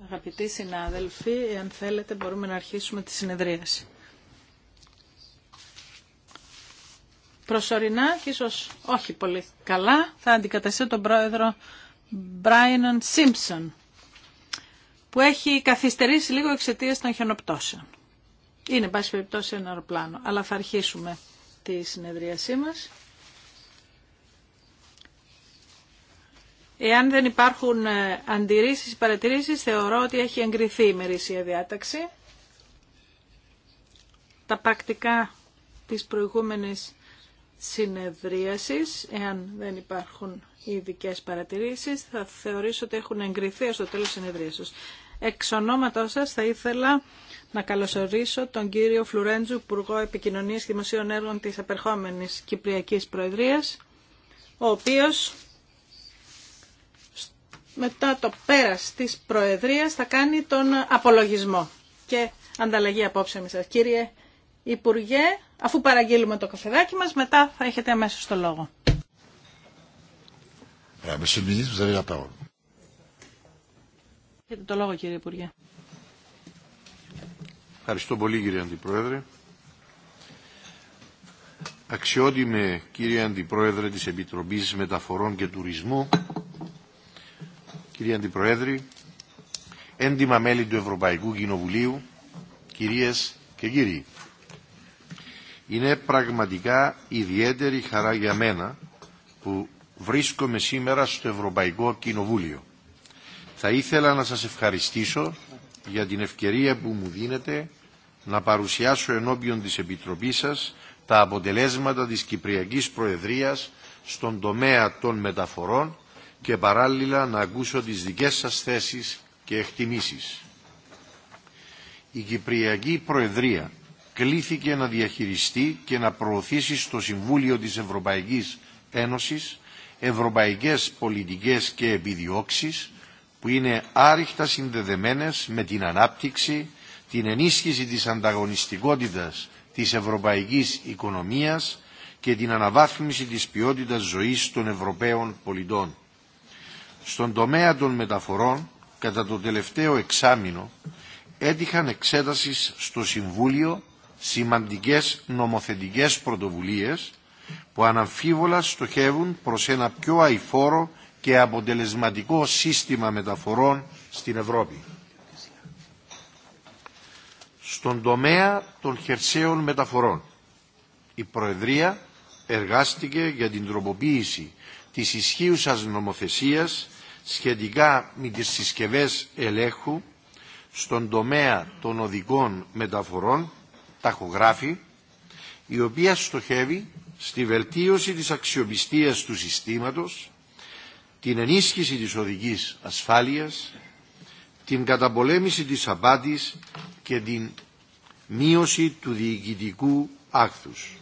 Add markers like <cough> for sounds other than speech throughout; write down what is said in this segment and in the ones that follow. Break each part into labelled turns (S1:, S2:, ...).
S1: Αγαπητοί συνάδελφοι, αν θέλετε μπορούμε να αρχίσουμε τη συνεδρίαση. Προσωρινά και ίσως όχι πολύ καλά θα αντικαταστήσω τον πρόεδρο Μπράινον Σίμψον που έχει καθυστερήσει λίγο εξαιτία των χιονοπτώσεων. Είναι, πάση περιπτώσει, ένα αεροπλάνο. Αλλά θα αρχίσουμε τη συνεδρίασή μας. Εάν δεν υπάρχουν ε, αντιρρήσεις ή παρατηρήσεις, θεωρώ ότι έχει εγκριθεί η μερίσια διάταξη. Τα πρακτικά της προηγούμενης συνεδρίασης, εάν δεν υπάρχουν ειδικέ παρατηρήσεις, θα θεωρήσω ότι έχουν εγκριθεί στο τέλος συνεδρίασης. Εξ ονόματός σας θα ήθελα να καλωσορίσω τον κύριο Φλουρέντζου, Υπουργό Επικοινωνίας και Δημοσίων Έργων της Απερχόμενης Κυπριακής Προεδρίας, ο οποίος μετά το πέρας της Προεδρίας θα κάνει τον απολογισμό και ανταλλαγή απόψε με σας. Κύριε Υπουργέ, αφού παραγγείλουμε το καφεδάκι μας, μετά θα έχετε αμέσως το λόγο. Ε, έχετε το λόγο κύριε Υπουργέ.
S2: Ευχαριστώ πολύ κύριε Αντιπρόεδρε. Αξιότιμε κύριε Αντιπρόεδρε της Επιτροπής Μεταφορών και Τουρισμού, κύριε Αντιπρόεδρε, έντιμα μέλη του Ευρωπαϊκού Κοινοβουλίου, κυρίες και κύριοι. Είναι πραγματικά ιδιαίτερη χαρά για μένα που βρίσκομαι σήμερα στο Ευρωπαϊκό Κοινοβούλιο. Θα ήθελα να σας ευχαριστήσω για την ευκαιρία που μου δίνετε να παρουσιάσω ενώπιον της Επιτροπής σας τα αποτελέσματα της Κυπριακής Προεδρίας στον τομέα των μεταφορών και παράλληλα να ακούσω τις δικές σας θέσεις και εκτιμήσεις. Η Κυπριακή Προεδρία κλήθηκε να διαχειριστεί και να προωθήσει στο Συμβούλιο της Ευρωπαϊκής Ένωσης ευρωπαϊκές πολιτικές και επιδιώξεις που είναι άριχτα συνδεδεμένες με την ανάπτυξη, την ενίσχυση της ανταγωνιστικότητας της ευρωπαϊκής οικονομίας και την αναβάθμιση της ποιότητας ζωής των Ευρωπαίων πολιτών. Στον τομέα των μεταφορών, κατά το τελευταίο εξάμεινο, έτυχαν εξέτασης στο Συμβούλιο σημαντικές νομοθετικές πρωτοβουλίες που αναμφίβολα στοχεύουν προς ένα πιο αηφόρο και αποτελεσματικό σύστημα μεταφορών στην Ευρώπη στον τομέα των χερσαίων μεταφορών. Η Προεδρία εργάστηκε για την τροποποίηση της ισχύουσας νομοθεσίας σχετικά με τις συσκευές ελέγχου στον τομέα των οδικών μεταφορών, ταχογράφη, η οποία στοχεύει στη βελτίωση της αξιοπιστίας του συστήματος, την ενίσχυση της οδικής ασφάλειας, την καταπολέμηση της απάτης και την μείωση του διοικητικού άκθους.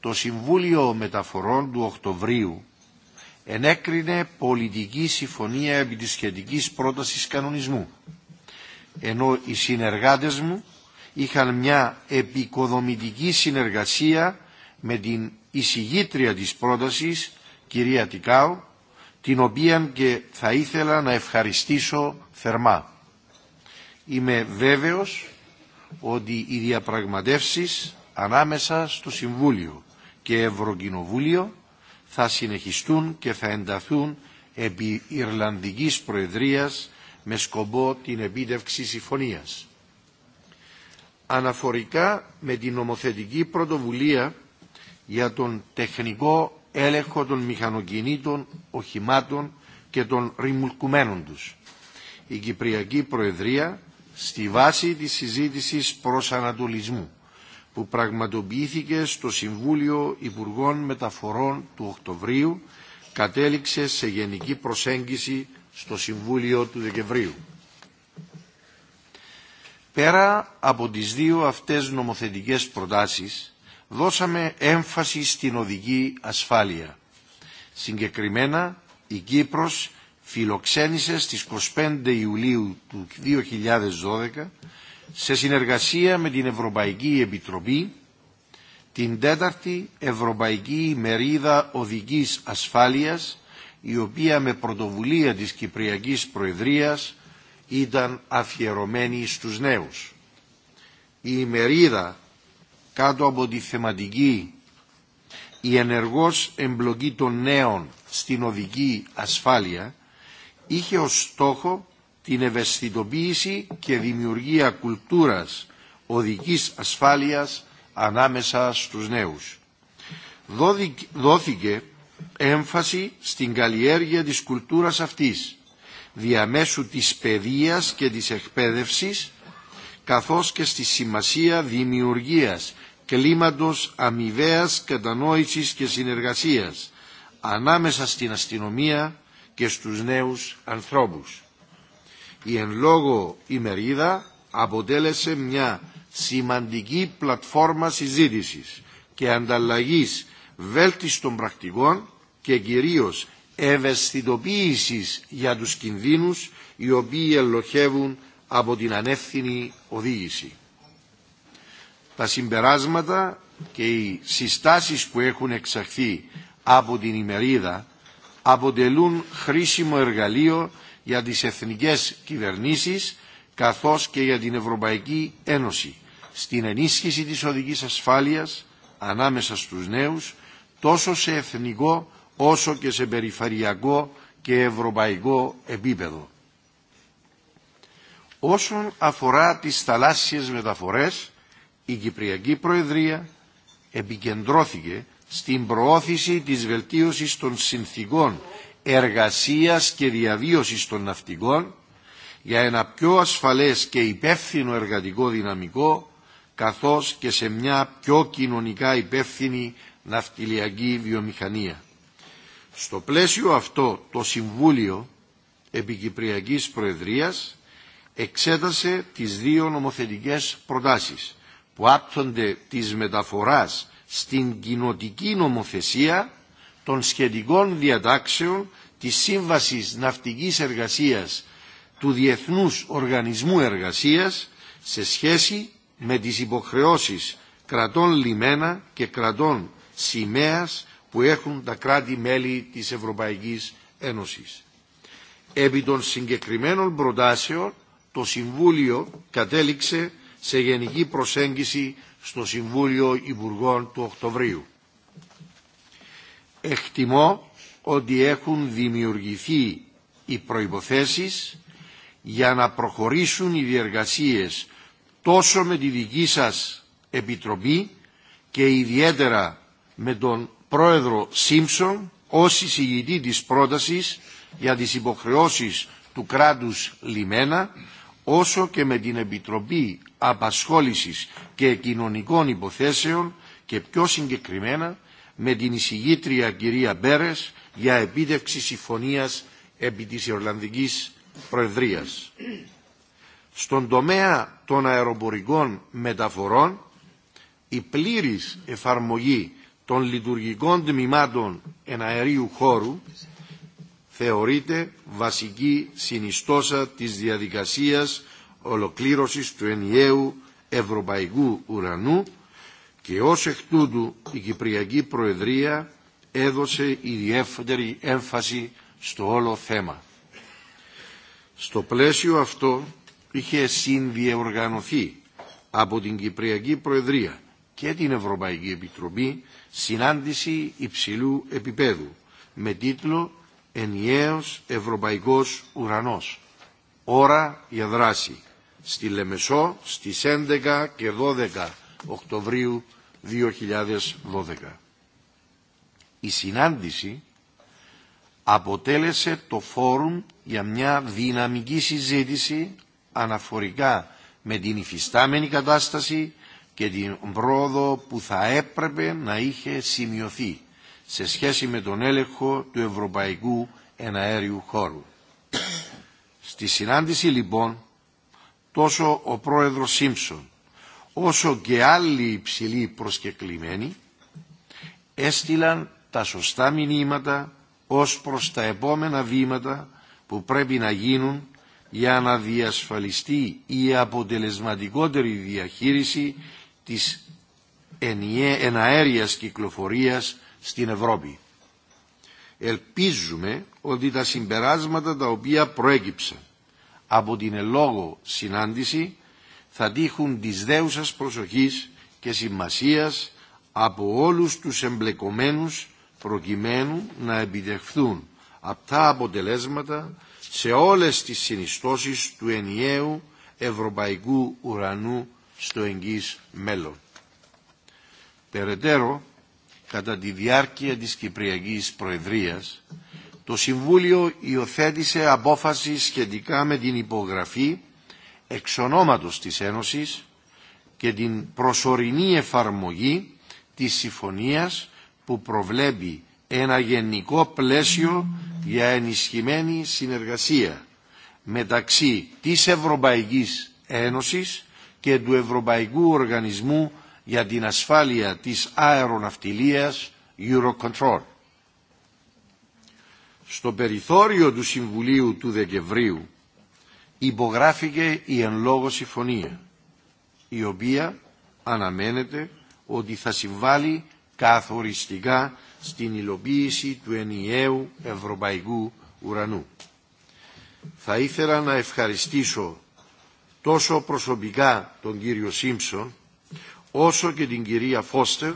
S2: Το Συμβούλιο Μεταφορών του Οκτωβρίου ενέκρινε πολιτική συμφωνία επί της σχετικής πρότασης κανονισμού, ενώ οι συνεργάτες μου είχαν μια επικοδομητική συνεργασία με την εισηγήτρια της πρότασης, κυρία Τικάου, την οποία και θα ήθελα να ευχαριστήσω θερμά. Είμαι βέβαιος ότι οι διαπραγματεύσεις ανάμεσα στο Συμβούλιο και Ευρωκοινοβούλιο θα συνεχιστούν και θα ενταθούν επί Ιρλανδικής Προεδρίας με σκοπό την επίτευξη συμφωνίας. Αναφορικά με την νομοθετική πρωτοβουλία για τον τεχνικό έλεγχο των μηχανοκινήτων, οχημάτων και των ρημουλκουμένων τους. Η Κυπριακή Προεδρία στη βάση της συζήτησης ανατολισμού που πραγματοποιήθηκε στο Συμβούλιο Υπουργών Μεταφορών του Οκτωβρίου κατέληξε σε γενική προσέγγιση στο Συμβούλιο του Δεκεμβρίου. Πέρα από τις δύο αυτές νομοθετικές προτάσεις, δώσαμε έμφαση στην οδική ασφάλεια. Συγκεκριμένα, η Κύπρος φιλοξένησε στις 25 Ιουλίου του 2012 σε συνεργασία με την Ευρωπαϊκή Επιτροπή την τέταρτη Ευρωπαϊκή Μερίδα Οδικής Ασφάλειας η οποία με πρωτοβουλία της Κυπριακής Προεδρίας ήταν αφιερωμένη στους νέους. Η μερίδα κάτω από τη θεματική η ενεργός εμπλοκή των νέων στην οδική ασφάλεια είχε ως στόχο την ευαισθητοποίηση και δημιουργία κουλτούρας οδικής ασφάλειας ανάμεσα στους νέους. Δόθηκε έμφαση στην καλλιέργεια της κουλτούρας αυτής, διαμέσου της παιδείας και της εκπαίδευσης, καθώς και στη σημασία δημιουργίας κλίματος αμοιβαίας κατανόησης και συνεργασίας ανάμεσα στην αστυνομία, και στους νέους ανθρώπους. Η εν λόγω ημερίδα αποτέλεσε μια σημαντική πλατφόρμα συζήτησης και ανταλλαγής βέλτιστων πρακτικών και κυρίως ευαισθητοποίησης για τους κινδύνους οι οποίοι ελοχεύουν από την ανεύθυνη οδήγηση. Τα συμπεράσματα και οι συστάσεις που έχουν εξαχθεί από την ημερίδα αποτελούν χρήσιμο εργαλείο για τις εθνικές κυβερνήσεις καθώς και για την Ευρωπαϊκή Ένωση στην ενίσχυση της οδικής ασφάλειας ανάμεσα στους νέους τόσο σε εθνικό όσο και σε περιφερειακό και ευρωπαϊκό επίπεδο. Όσον αφορά τις θαλάσσιες μεταφορές, η Κυπριακή Προεδρία επικεντρώθηκε στην προώθηση της βελτίωσης των συνθήκων εργασίας και διαβίωσης των ναυτικών για ένα πιο ασφαλές και υπεύθυνο εργατικό δυναμικό καθώς και σε μια πιο κοινωνικά υπεύθυνη ναυτιλιακή βιομηχανία. Στο πλαίσιο αυτό το Συμβούλιο Επικυπριακής Προεδρίας εξέτασε τις δύο νομοθετικές προτάσεις που άπτονται της μεταφοράς στην κοινοτική νομοθεσία των σχετικών διατάξεων της Σύμβασης Ναυτικής Εργασίας του Διεθνούς Οργανισμού Εργασίας σε σχέση με τις υποχρεώσεις κρατών λιμένα και κρατών σημαίας που έχουν τα κράτη-μέλη της Ευρωπαϊκής Ένωσης. Επί των συγκεκριμένων προτάσεων το Συμβούλιο κατέληξε σε γενική προσέγγιση στο Συμβούλιο Υπουργών του Οκτωβρίου. Εκτιμώ ότι έχουν δημιουργηθεί οι προϋποθέσεις για να προχωρήσουν οι διεργασίες τόσο με τη δική σας Επιτροπή και ιδιαίτερα με τον Πρόεδρο Σίμψον ως εισηγητή της πρότασης για τις υποχρεώσεις του κράτους λιμένα όσο και με την Επιτροπή Απασχόλησης και Κοινωνικών Υποθέσεων και πιο συγκεκριμένα με την εισηγήτρια κυρία Μπέρες για επίτευξη συμφωνίας επί της Ιρλανδικής Προεδρίας. Στον τομέα των αεροπορικών μεταφορών η πλήρης εφαρμογή των λειτουργικών τμήματων εναερίου χώρου θεωρείται βασική συνιστόσα της διαδικασίας ολοκλήρωσης του ενιαίου ευρωπαϊκού ουρανού και ως εκ τούτου η Κυπριακή Προεδρία έδωσε ιδιαίτερη έμφαση στο όλο θέμα. Στο πλαίσιο αυτό είχε συνδιοργανωθεί από την Κυπριακή Προεδρία και την Ευρωπαϊκή Επιτροπή συνάντηση υψηλού επίπεδου με τίτλο «Ενιαίος Ευρωπαϊκός Ουρανός. Ώρα για δράση» στη Λεμεσό στις 11 και 12 Οκτωβρίου 2012. Η συνάντηση αποτέλεσε το φόρουμ για μια δυναμική συζήτηση αναφορικά με την υφιστάμενη κατάσταση και την πρόοδο που θα έπρεπε να είχε σημειωθεί σε σχέση με τον έλεγχο του ευρωπαϊκού εναέριου χώρου. Στη συνάντηση λοιπόν τόσο ο πρόεδρος Σίμψον όσο και άλλοι υψηλοί προσκεκλημένοι έστειλαν τα σωστά μηνύματα ως προς τα επόμενα βήματα που πρέπει να γίνουν για να διασφαλιστεί η αποτελεσματικότερη διαχείριση της εναέριας κυκλοφορίας στην Ευρώπη. Ελπίζουμε ότι τα συμπεράσματα τα οποία προέκυψαν από την ελόγω συνάντηση θα τύχουν της δέουσας προσοχής και σημασίας από όλους τους εμπλεκομένους προκειμένου να επιτευχθούν αυτά αποτελέσματα σε όλες τις συνιστώσεις του ενιαίου ευρωπαϊκού ουρανού στο εγγύς μέλλον. Περαιτέρω, κατά τη διάρκεια της Κυπριακής Προεδρίας, το Συμβούλιο υιοθέτησε απόφαση σχετικά με την υπογραφή εξ ονόματος της Ένωσης και την προσωρινή εφαρμογή της συμφωνίας που προβλέπει ένα γενικό πλαίσιο για ενισχυμένη συνεργασία μεταξύ της Ευρωπαϊκής Ένωσης και του Ευρωπαϊκού Οργανισμού για την Ασφάλεια της Αεροναυτιλίας Eurocontrol στο περιθώριο του Συμβουλίου του Δεκεμβρίου υπογράφηκε η εν λόγω συμφωνία, η οποία αναμένεται ότι θα συμβάλλει καθοριστικά στην υλοποίηση του ενιαίου ευρωπαϊκού ουρανού. Θα ήθελα να ευχαριστήσω τόσο προσωπικά τον κύριο Σίμψον, όσο και την κυρία Φώστερ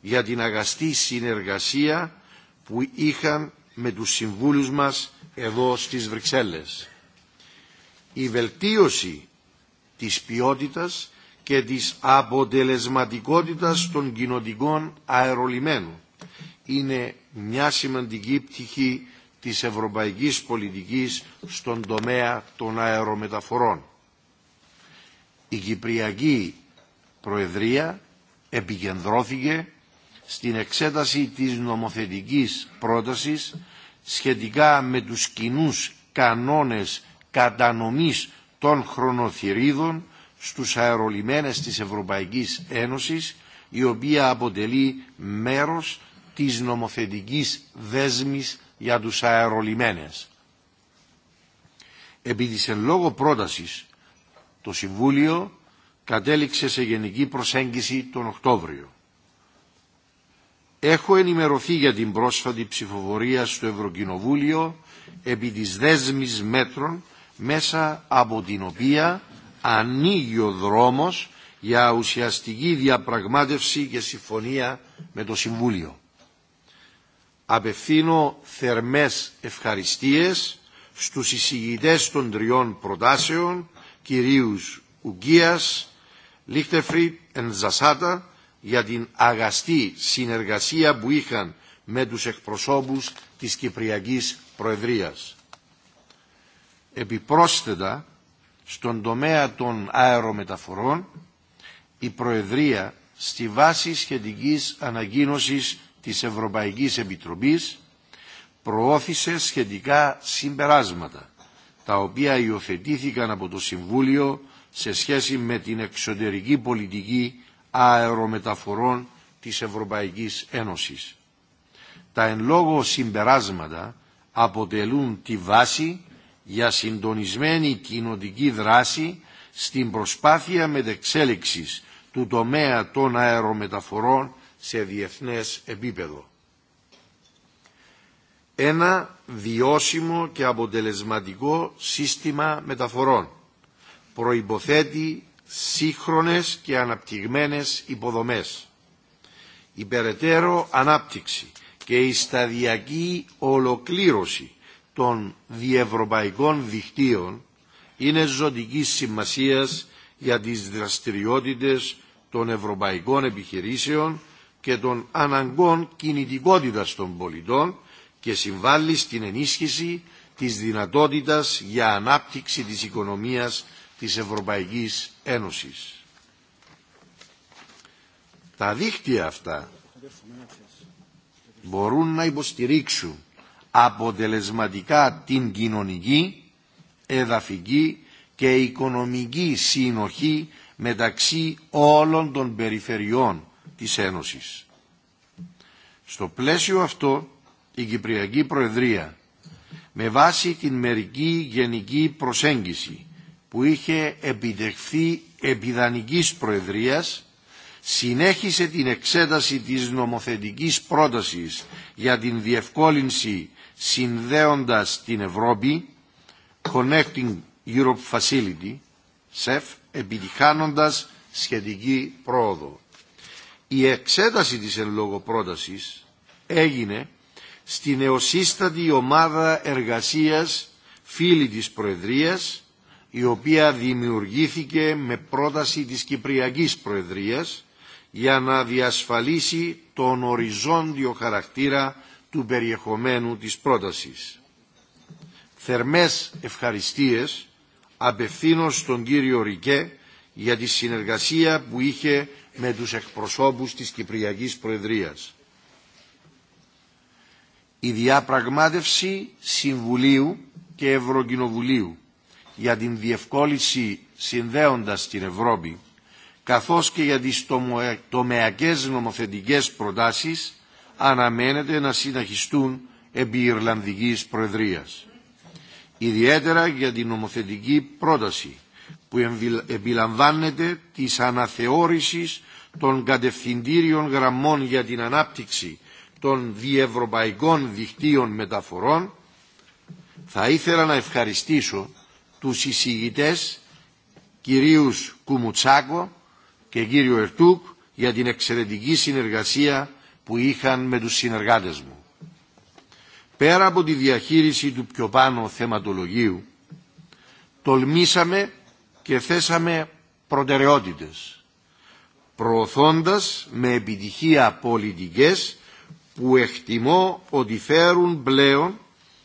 S2: για την αγαστή συνεργασία που είχαν με τους συμβούλους μας εδώ στις Βρυξέλλες. Η βελτίωση της ποιότητας και της αποτελεσματικότητας των κοινοτικών αερολιμένων είναι μια σημαντική πτυχή της ευρωπαϊκής πολιτικής στον τομέα των αερομεταφορών. Η Κυπριακή Προεδρία επικεντρώθηκε στην εξέταση της νομοθετικής πρότασης σχετικά με τους κοινού κανόνες κατανομής των χρονοθυρίδων στους αερολιμένες της Ευρωπαϊκής Ένωσης η οποία αποτελεί μέρος της νομοθετικής δέσμης για τους αερολιμένες. Επί της εν λόγω πρότασης, το Συμβούλιο κατέληξε σε γενική προσέγγιση τον Οκτώβριο. Έχω ενημερωθεί για την πρόσφατη ψηφοφορία στο Ευρωκοινοβούλιο επί της δέσμης μέτρων μέσα από την οποία ανοίγει ο δρόμος για ουσιαστική διαπραγμάτευση και συμφωνία με το Συμβούλιο. Απευθύνω θερμές ευχαριστίες στους εισηγητές των τριών προτάσεων, κυρίους Ουγγίας, Λίχτεφριτ, Ενζασάτα για την αγαστή συνεργασία που είχαν με τους εκπροσώπους της Κυπριακής Προεδρίας. Επιπρόσθετα, στον τομέα των αερομεταφορών, η Προεδρία στη βάση σχετικής ανακοίνωσης της Ευρωπαϊκής Επιτροπής προώθησε σχετικά συμπεράσματα, τα οποία υιοθετήθηκαν από το Συμβούλιο σε σχέση με την εξωτερική πολιτική αερομεταφορών της Ευρωπαϊκής Ένωσης. Τα εν λόγω συμπεράσματα αποτελούν τη βάση για συντονισμένη κοινοτική δράση στην προσπάθεια μετεξέλιξης του τομέα των αερομεταφορών σε διεθνές επίπεδο. Ένα βιώσιμο και αποτελεσματικό σύστημα μεταφορών προϋποθέτει σύγχρονες και αναπτυγμένες υποδομές. Η περαιτέρω ανάπτυξη και η σταδιακή ολοκλήρωση των διευρωπαϊκών δικτύων είναι ζωτική σημασίας για τις δραστηριότητες των ευρωπαϊκών επιχειρήσεων και των αναγκών κινητικότητας των πολιτών και συμβάλλει στην ενίσχυση της δυνατότητας για ανάπτυξη της οικονομίας της Ευρωπαϊκής Ένωσης. Τα δίκτυα αυτά μπορούν να υποστηρίξουν αποτελεσματικά την κοινωνική, εδαφική και οικονομική συνοχή μεταξύ όλων των περιφερειών της Ένωσης. Στο πλαίσιο αυτό η Κυπριακή Προεδρία με βάση την μερική γενική προσέγγιση που είχε επιτευχθεί επιδανικής προεδρίας συνέχισε την εξέταση της νομοθετικής πρότασης για την διευκόλυνση συνδέοντας την Ευρώπη Connecting Europe Facility ΣΕΦ επιτυχάνοντας σχετική πρόοδο. Η εξέταση της εν λόγω πρότασης έγινε στην νεοσύστατη ομάδα εργασίας φίλη της Προεδρίας η οποία δημιουργήθηκε με πρόταση της Κυπριακής Προεδρίας για να διασφαλίσει τον οριζόντιο χαρακτήρα του περιεχομένου της πρότασης. Θερμές ευχαριστίες απευθύνω στον κύριο Ρικέ για τη συνεργασία που είχε με τους εκπροσώπους της Κυπριακής Προεδρίας. Η διαπραγμάτευση Συμβουλίου και Ευρωκοινοβουλίου για την διευκόλυνση συνδέοντας την Ευρώπη, καθώς και για τις τομεακές νομοθετικές προτάσεις, αναμένεται να συνεχιστούν επί Ιρλανδικής Προεδρίας. Ιδιαίτερα για την νομοθετική πρόταση που επιλαμβάνεται της αναθεώρησης των κατευθυντήριων γραμμών για την ανάπτυξη των διευρωπαϊκών δικτύων μεταφορών, θα ήθελα να ευχαριστήσω τους εισηγητές κυρίους Κουμουτσάκο και κύριο Ερτούκ για την εξαιρετική συνεργασία που είχαν με τους συνεργάτες μου. Πέρα από τη διαχείριση του πιο πάνω θεματολογίου, τολμήσαμε και θέσαμε προτεραιότητες, προωθώντας με επιτυχία πολιτικές που εκτιμώ ότι φέρουν πλέον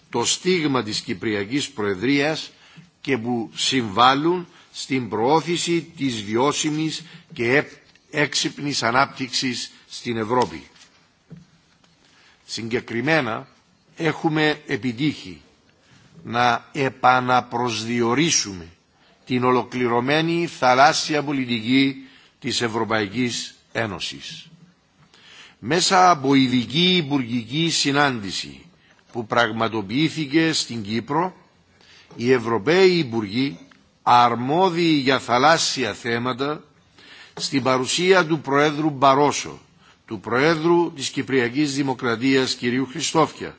S2: το στίγμα της Κυπριακής Προεδρίας και που συμβάλλουν στην προώθηση της βιώσιμης και έξυπνης ανάπτυξης στην Ευρώπη. Συγκεκριμένα έχουμε επιτύχει να επαναπροσδιορίσουμε την ολοκληρωμένη θαλάσσια πολιτική της Ευρωπαϊκής Ένωσης. Μέσα από ειδική υπουργική συνάντηση που πραγματοποιήθηκε στην Κύπρο οι Ευρωπαίοι Υπουργοί αρμόδιοι για θαλάσσια θέματα στην παρουσία του Προέδρου Μπαρόσο, του Προέδρου της Κυπριακής Δημοκρατίας κυρίου Χριστόφια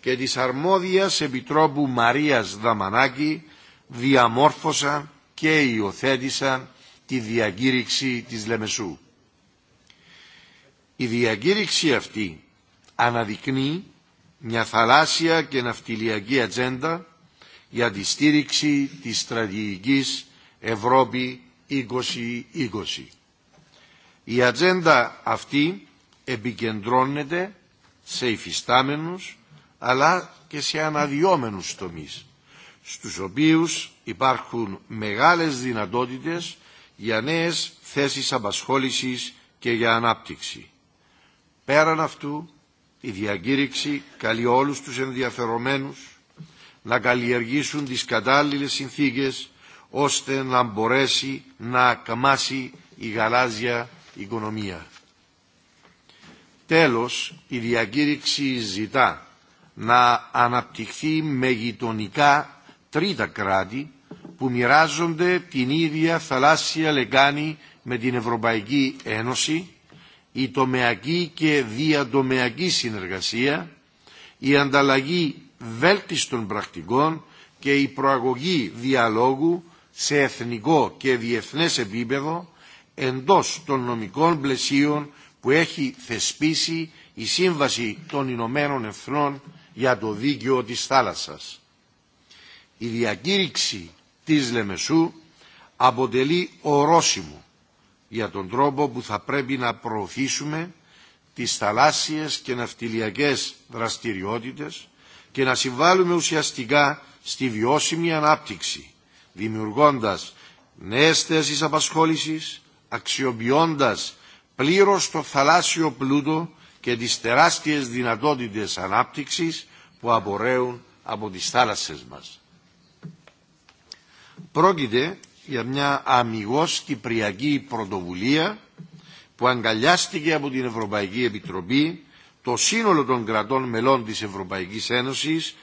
S2: και της αρμόδιας Επιτρόπου Μαρίας Δαμανάκη διαμόρφωσαν και υιοθέτησαν τη διακήρυξη της Λεμεσού. Η διακήρυξη αυτή αναδεικνύει μια θαλάσσια και ναυτιλιακή ατζέντα για τη στήριξη της στρατηγικής Ευρώπη 2020. Η ατζέντα αυτή επικεντρώνεται σε υφιστάμενους αλλά και σε αναδυόμενους τομείς, στους οποίους υπάρχουν μεγάλες δυνατότητες για νέες θέσεις απασχόλησης και για ανάπτυξη. Πέραν αυτού, η διακήρυξη καλεί όλους τους ενδιαφερομένους να καλλιεργήσουν τις κατάλληλες συνθήκες ώστε να μπορέσει να καμάσει η γαλάζια οικονομία. Τέλος, η διακήρυξη ζητά να αναπτυχθεί με γειτονικά τρίτα κράτη που μοιράζονται την ίδια θαλάσσια λεκάνη με την Ευρωπαϊκή Ένωση, η τομεακή και διατομεακή συνεργασία, η ανταλλαγή βέλτιστων πρακτικών και η προαγωγή διαλόγου σε εθνικό και διεθνές επίπεδο εντός των νομικών πλαισίων που έχει θεσπίσει η Σύμβαση των Ηνωμένων Εθνών για το Δίκαιο της Θάλασσας. Η διακήρυξη της Λεμεσού αποτελεί ορόσημο για τον τρόπο που θα πρέπει να προωθήσουμε τις θαλάσσιες και ναυτιλιακές δραστηριότητες και να συμβάλλουμε ουσιαστικά στη βιώσιμη ανάπτυξη, δημιουργώντας νέες θέσεις απασχόλησης, αξιοποιώντας πλήρως το θαλάσσιο πλούτο και τις τεράστιες δυνατότητες ανάπτυξης που απορρέουν από τις θάλασσες μας. Πρόκειται για μια αμυγός κυπριακή πρωτοβουλία που αγκαλιάστηκε από την Ευρωπαϊκή Επιτροπή το σύνολο των κρατών μελών της Ευρωπαϊκής Ένωσης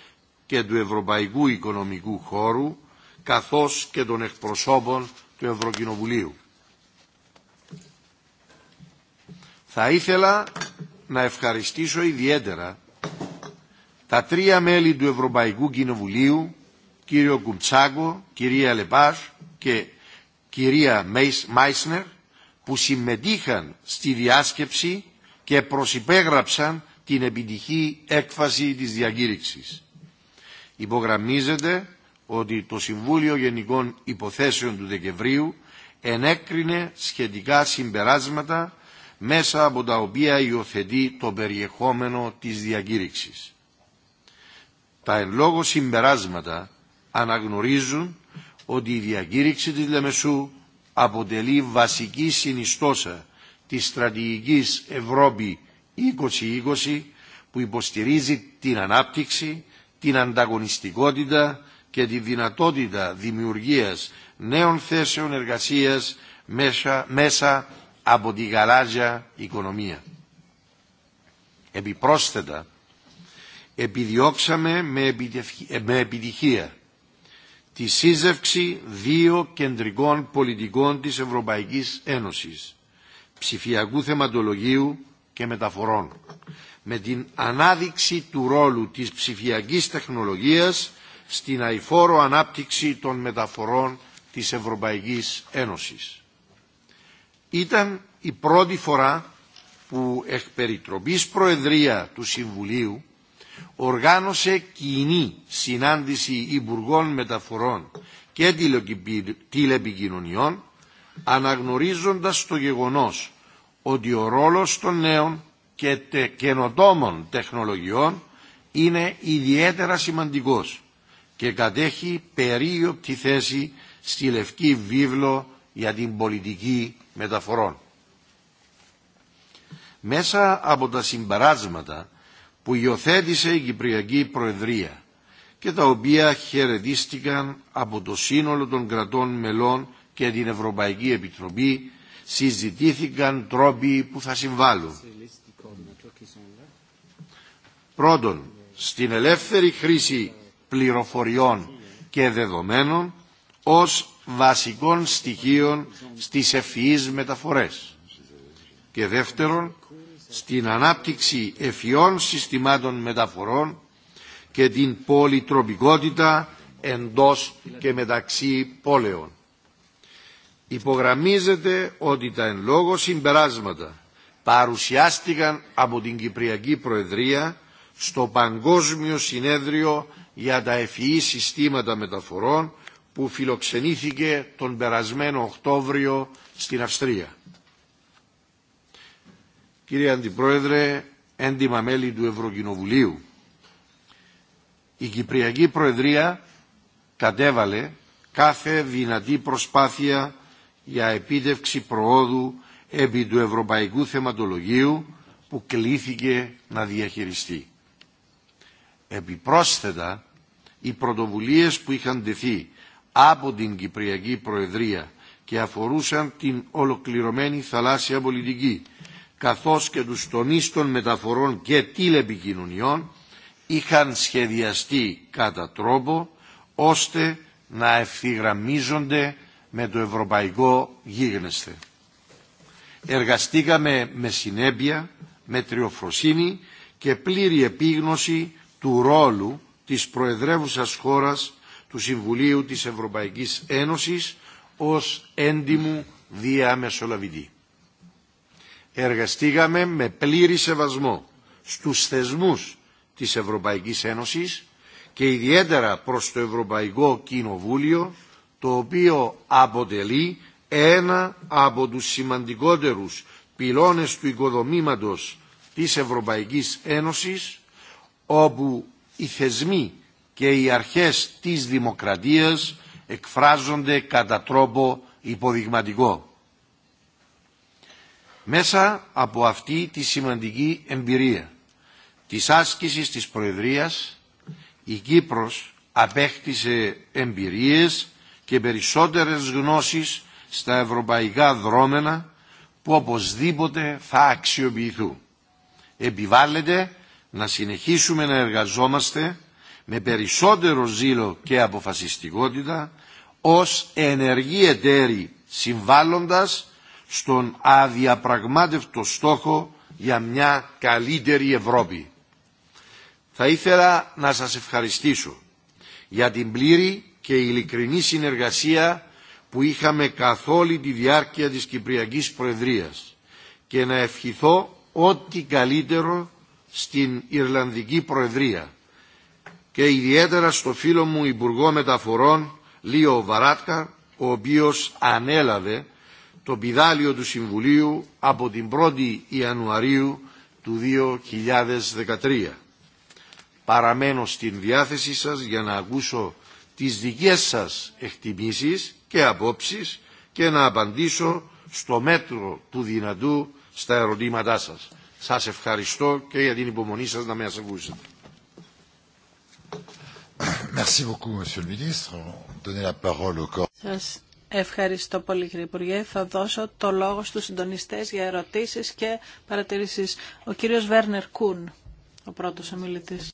S2: και του Ευρωπαϊκού Οικονομικού Χώρου, καθώς και των εκπροσώπων του Ευρωκοινοβουλίου. Θα ήθελα να ευχαριστήσω ιδιαίτερα τα τρία μέλη του Ευρωπαϊκού Κοινοβουλίου, κύριο Κουμτσάκο, κυρία Λεπάς και κυρία Μάισνερ, που συμμετείχαν στη διάσκεψη και προσυπέγραψαν την επιτυχή έκφαση της διακήρυξης. Υπογραμμίζεται ότι το Συμβούλιο Γενικών Υποθέσεων του Δεκεμβρίου ενέκρινε σχετικά συμπεράσματα μέσα από τα οποία υιοθετεί το περιεχόμενο της διακήρυξης. Τα εν λόγω συμπεράσματα αναγνωρίζουν ότι η διακήρυξη της Λεμεσού αποτελεί βασική συνιστόσα της στρατηγικής Ευρώπη 2020 που υποστηρίζει την ανάπτυξη, την ανταγωνιστικότητα και τη δυνατότητα δημιουργίας νέων θέσεων εργασίας μέσα, μέσα από τη γαλάζια οικονομία. Επιπρόσθετα, επιδιώξαμε με επιτυχία τη σύζευξη δύο κεντρικών πολιτικών της Ευρωπαϊκής Ένωσης ψηφιακού θεματολογίου και μεταφορών με την ανάδειξη του ρόλου της ψηφιακής τεχνολογίας στην αηφόρο ανάπτυξη των μεταφορών της Ευρωπαϊκής Ένωσης. Ήταν η πρώτη φορά που εκ περιτροπής Προεδρία του Συμβουλίου οργάνωσε κοινή συνάντηση Υπουργών Μεταφορών και Τηλεπικοινωνιών αναγνωρίζοντας το γεγονός ότι ο ρόλος των νέων και καινοτόμων τεχνολογιών είναι ιδιαίτερα σημαντικός και κατέχει περίοπτη θέση στη Λευκή Βίβλο για την πολιτική μεταφορών. Μέσα από τα συμπαράσματα που υιοθέτησε η Κυπριακή Προεδρία και τα οποία χαιρετίστηκαν από το σύνολο των κρατών μελών και την Ευρωπαϊκή Επιτροπή συζητήθηκαν τρόποι που θα συμβάλλουν. Πρώτον, στην ελεύθερη χρήση πληροφοριών και δεδομένων ως βασικών στοιχείων στις ευφυείς μεταφορές. Και δεύτερον, στην ανάπτυξη ευφυών συστημάτων μεταφορών και την πολυτροπικότητα εντός και μεταξύ πόλεων υπογραμμίζεται ότι τα εν λόγω συμπεράσματα παρουσιάστηκαν από την Κυπριακή Προεδρία στο Παγκόσμιο Συνέδριο για τα εφή Συστήματα Μεταφορών που φιλοξενήθηκε τον περασμένο Οκτώβριο στην Αυστρία. Κύριε Αντιπρόεδρε, έντιμα μέλη του Ευρωκοινοβουλίου, η Κυπριακή Προεδρία κατέβαλε κάθε δυνατή προσπάθεια για επίτευξη προόδου επί του ευρωπαϊκού θεματολογίου που κλήθηκε να διαχειριστεί. Επιπρόσθετα, οι πρωτοβουλίες που είχαν τεθεί από την Κυπριακή Προεδρία και αφορούσαν την ολοκληρωμένη θαλάσσια πολιτική, καθώς και τους τονίστων των μεταφορών και τηλεπικοινωνιών, είχαν σχεδιαστεί κατά τρόπο ώστε να ευθυγραμμίζονται με το ευρωπαϊκό γίγνεσθε. Εργαστήκαμε με συνέπεια, με τριοφροσύνη και πλήρη επίγνωση του ρόλου της προεδρεύουσας χώρας του Συμβουλίου της Ευρωπαϊκής Ένωσης ως έντιμου διαμεσολαβητή. Εργαστήκαμε με πλήρη σεβασμό στους θεσμούς της Ευρωπαϊκής Ένωσης και ιδιαίτερα προς το Ευρωπαϊκό Κοινοβούλιο το οποίο αποτελεί ένα από τους σημαντικότερους πυλώνες του οικοδομήματος της Ευρωπαϊκής Ένωσης, όπου οι θεσμοί και οι αρχές της δημοκρατίας εκφράζονται κατά τρόπο υποδειγματικό. Μέσα από αυτή τη σημαντική εμπειρία της άσκησης της Προεδρίας, η Κύπρος απέκτησε εμπειρίες και περισσότερες γνώσεις στα ευρωπαϊκά δρόμενα που οπωσδήποτε θα αξιοποιηθούν. Επιβάλλεται να συνεχίσουμε να εργαζόμαστε με περισσότερο ζήλο και αποφασιστικότητα ως ενεργοί εταίροι συμβάλλοντας στον αδιαπραγμάτευτο στόχο για μια καλύτερη Ευρώπη. Θα ήθελα να σας ευχαριστήσω για την πλήρη και ειλικρινή συνεργασία που είχαμε καθ' όλη τη διάρκεια της Κυπριακής Προεδρίας και να ευχηθώ ό,τι καλύτερο στην Ιρλανδική Προεδρία και ιδιαίτερα στο φίλο μου Υπουργό Μεταφορών Λίο Βαράτκα ο οποίος ανέλαβε το πιδάλιο του Συμβουλίου από την 1η Ιανουαρίου του 2013. Παραμένω στην διάθεσή σας για να ακούσω τις δικές σας εκτιμήσεις και απόψεις και να απαντήσω στο μέτρο του δυνατού στα ερωτήματά σας. Σας ευχαριστώ και για την υπομονή σας να με ακούσετε. Merci Σας
S1: ευχαριστώ πολύ, κύριε Υπουργέ. Θα δώσω το λόγο στους συντονιστές για ερωτήσεις και παρατηρήσεις. Ο κύριος Βέρνερ Κούν, ο πρώτος ομιλητής.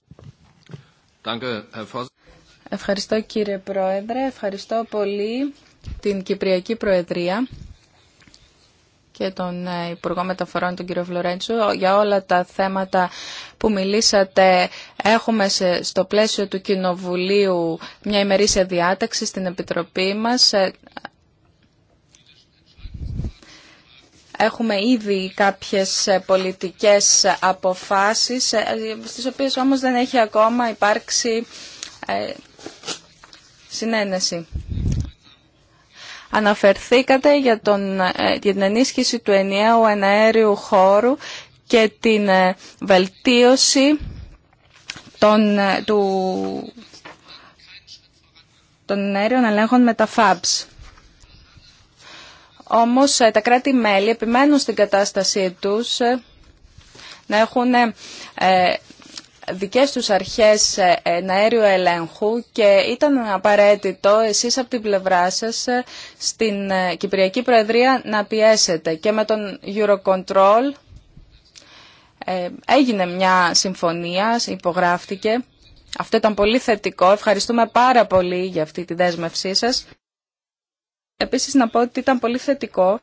S1: Ευχαριστώ
S3: κύριε Πρόεδρε, ευχαριστώ πολύ την Κυπριακή Προεδρία και τον ε, Υπουργό Μεταφορών, τον κύριο Βλωρέντσου, για όλα τα θέματα που μιλήσατε. Έχουμε στο πλαίσιο του Κοινοβουλίου μια ημερήσια διάταξη στην Επιτροπή μας. Ε, έχουμε ήδη κάποιες ε, πολιτικές αποφάσεις, στις οποίες όμως δεν έχει ακόμα υπάρξει Συνένεση. Αναφερθήκατε ε, για, την ενίσχυση του ενιαίου εναέριου χώρου και την ε, βελτίωση των, ε, του, των αέριων ελέγχων με τα FABs. Όμως τα κράτη-μέλη επιμένουν στην κατάστασή τους να έχουν δικές τους αρχές ε, εναέριου ελέγχου και ήταν απαραίτητο εσείς από την πλευρά σας ε, στην ε, Κυπριακή Προεδρία να πιέσετε και με τον Eurocontrol έγινε μια συμφωνία, υπογράφτηκε. Αυτό ήταν πολύ θετικό. Ευχαριστούμε πάρα πολύ για αυτή τη δέσμευσή σας. Επίσης να πω ότι ήταν πολύ θετικό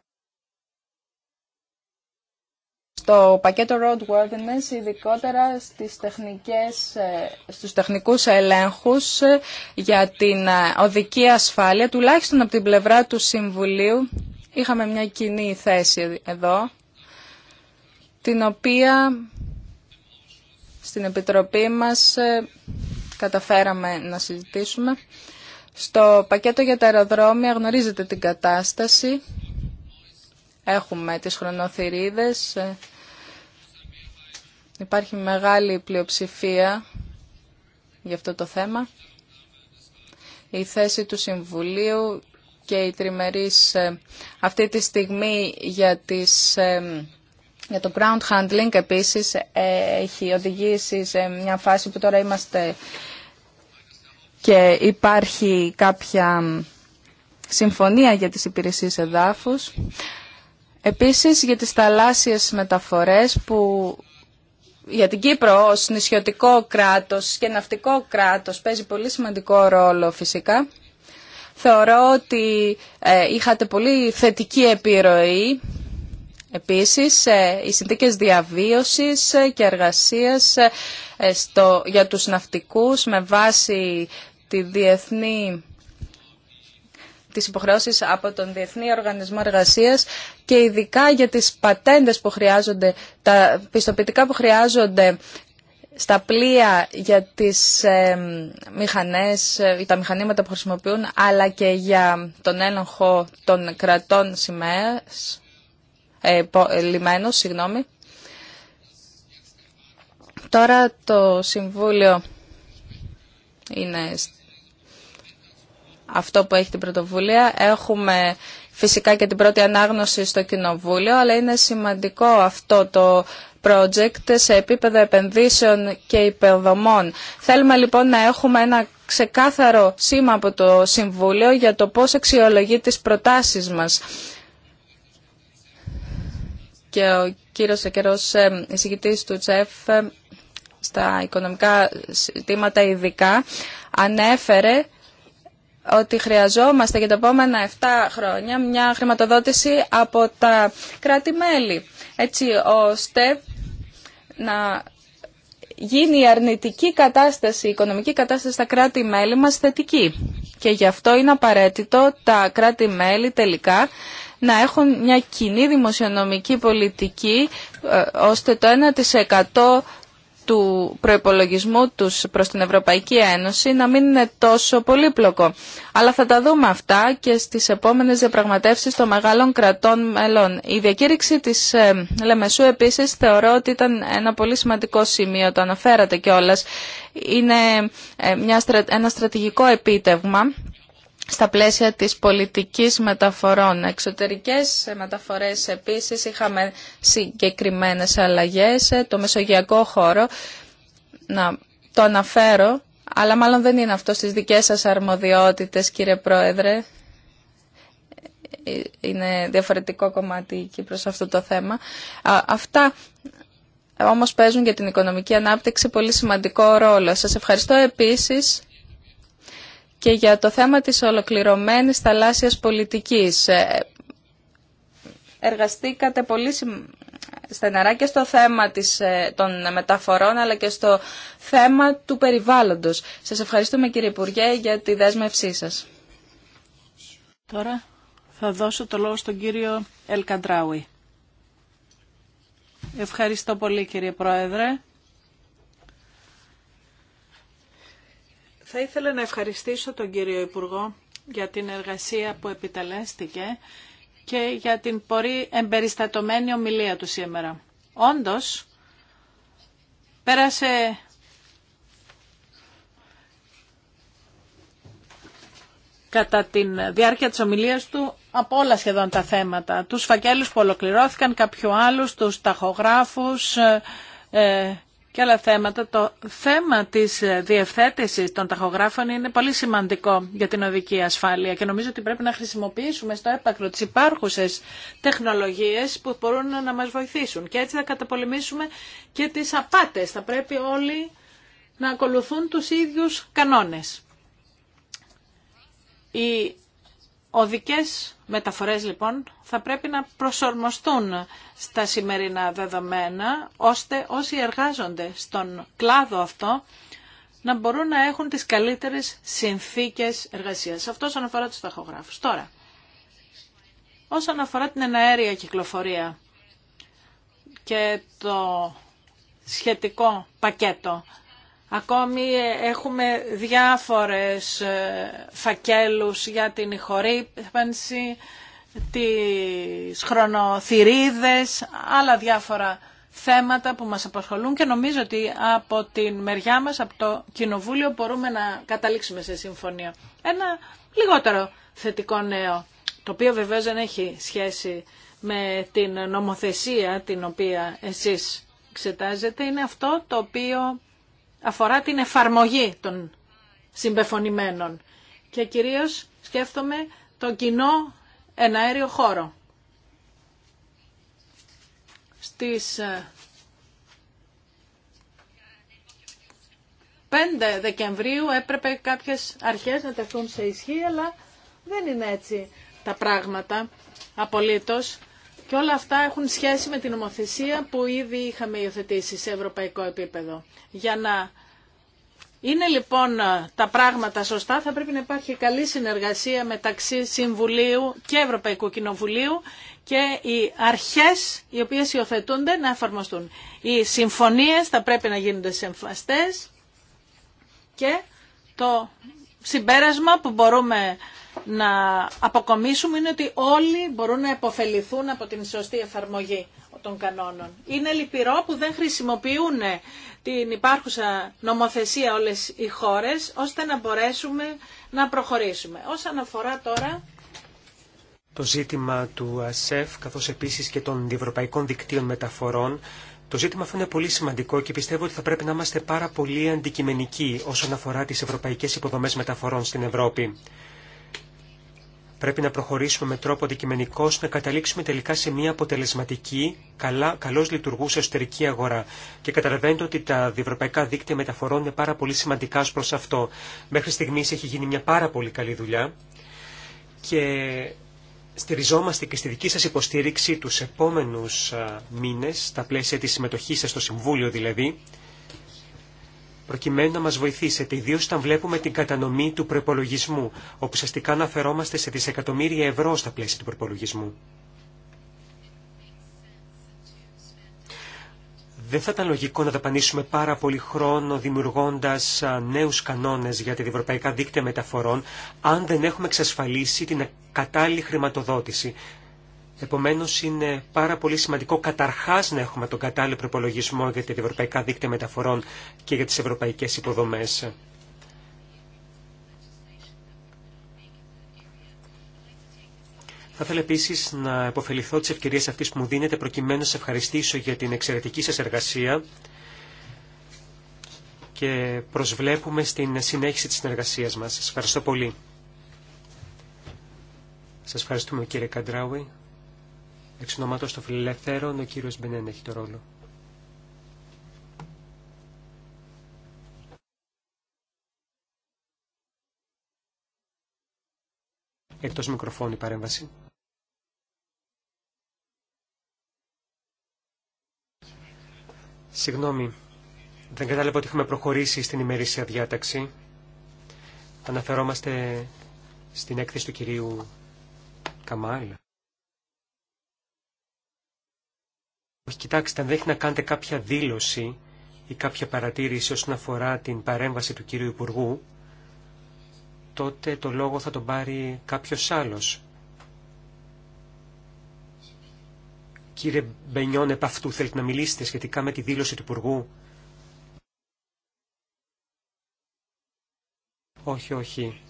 S3: το πακέτο roadworthiness, ειδικότερα στις τεχνικές, ε, στους τεχνικούς ελέγχους ε, για την ε, οδική ασφάλεια, τουλάχιστον από την πλευρά του Συμβουλίου, είχαμε μια κοινή θέση εδώ, την οποία στην Επιτροπή μας καταφέραμε να συζητήσουμε. Στο πακέτο για τα αεροδρόμια γνωρίζετε την κατάσταση. Έχουμε τις χρονοθυρίδες, Υπάρχει μεγάλη πλειοψηφία για αυτό το θέμα. Η θέση του Συμβουλίου και η τριμερής ε, αυτή τη στιγμή για, τις, ε, για το ground handling επίσης ε, έχει οδηγήσει σε μια φάση που τώρα είμαστε και υπάρχει κάποια συμφωνία για τις υπηρεσίες εδάφους. Επίσης για τις θαλάσσιες μεταφορές που για την Κύπρο ως νησιωτικό κράτος και ναυτικό κράτος παίζει πολύ σημαντικό ρόλο φυσικά. Θεωρώ ότι ε, είχατε πολύ θετική επιρροή. Επίσης, ε, οι συνθήκες διαβίωσης ε, και εργασίας στο, για τους ναυτικούς με βάση τη διεθνή τις υποχρεώσεις από τον Διεθνή Οργανισμό Εργασίας και ειδικά για τις πατέντες που χρειάζονται, τα πιστοποιητικά που χρειάζονται στα πλοία για τις μηχανές, ε, τα μηχανήματα που χρησιμοποιούν, αλλά και για τον έλεγχο των κρατών σημαίας, ε, ε λιμένους, συγγνώμη. Τώρα το Συμβούλιο είναι αυτό που έχει την πρωτοβουλία. Έχουμε φυσικά και την πρώτη ανάγνωση στο Κοινοβούλιο, αλλά είναι σημαντικό αυτό το project σε επίπεδο επενδύσεων και υποδομών. Θέλουμε λοιπόν να έχουμε ένα ξεκάθαρο σήμα από το Συμβούλιο για το πώς αξιολογεί τις προτάσεις μας. Και ο κύριος Εκερός, ε, εισηγητής του Τσεφ, ε, στα οικονομικά ζητήματα ειδικά, ανέφερε ότι χρειαζόμαστε για τα επόμενα 7 χρόνια μια χρηματοδότηση από τα κράτη-μέλη, έτσι ώστε να γίνει η αρνητική κατάσταση, η οικονομική κατάσταση στα κράτη-μέλη μας θετική. Και γι' αυτό είναι απαραίτητο τα κράτη-μέλη τελικά να έχουν μια κοινή δημοσιονομική πολιτική ε, ώστε το 1% του προϋπολογισμού τους προς την Ευρωπαϊκή Ένωση να μην είναι τόσο πολύπλοκο. Αλλά θα τα δούμε αυτά και στις επόμενες διαπραγματεύσεις των μεγάλων κρατών μελών. Η διακήρυξη της ε, Λεμεσού επίσης θεωρώ ότι ήταν ένα πολύ σημαντικό σημείο, το αναφέρατε κιόλας. Είναι ε, μια, ένα στρατηγικό επίτευγμα στα πλαίσια της πολιτικής μεταφορών. Εξωτερικές μεταφορές επίσης είχαμε συγκεκριμένες αλλαγές. Ε, το μεσογειακό χώρο, να το αναφέρω, αλλά μάλλον δεν είναι αυτό στις δικές σας αρμοδιότητες κύριε Πρόεδρε. Ε, είναι διαφορετικό κομμάτι εκεί προς αυτό το θέμα. Αυτά όμως παίζουν για την οικονομική ανάπτυξη πολύ σημαντικό ρόλο. Σας ευχαριστώ επίσης και για το θέμα της ολοκληρωμένης θαλάσσιας πολιτικής. Ε, εργαστήκατε πολύ στεναρά και στο θέμα της, ε, των μεταφορών αλλά και στο θέμα του περιβάλλοντος. Σας ευχαριστούμε κύριε Υπουργέ για τη δέσμευσή σας.
S1: Τώρα θα δώσω το λόγο στον κύριο Ελκαντράουι. Ευχαριστώ πολύ κύριε Πρόεδρε. Θα ήθελα να ευχαριστήσω τον κύριο Υπουργό για την εργασία που επιτελέστηκε και για την πολύ εμπεριστατωμένη ομιλία του σήμερα. Όντως, πέρασε κατά τη διάρκεια της ομιλίας του από όλα σχεδόν τα θέματα. Τους φακέλους που ολοκληρώθηκαν, κάποιου άλλους, τους ταχογράφους, ε, ε, και άλλα θέματα. Το θέμα της διευθέτησης των ταχογράφων είναι πολύ σημαντικό για την οδική ασφάλεια και νομίζω ότι πρέπει να χρησιμοποιήσουμε στο έπακρο τις υπάρχουσες τεχνολογίες που μπορούν να μας βοηθήσουν. Και έτσι θα καταπολεμήσουμε και τις απάτες. Θα πρέπει όλοι να ακολουθούν τους ίδιους κανόνες. Η Οδικές μεταφορές λοιπόν θα πρέπει να προσαρμοστούν στα σημερινά δεδομένα ώστε όσοι εργάζονται στον κλάδο αυτό να μπορούν να έχουν τις καλύτερες συνθήκες εργασίας. Αυτό όσον αφορά τους ταχογράφους. Τώρα, όσον αφορά την εναέρια κυκλοφορία και το σχετικό πακέτο Ακόμη έχουμε διάφορες ε, φακέλους για την ηχορύπανση, τις χρονοθυρίδες, άλλα διάφορα θέματα που μας απασχολούν και νομίζω ότι από την μεριά μας, από το Κοινοβούλιο, μπορούμε να καταλήξουμε σε συμφωνία. Ένα λιγότερο θετικό νέο, το οποίο βεβαίως δεν έχει σχέση με την νομοθεσία την οποία εσείς εξετάζετε, είναι αυτό το οποίο αφορά την εφαρμογή των συμπεφωνημένων και κυρίως σκέφτομαι το κοινό εναέριο χώρο. Στις 5 ε, Δεκεμβρίου έπρεπε κάποιες αρχές να τεθούν σε ισχύ, αλλά δεν είναι έτσι τα πράγματα απολύτως. Και όλα αυτά έχουν σχέση με την νομοθεσία που ήδη είχαμε υιοθετήσει σε ευρωπαϊκό επίπεδο. Για να είναι λοιπόν τα πράγματα σωστά θα πρέπει να υπάρχει καλή συνεργασία μεταξύ Συμβουλίου και Ευρωπαϊκού Κοινοβουλίου και οι αρχές οι οποίες υιοθετούνται να εφαρμοστούν. Οι συμφωνίες θα πρέπει να γίνονται συμφαστές και το συμπέρασμα που μπορούμε να αποκομίσουμε είναι ότι όλοι μπορούν να επωφεληθούν από την σωστή εφαρμογή των κανόνων. Είναι λυπηρό που δεν χρησιμοποιούν ε, την υπάρχουσα νομοθεσία όλες οι χώρες, ώστε να μπορέσουμε να προχωρήσουμε. Όσον αφορά τώρα
S4: το ζήτημα του ΑΣΕΦ, καθώς επίσης και των ευρωπαϊκών δικτύων μεταφορών, το ζήτημα αυτό είναι πολύ σημαντικό και πιστεύω ότι θα πρέπει να είμαστε πάρα πολύ αντικειμενικοί όσον αφορά τις ευρωπαϊκές υποδομές μεταφορών στην Ευρώπη. Πρέπει να προχωρήσουμε με τρόπο αντικειμενικό να καταλήξουμε τελικά σε μια αποτελεσματική, καλά, καλώς λειτουργούσα εσωτερική αγορά. Και καταλαβαίνετε ότι τα διευρωπαϊκά δίκτυα μεταφορών είναι πάρα πολύ σημαντικά ως προς αυτό. Μέχρι στιγμής έχει γίνει μια πάρα πολύ καλή δουλειά και στηριζόμαστε και στη δική σας υποστήριξη τους επόμενους μήνες, στα πλαίσια της συμμετοχής σας στο Συμβούλιο δηλαδή, προκειμένου να μας βοηθήσετε, ιδίω όταν βλέπουμε την κατανομή του προπολογισμού, όπου ουσιαστικά αναφερόμαστε σε δισεκατομμύρια ευρώ στα πλαίσια του προπολογισμού. Δεν θα ήταν λογικό να δαπανίσουμε πάρα πολύ χρόνο δημιουργώντα νέου κανόνε για τα ευρωπαϊκά δίκτυα μεταφορών, αν δεν έχουμε εξασφαλίσει την κατάλληλη χρηματοδότηση. Επομένως είναι πάρα πολύ σημαντικό καταρχάς να έχουμε τον κατάλληλο προπολογισμό για τα ευρωπαϊκά δίκτυα μεταφορών και για τις ευρωπαϊκές υποδομές. Θα ήθελα επίση να επωφεληθώ τη ευκαιρία αυτή που μου δίνετε, προκειμένου να σα ευχαριστήσω για την εξαιρετική σα εργασία και προσβλέπουμε στην συνέχιση τη συνεργασία μα. Σα ευχαριστώ πολύ. Σα ευχαριστούμε κύριε Καντράουι. Εξ ονόματος των Φιλελευθέρων, ο κύριος Μπενέν έχει το ρόλο. Εκτός μικροφώνη παρέμβαση. Συγγνώμη, δεν κατάλαβα ότι έχουμε προχωρήσει στην ημερήσια διάταξη. Αναφερόμαστε στην έκθεση του κυρίου Καμάλ. Όχι, κοιτάξτε, αν δεν να κάνετε κάποια δήλωση ή κάποια παρατήρηση όσον αφορά την παρέμβαση του κύριου Υπουργού, τότε το λόγο θα τον πάρει κάποιος άλλος. Κύριε Μπενιόν, επ' αυτού θέλετε να μιλήσετε σχετικά με τη δήλωση του Υπουργού. Όχι, όχι.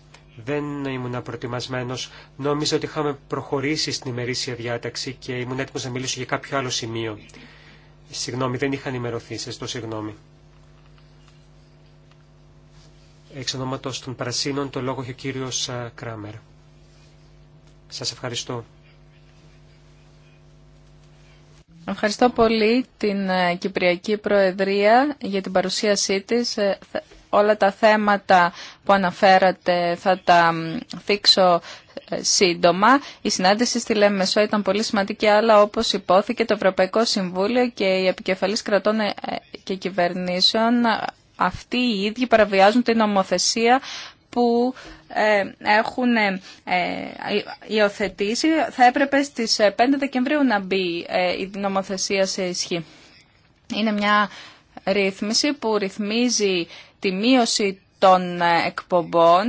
S4: Δεν ήμουν προετοιμασμένο. Νόμιζα ότι είχαμε προχωρήσει στην ημερήσια διάταξη και ήμουν έτοιμο να μιλήσω για κάποιο άλλο σημείο. Συγγνώμη, δεν είχα ενημερωθεί. Σα το συγγνώμη. Εξ ονόματο των Πρασίνων, το λόγο έχει ο κύριο Κράμερ. Σα ευχαριστώ.
S3: Ευχαριστώ πολύ την ε, Κυπριακή Προεδρία για την παρουσίασή της. Ε, όλα τα θέματα που αναφέρατε θα τα θίξω ε, σύντομα. Η συνάντηση στη Λεμεσό ήταν πολύ σημαντική, αλλά όπως υπόθηκε το Ευρωπαϊκό Συμβούλιο και οι επικεφαλής κρατών ε, και κυβερνήσεων αυτοί οι ίδιοι παραβιάζουν την νομοθεσία που ε, έχουν υιοθετήσει. Θα έπρεπε στις 5 Δεκεμβρίου να μπει η νομοθεσία σε ισχύ. Είναι μια ρύθμιση που ρυθμίζει τη μείωση των ε, εκπομπών,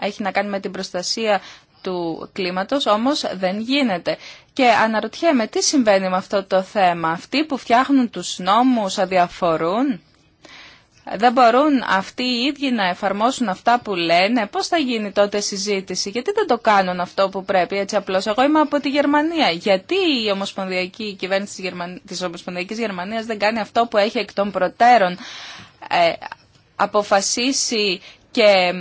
S3: έχει να κάνει με την προστασία του κλίματος, όμως δεν γίνεται. Και αναρωτιέμαι τι συμβαίνει με αυτό το θέμα. Αυτοί που φτιάχνουν τους νόμους αδιαφορούν. Δεν μπορούν αυτοί οι ίδιοι να εφαρμόσουν αυτά που λένε. Πώς θα γίνει τότε συζήτηση, γιατί δεν το κάνουν αυτό που πρέπει έτσι απλώς. Εγώ είμαι από τη Γερμανία. Γιατί η ομοσπονδιακή κυβέρνηση της, Ομοσπονδιακής Γερμανίας δεν κάνει αυτό που έχει εκ των προτέρων. Ε, αποφασίσει και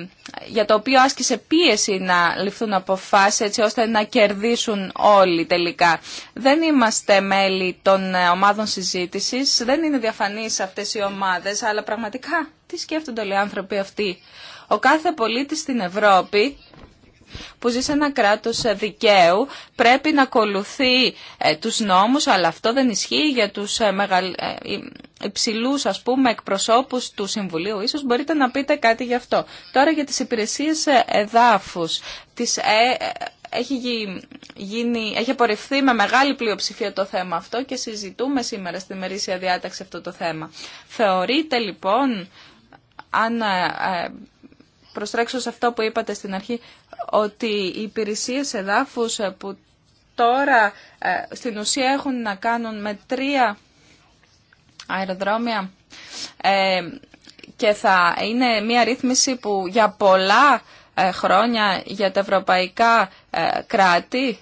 S3: για το οποίο άσκησε πίεση να ληφθούν αποφάσεις έτσι ώστε να κερδίσουν όλοι τελικά. Δεν είμαστε μέλη των ε, ομάδων συζήτησης, δεν είναι διαφανείς αυτές οι ομάδες, αλλά πραγματικά τι σκέφτονται όλοι οι άνθρωποι αυτοί. Ο κάθε πολίτης στην Ευρώπη που ζει σε ένα κράτος ε, δικαίου πρέπει να ακολουθεί ε, τους νόμους, αλλά αυτό δεν ισχύει για τους ε, υψηλούς ας πούμε εκπροσώπους του Συμβουλίου. Ίσως μπορείτε να πείτε κάτι γι' αυτό. Τώρα για τις υπηρεσίες εδάφους, τις έχει, γίνει, έχει απορριφθεί με μεγάλη πλειοψηφία το θέμα αυτό και συζητούμε σήμερα στη μερίσια διάταξη αυτό το θέμα. Θεωρείτε λοιπόν, αν προστρέξω σε αυτό που είπατε στην αρχή, ότι οι υπηρεσίες εδάφους ε, που τώρα ε, στην ουσία έχουν να κάνουν με τρία αεροδρόμια ε, και θα είναι μια ρύθμιση που για πολλά χρόνια για τα ευρωπαϊκά κράτη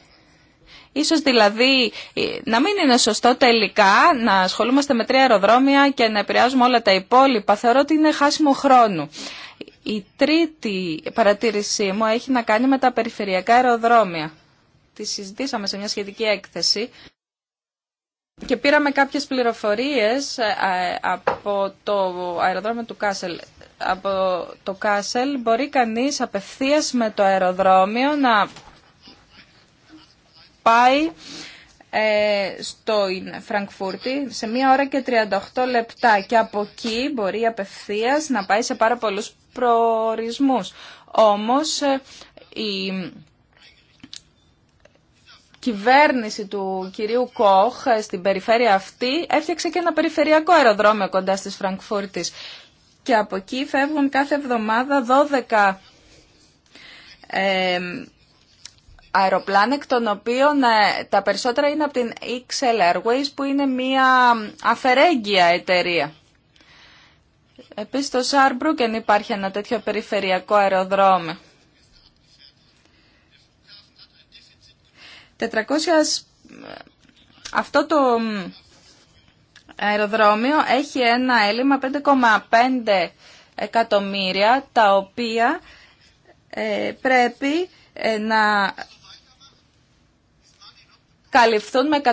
S3: Ίσως δηλαδή να μην είναι σωστό τελικά να ασχολούμαστε με τρία αεροδρόμια και να επηρεάζουμε όλα τα υπόλοιπα. Θεωρώ ότι είναι χάσιμο χρόνου. Η τρίτη παρατήρησή μου έχει να κάνει με τα περιφερειακά αεροδρόμια. Τη συζητήσαμε σε μια σχετική έκθεση και πήραμε κάποιες πληροφορίες ε, από το αεροδρόμιο του Κάσελ. Από το Κάσελ μπορεί κανείς απευθείας με το αεροδρόμιο να πάει ε, στο Φραγκφούρτη σε μία ώρα και 38 λεπτά και από εκεί μπορεί απευθείας να πάει σε πάρα πολλούς προορισμούς. Όμως ε, η κυβέρνηση του κυρίου Κόχ ε, στην περιφέρεια αυτή έφτιαξε και ένα περιφερειακό αεροδρόμιο κοντά στις Φραγκφούρτης και από εκεί φεύγουν κάθε εβδομάδα 12 αεροπλάνα, εκ των οποίων ε, τα περισσότερα είναι από την XL Airways, που είναι μια αφαιρέγγια εταιρεία. Επίσης στο Σάρμπρουκεν υπάρχει ένα τέτοιο περιφερειακό αεροδρόμιο. 400... Αυτό το αεροδρόμιο έχει ένα έλλειμμα 5,5 εκατομμύρια, τα οποία ε, πρέπει ε, να καλυφθούν με 120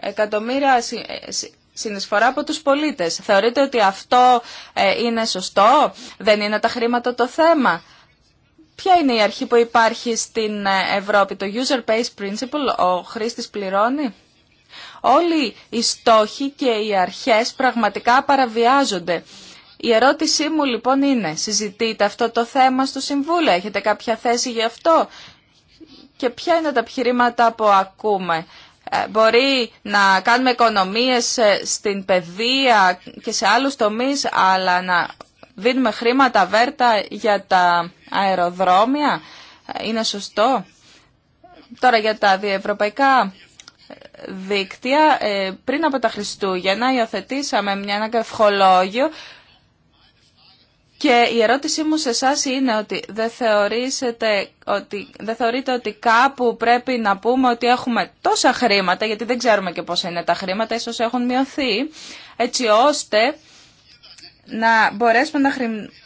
S3: εκατομμύρια ε, συνεισφορά από τους πολίτες. Θεωρείτε ότι αυτό ε, είναι σωστό, δεν είναι τα χρήματα το θέμα. Ποια είναι η αρχή που υπάρχει στην ε, Ευρώπη, το user pays principle, ο χρήστης πληρώνει. Όλοι οι στόχοι και οι αρχές πραγματικά παραβιάζονται. Η ερώτησή μου λοιπόν είναι, συζητείτε αυτό το θέμα στο Συμβούλιο, έχετε κάποια θέση γι' αυτό και ποια είναι τα επιχειρήματα που ακούμε. Ε, μπορεί να κάνουμε οικονομίες ε, στην παιδεία και σε άλλους τομείς, αλλά να δίνουμε χρήματα βέρτα για τα αεροδρόμια. Ε, είναι σωστό. Τώρα για τα διευρωπαϊκά δίκτυα, πριν από τα Χριστούγεννα υιοθετήσαμε μια, ένα και η ερώτησή μου σε εσά είναι ότι δεν, ότι δεν θεωρείτε ότι κάπου πρέπει να πούμε ότι έχουμε τόσα χρήματα, γιατί δεν ξέρουμε και πόσα είναι τα χρήματα, ίσως έχουν μειωθεί, έτσι ώστε να μπορέσουμε να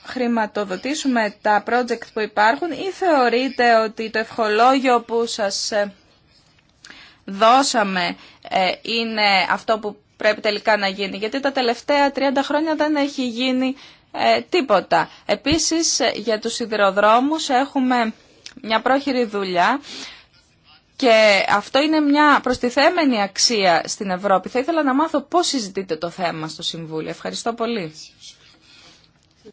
S3: χρηματοδοτήσουμε τα project που υπάρχουν ή θεωρείτε ότι το ευχολόγιο που σας ε, δώσαμε ε, είναι αυτό που πρέπει τελικά να γίνει. Γιατί τα τελευταία 30 χρόνια δεν έχει γίνει ε, τίποτα. Επίσης ε, για τους σιδηροδρόμους έχουμε μια πρόχειρη δουλειά και αυτό είναι μια προστιθέμενη αξία στην Ευρώπη. Θα ήθελα να μάθω
S1: πώς συζητείτε το θέμα στο Συμβούλιο. Ευχαριστώ πολύ.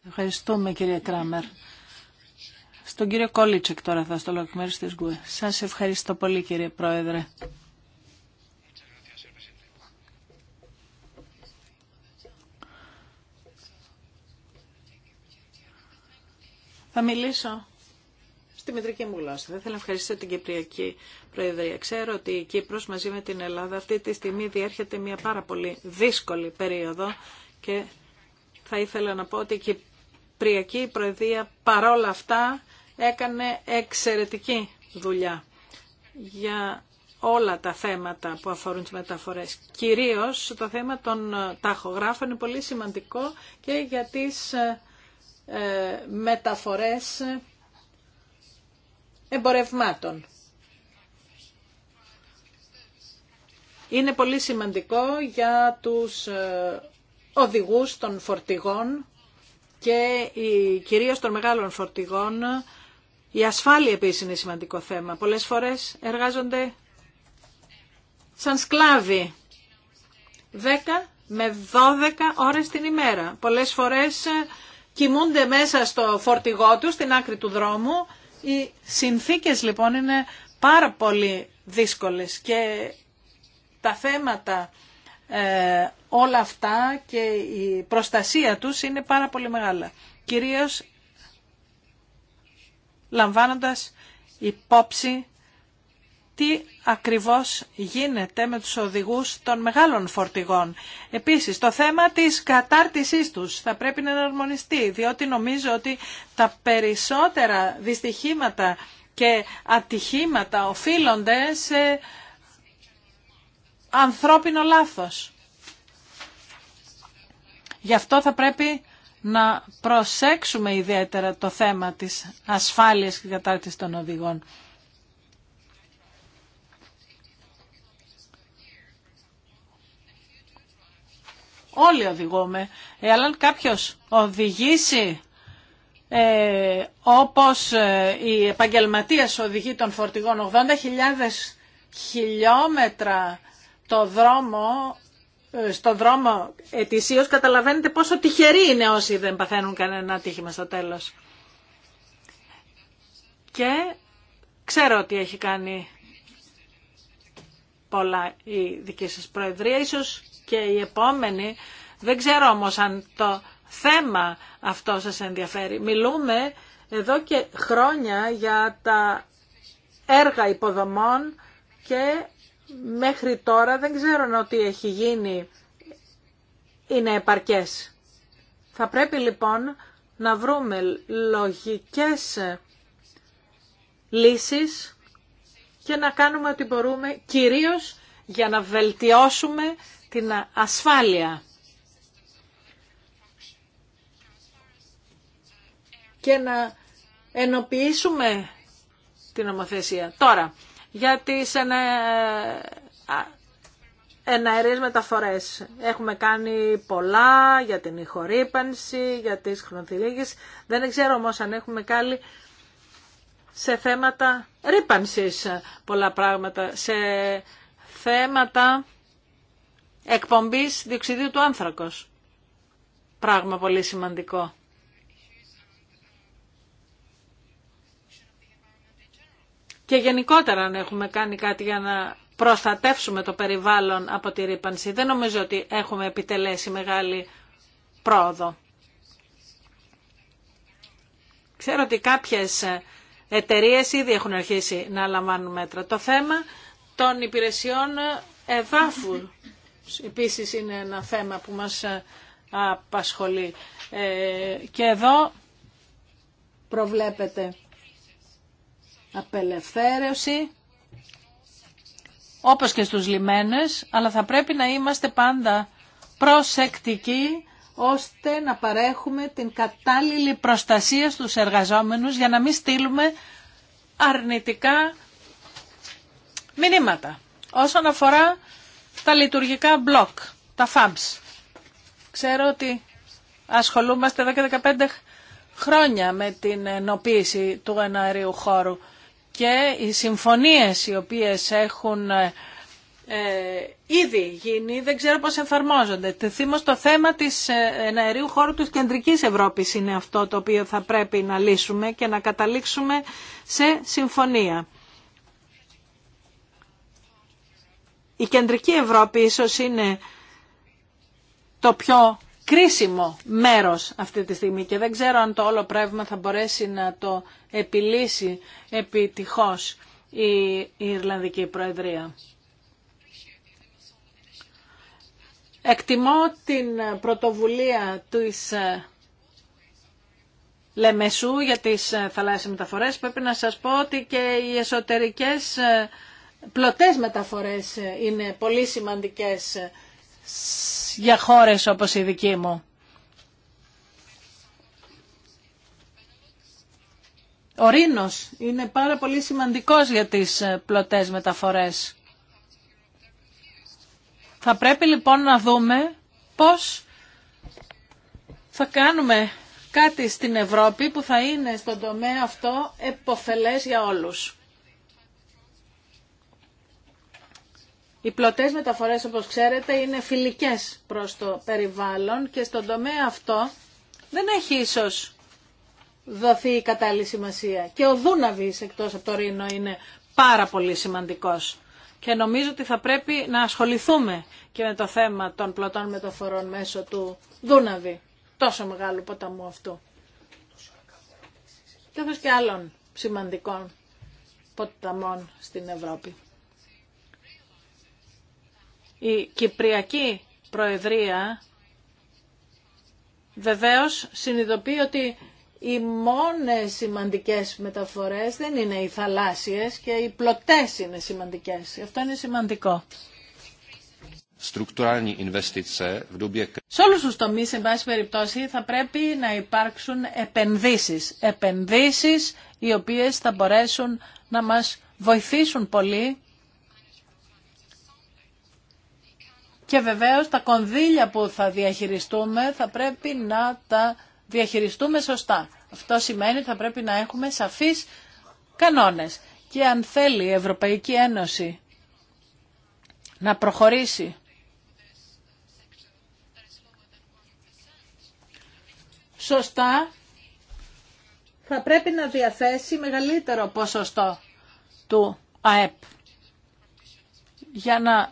S1: Ευχαριστούμε κύριε Κράμερ. Στον κύριο Κόλιτσεκ τώρα θα στο λόγω μέρους της Σας ευχαριστώ πολύ κύριε Πρόεδρε. Θα μιλήσω στη μητρική μου γλώσσα. Θα ήθελα να ευχαριστήσω την Κυπριακή Προεδρία. Ξέρω ότι η Κύπρος μαζί με την Ελλάδα αυτή τη στιγμή διέρχεται μια πάρα πολύ δύσκολη περίοδο και θα ήθελα να πω ότι η Κυπριακή Προεδρία παρόλα αυτά έκανε εξαιρετική δουλειά για όλα τα θέματα που αφορούν τις μεταφορές. Κυρίως το θέμα των ταχογράφων είναι πολύ σημαντικό και για τις ε, ε, μεταφορές εμπορευμάτων. Είναι πολύ σημαντικό για τους ε, οδηγούς των φορτηγών και κυρίως των μεγάλων φορτηγών. Η ασφάλεια επίσης είναι σημαντικό θέμα. Πολλές φορές εργάζονται σαν σκλάβοι 10 με 12 ώρες την ημέρα. Πολλές φορές ε, κοιμούνται μέσα στο φορτηγό του, στην άκρη του δρόμου. Οι συνθήκες λοιπόν είναι πάρα πολύ δύσκολες και τα θέματα ε, όλα αυτά και η προστασία τους είναι πάρα πολύ μεγάλα. Κυρίως λαμβάνοντας υπόψη τι ακριβώς γίνεται με τους οδηγούς των μεγάλων φορτηγών. Επίσης, το θέμα της κατάρτισής τους θα πρέπει να εναρμονιστεί, διότι νομίζω ότι τα περισσότερα δυστυχήματα και ατυχήματα οφείλονται σε ανθρώπινο λάθος. Γι' αυτό θα πρέπει να προσέξουμε ιδιαίτερα το θέμα της ασφάλειας και κατάρτισης των οδηγών. Όλοι οδηγούμε. Ε, αλλά αν κάποιος οδηγήσει ε, όπως ε, η επαγγελματίας οδηγεί των φορτηγών 80.000 χιλιόμετρα το δρόμο, ε, στο δρόμο ετησίως καταλαβαίνετε πόσο τυχεροί είναι όσοι δεν παθαίνουν κανένα τύχημα στο τέλος. Και ξέρω ότι έχει κάνει πολλά η δική σας προεδρία. Ίσως και η επόμενη. Δεν ξέρω όμως αν το θέμα αυτό σας ενδιαφέρει. Μιλούμε εδώ και χρόνια για τα έργα υποδομών και μέχρι τώρα δεν αν ότι έχει γίνει είναι επαρκές. Θα πρέπει λοιπόν να βρούμε λογικές λύσεις και να κάνουμε ό,τι μπορούμε κυρίως για να βελτιώσουμε την ασφάλεια και να ενοποιήσουμε την νομοθεσία. Τώρα, για τις εναερίες μεταφορές. Έχουμε κάνει πολλά για την ηχορύπανση, για τις χρονοθυλίγες. Δεν ξέρω όμως αν έχουμε κάνει σε θέματα ρύπανσης πολλά πράγματα, σε θέματα εκπομπής διοξιδίου του άνθρακος. Πράγμα πολύ σημαντικό. Και γενικότερα αν έχουμε κάνει κάτι για να προστατεύσουμε το περιβάλλον από τη ρήπανση. Δεν νομίζω ότι έχουμε επιτελέσει μεγάλη πρόοδο. Ξέρω ότι κάποιες εταιρείες ήδη έχουν αρχίσει να λαμβάνουν μέτρα. Το θέμα των υπηρεσιών εδάφου επίσης είναι ένα θέμα που μας ε, απασχολεί. Ε, και εδώ προβλέπεται απελευθέρωση, όπως και στους λιμένες, αλλά θα πρέπει να είμαστε πάντα προσεκτικοί ώστε να παρέχουμε την κατάλληλη προστασία στους εργαζόμενους για να μην στείλουμε αρνητικά μηνύματα. Όσον αφορά τα λειτουργικά μπλοκ, τα FABs. Ξέρω ότι ασχολούμαστε εδώ και 15 χρόνια με την ενοποίηση του εναερίου χώρου και οι συμφωνίες οι οποίες έχουν ε, ε, ήδη γίνει, δεν ξέρω πώς εφαρμόζονται. θύμω το θέμα της ε, εναερίου χώρου της κεντρικής Ευρώπης είναι αυτό το οποίο θα πρέπει να λύσουμε και να καταλήξουμε σε συμφωνία. η κεντρική Ευρώπη ίσως είναι το πιο κρίσιμο μέρος αυτή τη στιγμή και δεν ξέρω αν το όλο πράγμα θα μπορέσει να το επιλύσει επιτυχώς η Ιρλανδική Προεδρία. Εκτιμώ την πρωτοβουλία της ε, Λεμεσού για τις ε, θαλάσσιες μεταφορές. Πρέπει να σας πω ότι και οι εσωτερικές ε, πλωτές μεταφορές ε, είναι πολύ σημαντικές ε, για χώρες όπως η δική μου. Ο Ρήνος είναι πάρα πολύ σημαντικός για τις ε, πλωτές μεταφορές. Θα πρέπει λοιπόν να δούμε πώς θα κάνουμε κάτι στην Ευρώπη που θα είναι στον τομέα αυτό εποφελές για όλους. Οι πλωτές μεταφορές, όπως ξέρετε, είναι φιλικές προς το περιβάλλον και στον τομέα αυτό δεν έχει ίσως δοθεί η κατάλληλη σημασία. Και ο Δούναβης, εκτός από το Ρήνο, είναι πάρα πολύ σημαντικός. Και νομίζω ότι θα πρέπει να ασχοληθούμε και με το θέμα των πλωτών μεταφορών μέσω του Δούναβη, τόσο μεγάλου ποταμού αυτού. Και και άλλων σημαντικών ποταμών στην Ευρώπη η Κυπριακή Προεδρία βεβαίως συνειδητοποιεί ότι οι μόνες σημαντικές μεταφορές δεν είναι οι θαλάσσιες και οι πλωτές είναι σημαντικές. Αυτό είναι σημαντικό. Σε όλους τους τομείς, σε βάση περιπτώσει, θα πρέπει να υπάρξουν επενδύσεις. Επενδύσεις οι οποίες θα μπορέσουν να μας βοηθήσουν πολύ Και βεβαίως τα κονδύλια που θα διαχειριστούμε θα πρέπει να τα διαχειριστούμε σωστά. Αυτό σημαίνει ότι θα πρέπει να έχουμε σαφείς κανόνες. Και αν θέλει η Ευρωπαϊκή Ένωση να προχωρήσει σωστά, θα πρέπει να διαθέσει μεγαλύτερο ποσοστό του ΑΕΠ για να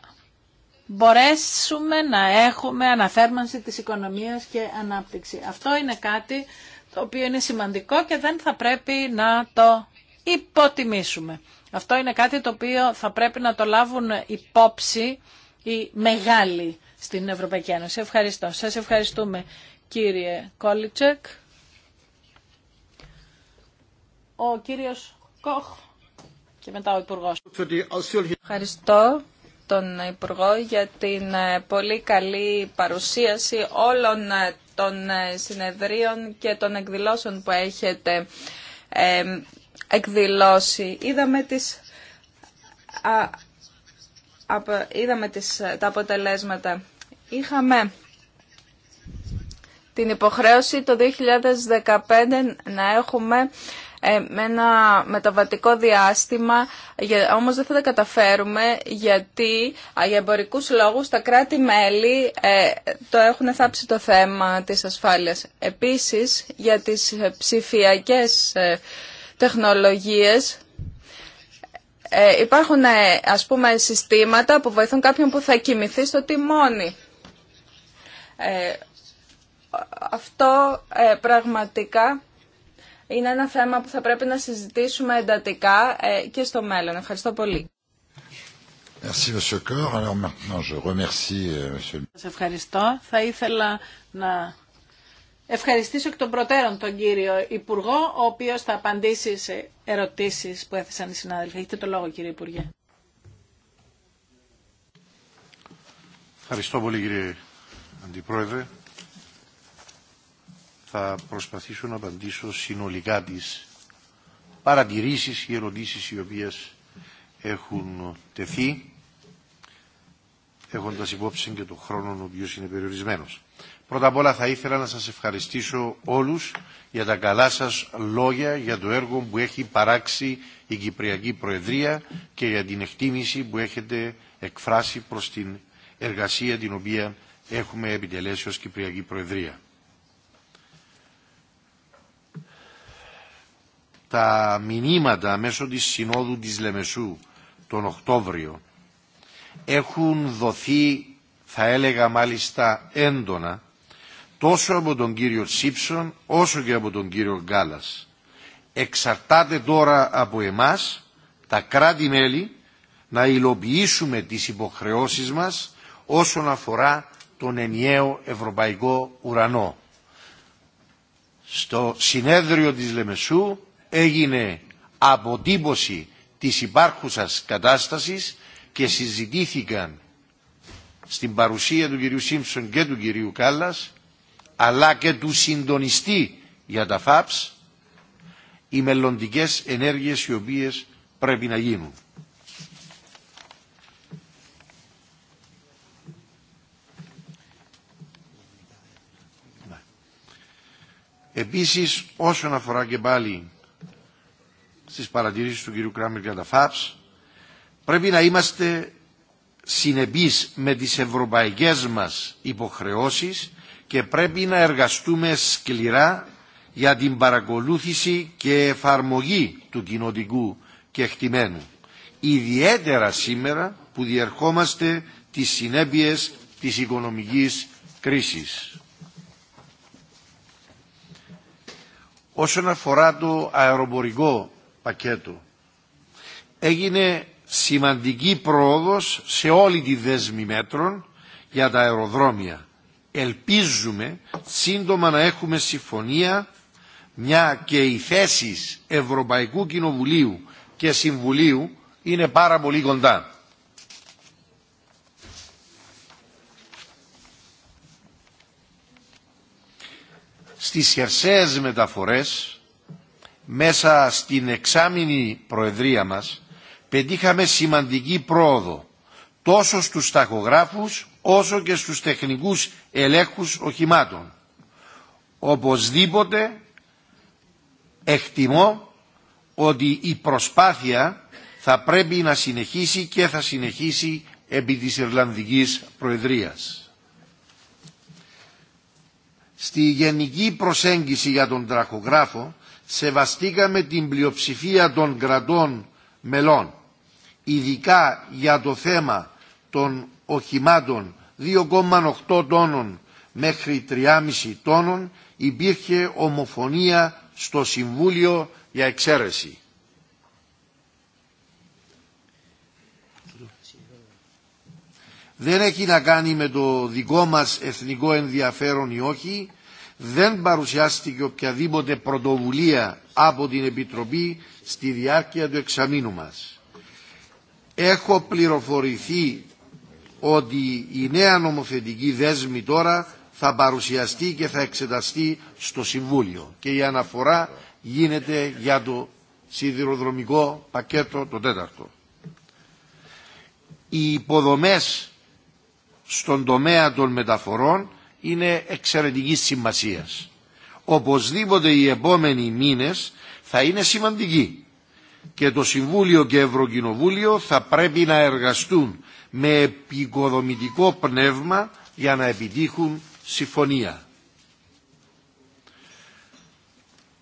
S1: μπορέσουμε να έχουμε αναθέρμανση της οικονομίας και ανάπτυξη. Αυτό είναι κάτι το οποίο είναι σημαντικό και δεν θα πρέπει να το υποτιμήσουμε. Αυτό είναι κάτι το οποίο θα πρέπει να το λάβουν υπόψη οι μεγάλοι στην Ευρωπαϊκή Ένωση. Ευχαριστώ. Σας ευχαριστούμε κύριε Κόλιτσεκ. Ο κύριος Κοχ και μετά ο Υπουργός.
S3: Ευχαριστώ τον Υπουργό για την ε, πολύ καλή παρουσίαση όλων ε, των ε, συνεδρίων και των εκδηλώσεων που έχετε εκδηλώσει. Είδαμε τις είδαμε τις, τα αποτελέσματα. Είχαμε την υποχρέωση το 2015 να έχουμε ε, με ένα μεταβατικό διάστημα, όμως δεν θα τα καταφέρουμε γιατί για εμπορικούς λόγους τα κράτη-μέλη ε, το έχουν θάψει το θέμα της ασφάλειας. Επίσης, για τις ε, ψηφιακές τεχνολογίες υπάρχουν ας πούμε συστήματα που βοηθούν κάποιον που θα κοιμηθεί στο τιμόνι. Αυτό πραγματικά είναι ένα θέμα που θα πρέπει να συζητήσουμε εντατικά ε, και στο μέλλον. Ευχαριστώ πολύ.
S5: Euh,
S1: Σας ευχαριστώ. Θα ήθελα να ευχαριστήσω εκ των προτέρων τον κύριο Υπουργό, ο οποίος θα απαντήσει σε ερωτήσεις που έθεσαν οι συνάδελφοι. Έχετε το λόγο κύριε Υπουργέ.
S2: Ευχαριστώ πολύ κύριε Αντιπρόεδρε θα προσπαθήσω να απαντήσω συνολικά τις παρατηρήσεις και ερωτήσεις οι οποίες έχουν τεθεί έχοντας υπόψη και τον χρόνο ο οποίος είναι περιορισμένος. Πρώτα απ' όλα θα ήθελα να σας ευχαριστήσω όλους για τα καλά σας λόγια για το έργο που έχει παράξει η Κυπριακή Προεδρία και για την εκτίμηση που έχετε εκφράσει προς την εργασία την οποία έχουμε επιτελέσει ως Κυπριακή Προεδρία. τα μηνύματα μέσω της Συνόδου της Λεμεσού τον Οκτώβριο έχουν δοθεί, θα έλεγα μάλιστα έντονα, τόσο από τον κύριο Σίψον όσο και από τον κύριο Γκάλας. Εξαρτάται τώρα από εμάς, τα κράτη-μέλη, να υλοποιήσουμε τις υποχρεώσεις μας όσον αφορά τον ενιαίο ευρωπαϊκό ουρανό. Στο συνέδριο της Λεμεσού έγινε αποτύπωση της υπάρχουσας κατάστασης και συζητήθηκαν στην παρουσία του κυρίου Σίμψον και του κυρίου Κάλλας αλλά και του συντονιστή για τα ΦΑΠΣ οι μελλοντικές ενέργειες οι οποίες πρέπει να γίνουν. Επίσης όσον αφορά και πάλι στις παρατηρήσεις του κ. Κράμερ για τα ΦΑΠΣ, πρέπει να είμαστε συνεπείς με τις ευρωπαϊκές μας υποχρεώσεις και πρέπει να εργαστούμε σκληρά για την παρακολούθηση και εφαρμογή του κοινοτικού και Ιδιαίτερα σήμερα που διερχόμαστε τις συνέπειες της οικονομικής κρίσης. Όσον αφορά το αεροπορικό πακέτου. Έγινε σημαντική πρόοδος σε όλη τη δέσμη μέτρων για τα αεροδρόμια. Ελπίζουμε σύντομα να έχουμε συμφωνία μια και οι θέσει Ευρωπαϊκού Κοινοβουλίου και Συμβουλίου είναι πάρα πολύ κοντά. Στις χερσαίες μεταφορές μέσα στην εξάμηνη προεδρία μας πετύχαμε σημαντική πρόοδο τόσο στους ταχογράφους όσο και στους τεχνικούς ελέγχους οχημάτων. Οπωσδήποτε εκτιμώ ότι η προσπάθεια θα πρέπει να συνεχίσει και θα συνεχίσει επί της Ιρλανδικής Προεδρίας. Στη γενική προσέγγιση για τον τραχογράφο σεβαστήκαμε την πλειοψηφία των κρατών μελών, ειδικά για το θέμα των οχημάτων 2,8 τόνων μέχρι 3,5 τόνων υπήρχε ομοφωνία στο Συμβούλιο για εξαίρεση. Δεν έχει να κάνει με το δικό μας εθνικό ενδιαφέρον ή όχι, δεν παρουσιάστηκε οποιαδήποτε πρωτοβουλία από την Επιτροπή στη διάρκεια του εξαμήνου μας. Έχω πληροφορηθεί ότι η νέα νομοθετική δέσμη τώρα θα παρουσιαστεί και θα εξεταστεί στο Συμβούλιο και η αναφορά γίνεται για το σιδηροδρομικό πακέτο το τέταρτο. Οι υποδομές στον τομέα των μεταφορών είναι εξαιρετική σημασία. Οπωσδήποτε οι επόμενοι μήνες θα είναι σημαντικοί και το Συμβούλιο και Ευρωκοινοβούλιο θα πρέπει να εργαστούν με επικοδομητικό πνεύμα για να επιτύχουν συμφωνία.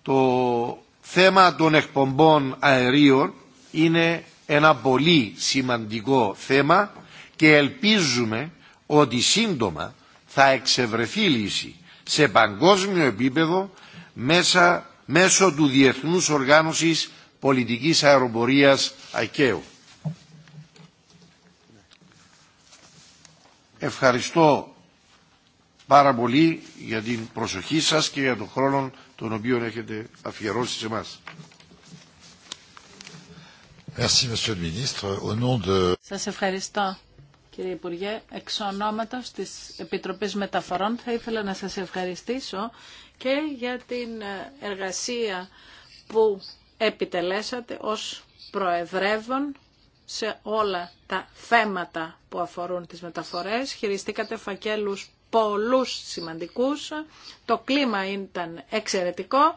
S2: Το θέμα των εκπομπών αερίων είναι ένα πολύ σημαντικό θέμα και ελπίζουμε ότι σύντομα θα εξευρεθεί λύση σε παγκόσμιο επίπεδο μέσα, μέσω του Διεθνούς Οργάνωσης Πολιτικής Αεροπορίας ΑΚΕΟ. Ευχαριστώ πάρα πολύ για την προσοχή σας και για τον χρόνο τον οποίο έχετε αφιερώσει σε εμάς.
S1: Σας ευχαριστώ. Κύριε Υπουργέ, εξ ονόματος της Επιτροπής Μεταφορών θα ήθελα να σας ευχαριστήσω και για την ε, εργασία που επιτελέσατε ως προεδρεύων σε όλα τα θέματα που αφορούν τις μεταφορές. Χειριστήκατε φακέλους πολλούς σημαντικούς. Το κλίμα ήταν εξαιρετικό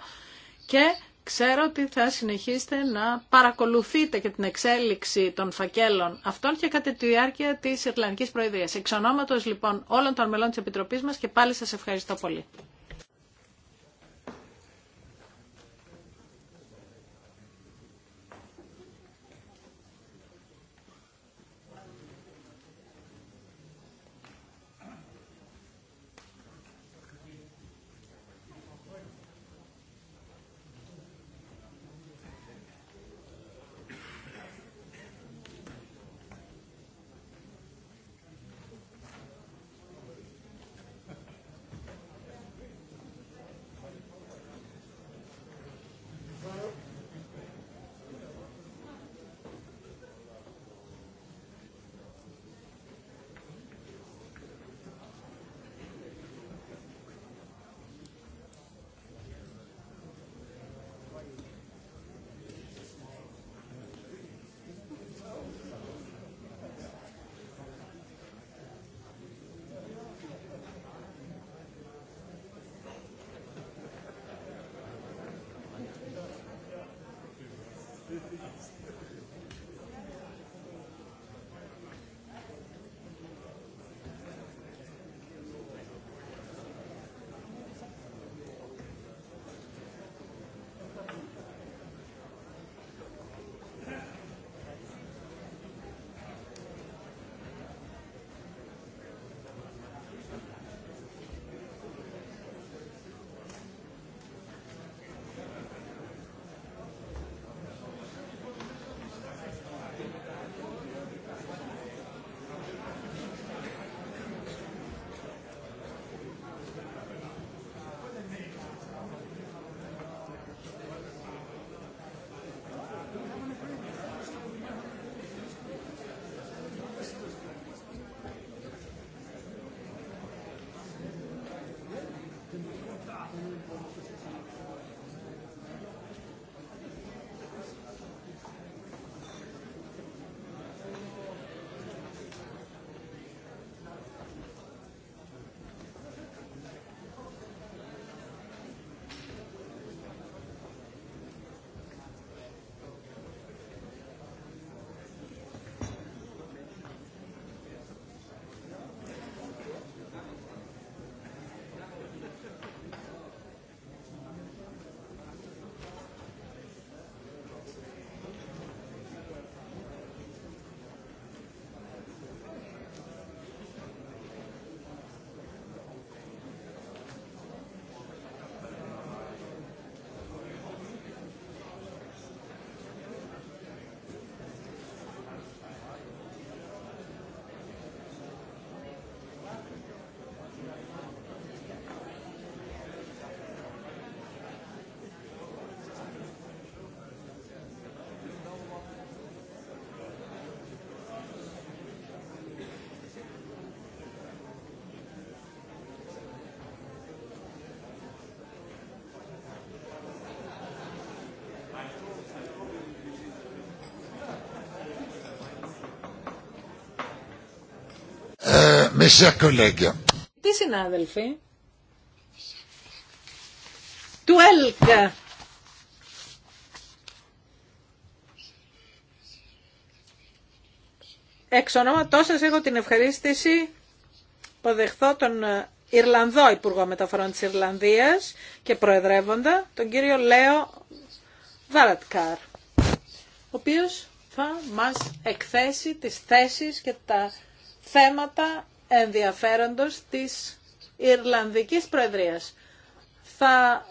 S1: και Ξέρω ότι θα συνεχίσετε να παρακολουθείτε και την εξέλιξη των φακέλων αυτών και κατά τη διάρκεια τη Ιρλανδικής Προεδρία. Εξ λοιπόν όλων των μελών της Επιτροπής μας και πάλι σας ευχαριστώ πολύ. Τι συνάδελφοι του ΕΛΚΑ. Εξ ονόματός σας έχω την ευχαρίστηση που δεχθώ τον ε, Ιρλανδό Υπουργό Μεταφορών της Ιρλανδίας και Προεδρεύοντα, τον κύριο Λέο Βαρατκάρ, ο οποίος θα μας εκθέσει τις θέσεις και τα θέματα ενδιαφέροντος της Ιρλανδικής Προεδρίας. Θα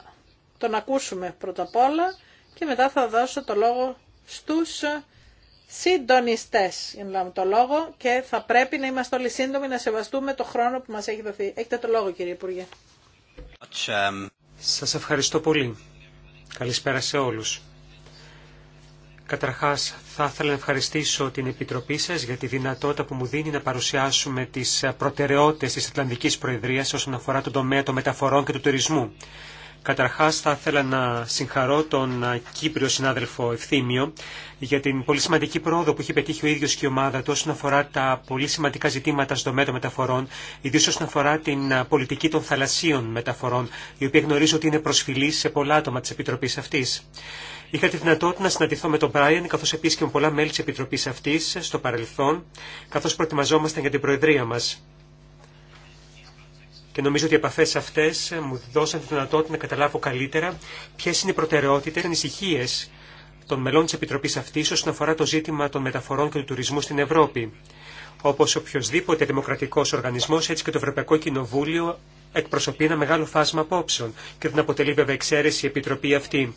S1: τον ακούσουμε πρώτα απ' όλα και μετά θα δώσω το λόγο στους συντονιστές για το λόγο και θα πρέπει να είμαστε όλοι σύντομοι να σεβαστούμε το χρόνο που μας έχει δοθεί. Έχετε το λόγο κύριε Υπουργέ.
S4: Σας ευχαριστώ πολύ. Καλησπέρα σε όλους. Καταρχάς, θα ήθελα να ευχαριστήσω την Επιτροπή σας για τη δυνατότητα που μου δίνει να παρουσιάσουμε τις προτεραιότητες της Ατλαντικής Προεδρίας όσον αφορά τον τομέα των μεταφορών και του τουρισμού. Καταρχάς, θα ήθελα να συγχαρώ τον Κύπριο συνάδελφο Ευθύμιο για την πολύ σημαντική πρόοδο που έχει πετύχει ο ίδιος και η ομάδα του όσον αφορά τα πολύ σημαντικά ζητήματα στον τομέα των μεταφορών, ιδίως όσον αφορά την πολιτική των θαλασσίων μεταφορών, η οποία γνωρίζω ότι είναι προσφυλή σε πολλά άτομα της Επιτροπής αυτής. Είχα τη δυνατότητα να συναντηθώ με τον Μπράιαν, καθώ επίση και με πολλά μέλη τη Επιτροπή αυτή στο παρελθόν, καθώ προετοιμαζόμασταν για την Προεδρία μα. Και νομίζω ότι οι επαφέ αυτέ μου δώσαν τη δυνατότητα να καταλάβω καλύτερα ποιε είναι οι προτεραιότητε και ανησυχίε των μελών τη Επιτροπή αυτή όσον αφορά το ζήτημα των μεταφορών και του τουρισμού στην Ευρώπη. Όπω οποιοδήποτε δημοκρατικό οργανισμό, έτσι και το Ευρωπαϊκό Κοινοβούλιο εκπροσωπεί ένα μεγάλο φάσμα απόψεων και δεν αποτελεί βέβαια εξαίρεση η Επιτροπή αυτή.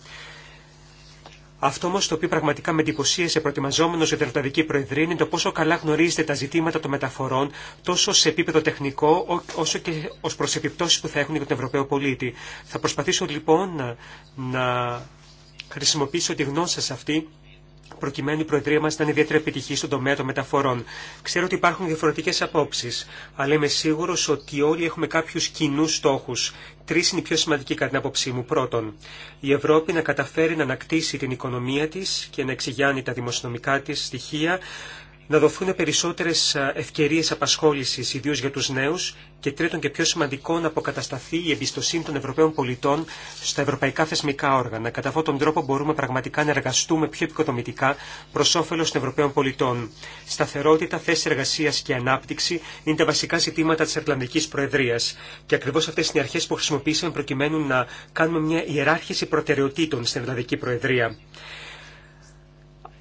S4: Αυτό όμω το οποίο πραγματικά με εντυπωσίασε προετοιμαζόμενο για την Ευρωπαϊκή Προεδρία είναι το πόσο καλά γνωρίζετε τα ζητήματα των μεταφορών τόσο σε επίπεδο τεχνικό όσο και ω προ επιπτώσει που θα έχουν για τον Ευρωπαίο πολίτη. Θα προσπαθήσω λοιπόν να, να χρησιμοποιήσω τη γνώση σα αυτή προκειμένου η Προεδρία μα να είναι ιδιαίτερα επιτυχή στον τομέα των μεταφορών. Ξέρω ότι υπάρχουν διαφορετικέ απόψει, αλλά είμαι σίγουρο ότι όλοι έχουμε κάποιου κοινού στόχου. Τρει είναι οι πιο σημαντικοί κατά την άποψή μου. Πρώτον, η Ευρώπη να καταφέρει να ανακτήσει την οικονομία τη και να εξηγιάνει τα δημοσιονομικά τη στοιχεία να δοθούν περισσότερε ευκαιρίε απασχόληση ιδίω για του νέου και τρίτον και πιο σημαντικό να αποκατασταθεί η εμπιστοσύνη των Ευρωπαίων πολιτών στα ευρωπαϊκά θεσμικά όργανα. Κατά αυτόν τον τρόπο μπορούμε πραγματικά να εργαστούμε πιο επικοδομητικά προ όφελο των Ευρωπαίων πολιτών. Σταθερότητα, θέση εργασία και ανάπτυξη είναι τα βασικά ζητήματα τη Ιρλανδική Προεδρία. Και ακριβώ αυτέ είναι οι αρχέ που χρησιμοποίησαμε προκειμένου να κάνουμε μια ιεράρχηση προτεραιοτήτων στην Ιρλανδική Προεδρία.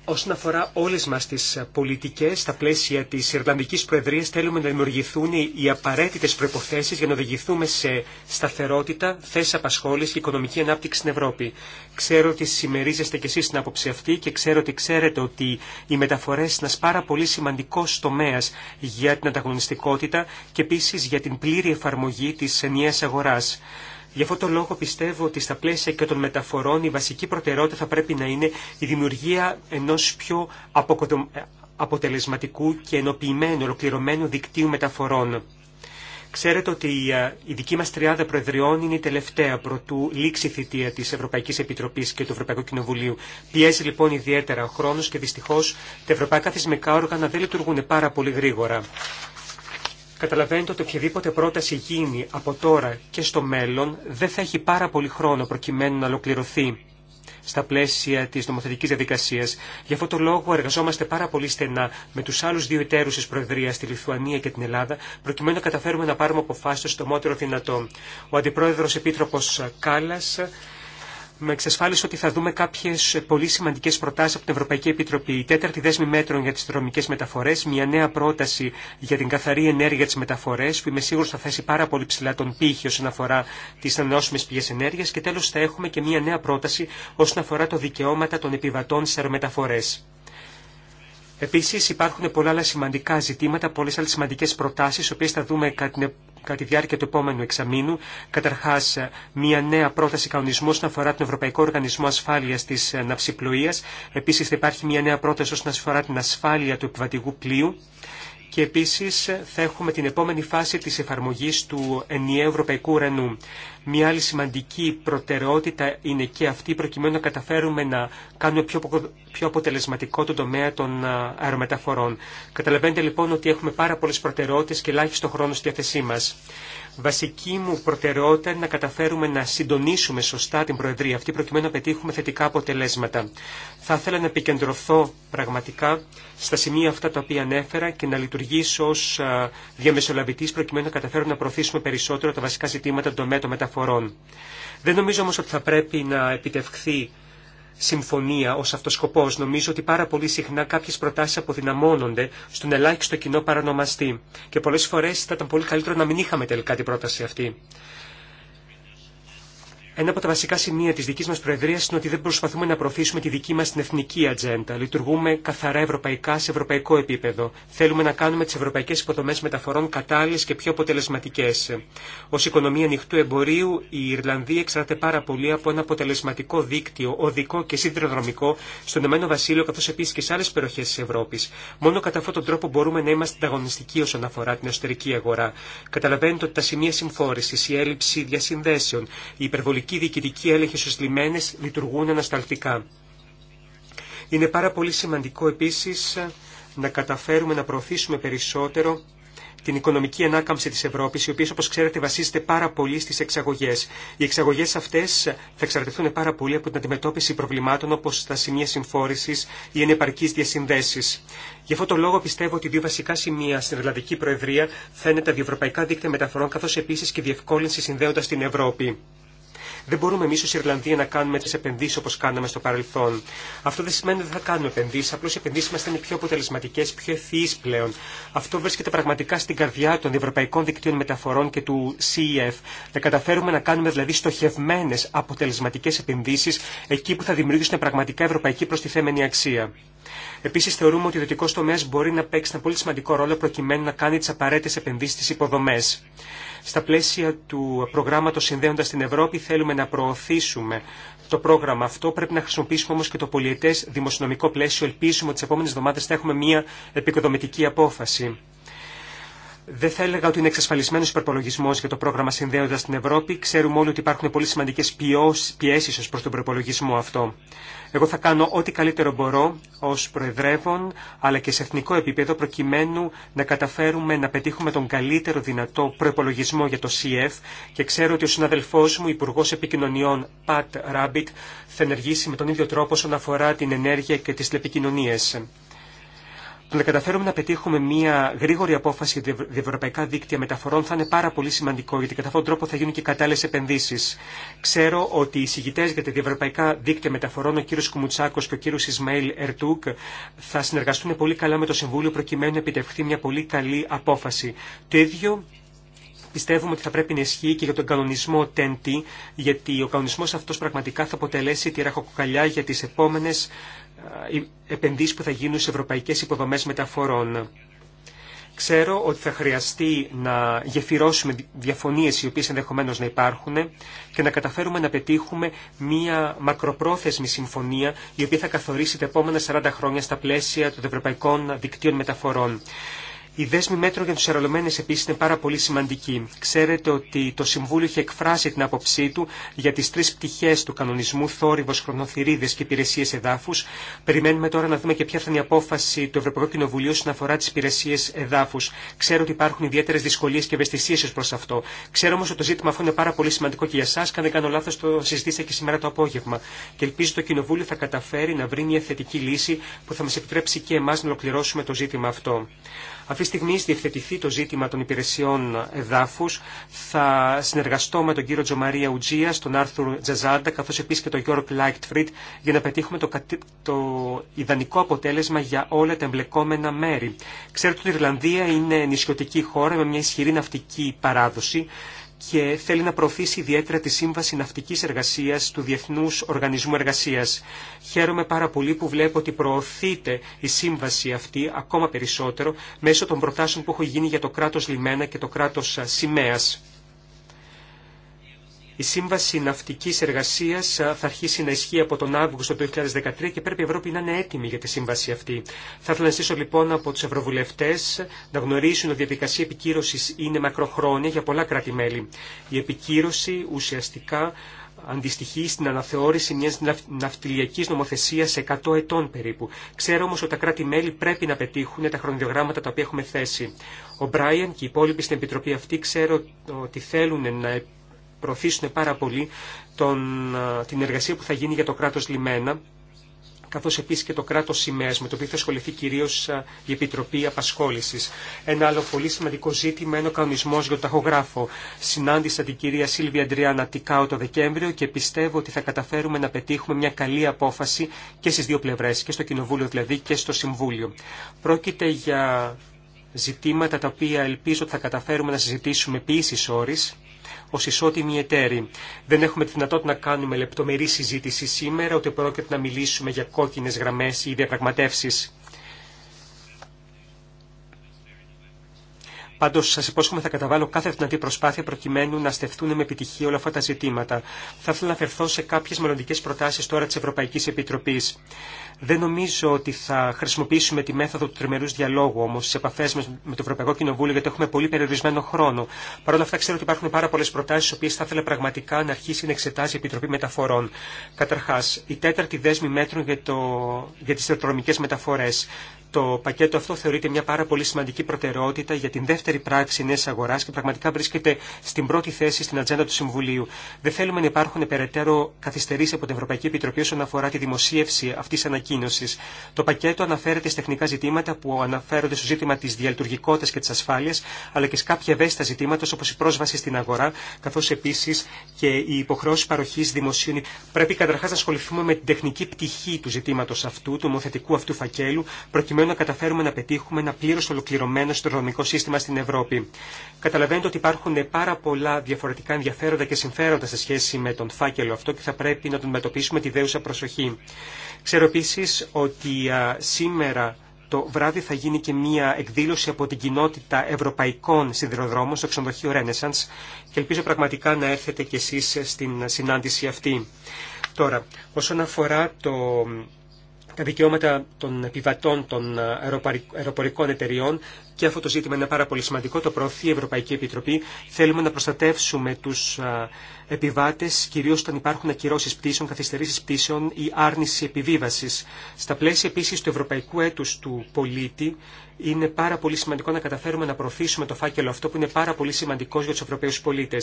S4: Όσον αφορά όλε μα τι ε, πολιτικέ, στα πλαίσια τη Ιρλανδική Προεδρία θέλουμε να δημιουργηθούν οι απαραίτητε προποθέσει για να οδηγηθούμε σε σταθερότητα, θέσει απασχόληση και οικονομική ανάπτυξη στην Ευρώπη. Ξέρω ότι συμμερίζεστε κι εσεί την άποψη αυτή και ξέρω ότι ξέρετε ότι οι μεταφορέ είναι ένα πάρα πολύ σημαντικό τομέα για την ανταγωνιστικότητα και επίση για την πλήρη εφαρμογή τη ενιαία αγορά. Γι' αυτό το λόγο πιστεύω ότι στα πλαίσια και των μεταφορών η βασική προτεραιότητα θα πρέπει να είναι η δημιουργία ενός πιο αποτελεσματικού και ενοποιημένου, ολοκληρωμένου δικτύου μεταφορών. Ξέρετε ότι ε, η δική μας τριάδα προεδριών είναι η τελευταία προτού λήξει η θητεία της Ευρωπαϊκής Επιτροπής και του Ευρωπαϊκού Κοινοβουλίου. Πιέζει λοιπόν ιδιαίτερα ο χρόνος και δυστυχώς τα ευρωπαϊκά θεσμικά όργανα δεν λειτουργούν πάρα πολύ γρήγορα. Καταλαβαίνετε ότι οποιαδήποτε πρόταση γίνει από τώρα και στο μέλλον δεν θα έχει πάρα πολύ χρόνο προκειμένου να ολοκληρωθεί στα πλαίσια τη νομοθετική διαδικασία. Γι' αυτό το λόγο εργαζόμαστε πάρα πολύ στενά με του άλλου δύο εταίρου τη Προεδρία, τη Λιθουανία και την Ελλάδα, προκειμένου να καταφέρουμε να πάρουμε αποφάσει το στομότερο δυνατό. Ο Αντιπρόεδρο Επίτροπο Κάλλα με εξασφάλισε ότι θα δούμε κάποιε πολύ σημαντικέ προτάσει από την Ευρωπαϊκή Επιτροπή. Η τέταρτη δέσμη μέτρων για τι δρομικέ μεταφορέ, μια νέα πρόταση για την καθαρή ενέργεια τη μεταφορέ, που είμαι σίγουρο θα θέσει πάρα πολύ ψηλά τον πύχη όσον αφορά τι ανανεώσιμε πηγέ ενέργεια και τέλο θα έχουμε και μια νέα πρόταση όσον αφορά το δικαιώματα των επιβατών σε αερομεταφορέ. Επίση, υπάρχουν πολλά άλλα σημαντικά ζητήματα, πολλέ άλλε σημαντικέ προτάσει, οποίες οποίε θα δούμε κατά τη διάρκεια του επόμενου εξαμήνου. Καταρχά, μια νέα πρόταση κανονισμού όσον αφορά τον Ευρωπαϊκό Οργανισμό Ασφάλεια τη Ναυσιπλοεία. Επίση, θα υπάρχει μια νέα πρόταση όσον αφορά την ασφάλεια του επιβατηγού πλοίου και επίσης θα έχουμε την επόμενη φάση της εφαρμογής του ενιαίου ευρωπαϊκού ουρανού. Μια άλλη σημαντική προτεραιότητα είναι και αυτή προκειμένου να καταφέρουμε να κάνουμε πιο, πιο αποτελεσματικό τον τομέα των αερομεταφορών. Καταλαβαίνετε λοιπόν ότι έχουμε πάρα πολλές προτεραιότητες και ελάχιστο χρόνο στη θέση μας. Βασική μου προτεραιότητα είναι να καταφέρουμε να συντονίσουμε σωστά την Προεδρία αυτή προκειμένου να πετύχουμε θετικά αποτελέσματα. Θα ήθελα να επικεντρωθώ πραγματικά στα σημεία αυτά τα οποία ανέφερα και να λειτουργήσω ω διαμεσολαβητή προκειμένου να καταφέρουμε να προωθήσουμε περισσότερο τα βασικά ζητήματα των τομέα μεταφορών. Δεν νομίζω όμω ότι θα πρέπει να επιτευχθεί συμφωνία ως αυτός σκοπός. Νομίζω ότι πάρα πολύ συχνά κάποιες προτάσεις αποδυναμώνονται στον ελάχιστο κοινό παρανομαστή και πολλές φορές θα ήταν πολύ καλύτερο να μην είχαμε τελικά την πρόταση αυτή. Ένα από τα βασικά σημεία τη δική μα Προεδρία είναι ότι δεν προσπαθούμε να προωθήσουμε τη δική μα την εθνική ατζέντα. Λειτουργούμε καθαρά ευρωπαϊκά σε ευρωπαϊκό επίπεδο. Θέλουμε να κάνουμε τι ευρωπαϊκέ υποδομέ μεταφορών κατάλληλε και πιο αποτελεσματικέ. Ω οικονομία ανοιχτού εμπορίου, η Ιρλανδία εξαρτάται πάρα πολύ από ένα αποτελεσματικό δίκτυο οδικό και σιδηροδρομικό στο Ηνωμένο Βασίλειο καθώ επίση και σε άλλε περιοχέ τη Ευρώπη. Μόνο κατά αυτόν τον τρόπο μπορούμε να είμαστε ανταγωνιστικοί όσον αφορά την εσωτερική αγορά. Καταλαβαίνετε ότι τα σημεία συμφόρηση, η έλλειψη διασυνδέσεων, η υπερβολική εσωτερικοί διοικητικοί έλεγχοι στους λιμένες λειτουργούν ανασταλτικά. Είναι πάρα πολύ σημαντικό επίσης να καταφέρουμε να προωθήσουμε περισσότερο την οικονομική ανάκαμψη της Ευρώπης, η οποία όπως ξέρετε βασίζεται πάρα πολύ στις εξαγωγές. Οι εξαγωγές αυτές θα εξαρτηθούν πάρα πολύ από την αντιμετώπιση προβλημάτων όπως τα σημεία συμφόρησης ή ενεπαρκείς διασυνδέσεις. Γι' αυτό το λόγο πιστεύω ότι δύο βασικά σημεία στην Ελλαδική Προεδρία θα είναι τα διευρωπαϊκά δίκτυα μεταφορών καθώς επίσης και διευκόλυνση συνδέοντας την Ευρώπη. Δεν μπορούμε εμεί ω Ιρλανδία να κάνουμε τι επενδύσει όπω κάναμε στο παρελθόν. Αυτό δεν σημαίνει ότι δεν θα κάνουμε επενδύσει, απλώ οι επενδύσει μα θα είναι πιο αποτελεσματικέ, πιο ευφυεί πλέον. Αυτό βρίσκεται πραγματικά στην καρδιά των Ευρωπαϊκών Δικτύων Μεταφορών και του CEF. Να καταφέρουμε να κάνουμε δηλαδή στοχευμένε αποτελεσματικέ επενδύσει εκεί που θα δημιουργήσουν πραγματικά ευρωπαϊκή προστιθέμενη αξία. Επίση, θεωρούμε ότι ο ιδιωτικό τομέα μπορεί να παίξει ένα πολύ σημαντικό ρόλο προκειμένου να κάνει τι απαραίτητε επενδύσει στι υποδομέ. Στα πλαίσια του προγράμματος Συνδέοντας την Ευρώπη θέλουμε να προωθήσουμε το πρόγραμμα αυτό. Πρέπει να χρησιμοποιήσουμε όμως και το πολιετές δημοσιονομικό πλαίσιο. Ελπίζουμε ότι τις επόμενες εβδομάδες θα έχουμε μια επικοδομητική απόφαση. Δεν θα έλεγα ότι είναι εξασφαλισμένο προπολογισμό για το πρόγραμμα Συνδέοντα την Ευρώπη. Ξέρουμε όλοι ότι υπάρχουν πολύ σημαντικέ πιέσει ω προ τον προπολογισμό αυτό. Εγώ θα κάνω ό,τι καλύτερο μπορώ ω Προεδρεύων αλλά και σε εθνικό επίπεδο προκειμένου να καταφέρουμε να πετύχουμε τον καλύτερο δυνατό προπολογισμό για το CF και ξέρω ότι ο συναδελφό μου, Υπουργό Επικοινωνιών Πατ Rabbit, θα ενεργήσει με τον ίδιο τρόπο όσον αφορά την ενέργεια και τι τηλεπικοινωνίε το να καταφέρουμε να πετύχουμε μια γρήγορη απόφαση για ευρωπαϊκά δίκτυα μεταφορών θα είναι πάρα πολύ σημαντικό, γιατί κατά αυτόν τον τρόπο θα γίνουν και κατάλληλε επενδύσει. Ξέρω ότι οι συγητέ για τα ευρωπαϊκά δίκτυα μεταφορών, ο κύριο Κουμουτσάκο και ο κύριο Ισμαήλ Ερτούκ, θα συνεργαστούν πολύ καλά με το Συμβούλιο προκειμένου να επιτευχθεί μια πολύ καλή απόφαση. Το ίδιο πιστεύουμε ότι θα πρέπει να ισχύει και για τον κανονισμό γιατί ο κανονισμό αυτό πραγματικά θα αποτελέσει τη ραχοκοκαλιά για τι επόμενε. Ε, επενδύσεις που θα γίνουν σε ευρωπαϊκές υποδομές μεταφορών. Ξέρω ότι θα χρειαστεί να γεφυρώσουμε διαφωνίες οι οποίες ενδεχομένως να υπάρχουν και να καταφέρουμε να πετύχουμε μία μακροπρόθεσμη συμφωνία η οποία θα καθορίσει τα επόμενα 40 χρόνια στα πλαίσια των ευρωπαϊκών δικτύων μεταφορών. Η δέσμη μέτρων για του αερολομένε επίση είναι πάρα πολύ σημαντική. Ξέρετε ότι το Συμβούλιο είχε εκφράσει την άποψή του για τι τρει πτυχέ του κανονισμού, θόρυβο, χρονοθυρίδε και υπηρεσίε εδάφου. Περιμένουμε τώρα να δούμε και ποια θα είναι η απόφαση του Ευρωπαϊκού Κοινοβουλίου όσον αφορά τι υπηρεσίε εδάφου. Ξέρω ότι υπάρχουν ιδιαίτερε δυσκολίε και ευαισθησίε ω προ αυτό. Ξέρω όμω ότι το ζήτημα αυτό είναι πάρα πολύ σημαντικό και για εσά και δεν κάνω λάθο το συζητήσα και σήμερα το απόγευμα. Και ελπίζω το Κοινοβούλιο θα καταφέρει να βρει μια θετική λύση που θα μα επιτρέψει και εμά να ολοκληρώσουμε το ζήτημα αυτό. Αυτή τη στιγμή διευθετηθεί το ζήτημα των υπηρεσιών εδάφου. Θα συνεργαστώ με τον κύριο Τζομαρία Ουτζία, τον Άρθουρ Τζαζάντα, καθώ επίση και τον Γιώργο Λάικτφριντ, για να πετύχουμε το, το ιδανικό αποτέλεσμα για όλα τα εμπλεκόμενα μέρη. Ξέρετε ότι η Ιρλανδία είναι νησιωτική χώρα με μια ισχυρή ναυτική παράδοση και θέλει να προωθήσει ιδιαίτερα τη Σύμβαση Ναυτικής Εργασίας του Διεθνούς Οργανισμού Εργασίας. Χαίρομαι πάρα πολύ που βλέπω ότι προωθείται η σύμβαση αυτή ακόμα περισσότερο μέσω των προτάσεων που έχω γίνει για το κράτος λιμένα και το κράτος σημαίας. Η Σύμβαση Ναυτική Εργασία θα αρχίσει να ισχύει από τον Αύγουστο του 2013 και πρέπει η Ευρώπη να είναι έτοιμη για τη σύμβαση αυτή. Θα ήθελα να ζητήσω λοιπόν από του Ευρωβουλευτέ να γνωρίσουν ότι η διαδικασία επικύρωση είναι μακροχρόνια για πολλά κράτη-μέλη. Η επικύρωση ουσιαστικά αντιστοιχεί στην αναθεώρηση μια ναυτιλιακή νομοθεσία 100 ετών περίπου. Ξέρω όμω ότι τα κράτη-μέλη πρέπει να πετύχουν τα χρονοδιογράμματα τα οποία έχουμε θέσει. Ο Μπράιαν και οι υπόλοιποι στην Επιτροπή αυτή ξέρω ότι θέλουν να προωθήσουν πάρα πολύ τον, την εργασία που θα γίνει για το κράτος λιμένα, καθώ επίση και το κράτο σημαία, με το οποίο θα ασχοληθεί κυρίω η Επιτροπή Απασχόληση. Ένα άλλο πολύ σημαντικό ζήτημα είναι ο κανονισμό για το ταχογράφο. Συνάντησα την κυρία Σίλβια Αντριάννα Τικάου το Δεκέμβριο και πιστεύω ότι θα καταφέρουμε να πετύχουμε μια καλή απόφαση και στι δύο πλευρέ, και στο Κοινοβούλιο δηλαδή και στο Συμβούλιο. Πρόκειται για ζητήματα τα οποία ελπίζω ότι θα καταφέρουμε να συζητήσουμε επίση όρις ω ισότιμη εταίροι. Δεν έχουμε τη δυνατότητα να κάνουμε λεπτομερή συζήτηση σήμερα, ούτε πρόκειται να μιλήσουμε για κόκκινε γραμμέ ή διαπραγματεύσει. Πάντω, σα υπόσχομαι θα καταβάλω κάθε δυνατή προσπάθεια προκειμένου να στεφτούν με επιτυχία όλα αυτά τα ζητήματα. Θα ήθελα να αφαιρθώ σε κάποιε μελλοντικέ προτάσει τώρα τη Ευρωπαϊκή Επιτροπή. Δεν νομίζω ότι θα χρησιμοποιήσουμε τη μέθοδο του τριμερούς διαλόγου όμω στι επαφέ με το Ευρωπαϊκό Κοινοβούλιο, γιατί έχουμε πολύ περιορισμένο χρόνο. Παρ' όλα αυτά, ξέρω ότι υπάρχουν πάρα πολλέ προτάσει, τι οποίε θα ήθελα πραγματικά να αρχίσει να εξετάζει η Επιτροπή Μεταφορών. Καταρχά, η τέταρτη δέσμη μέτρων για, το... για τι ηλεκτρονικέ μεταφορέ. Το πακέτο αυτό θεωρείται μια πάρα πολύ σημαντική προτεραιότητα για την δεύτερη πράξη νέα αγορά και πραγματικά βρίσκεται στην πρώτη θέση στην ατζέντα του Συμβουλίου. Δεν θέλουμε να υπάρχουν περαιτέρω καθυστερήσει από την Ευρωπαϊκή Επιτροπή όσον αφορά τη δημοσίευση αυτή τη ανακοίνωση. Το πακέτο αναφέρεται σε τεχνικά ζητήματα που αναφέρονται στο ζήτημα τη διαλειτουργικότητα και τη ασφάλεια, αλλά και σε κάποια ευαίσθητα ζητήματα όπω η πρόσβαση στην αγορά, καθώ επίση και η υποχρεώση παροχή δημοσίων. Πρέπει καταρχά να ασχοληθούμε με την τεχνική πτυχή του ζητήματο αυτού, του νομοθετικού αυτού φακέλου, προκειμένου προκειμένου να καταφέρουμε να πετύχουμε ένα πλήρω ολοκληρωμένο συνδρομικό σύστημα στην Ευρώπη. Καταλαβαίνετε ότι υπάρχουν πάρα πολλά διαφορετικά ενδιαφέροντα και συμφέροντα σε σχέση με τον φάκελο αυτό και θα πρέπει να τον μετωπίσουμε τη δέουσα προσοχή. Ξέρω επίση ότι σήμερα το βράδυ θα γίνει και μία εκδήλωση από την κοινότητα Ευρωπαϊκών Σιδηροδρόμων στο ξενοδοχείο Renaissance και ελπίζω πραγματικά να έρθετε κι εσείς στην συνάντηση αυτή. Τώρα, όσον αφορά το τα δικαιώματα των επιβατών των ε, αεροπορικών εταιριών και αυτό το ζήτημα είναι πάρα πολύ σημαντικό. Το προωθεί η Ευρωπαϊκή Επιτροπή. Θέλουμε να προστατεύσουμε του ε, επιβάτε, κυρίω όταν υπάρχουν ακυρώσει πτήσεων, καθυστερήσει πτήσεων ή άρνηση επιβίβαση. Στα πλαίσια επίση του Ευρωπαϊκού Έτου του Πολίτη, είναι πάρα πολύ σημαντικό να καταφέρουμε να προωθήσουμε το φάκελο αυτό που είναι πάρα πολύ σημαντικό για του Ευρωπαίου πολίτε.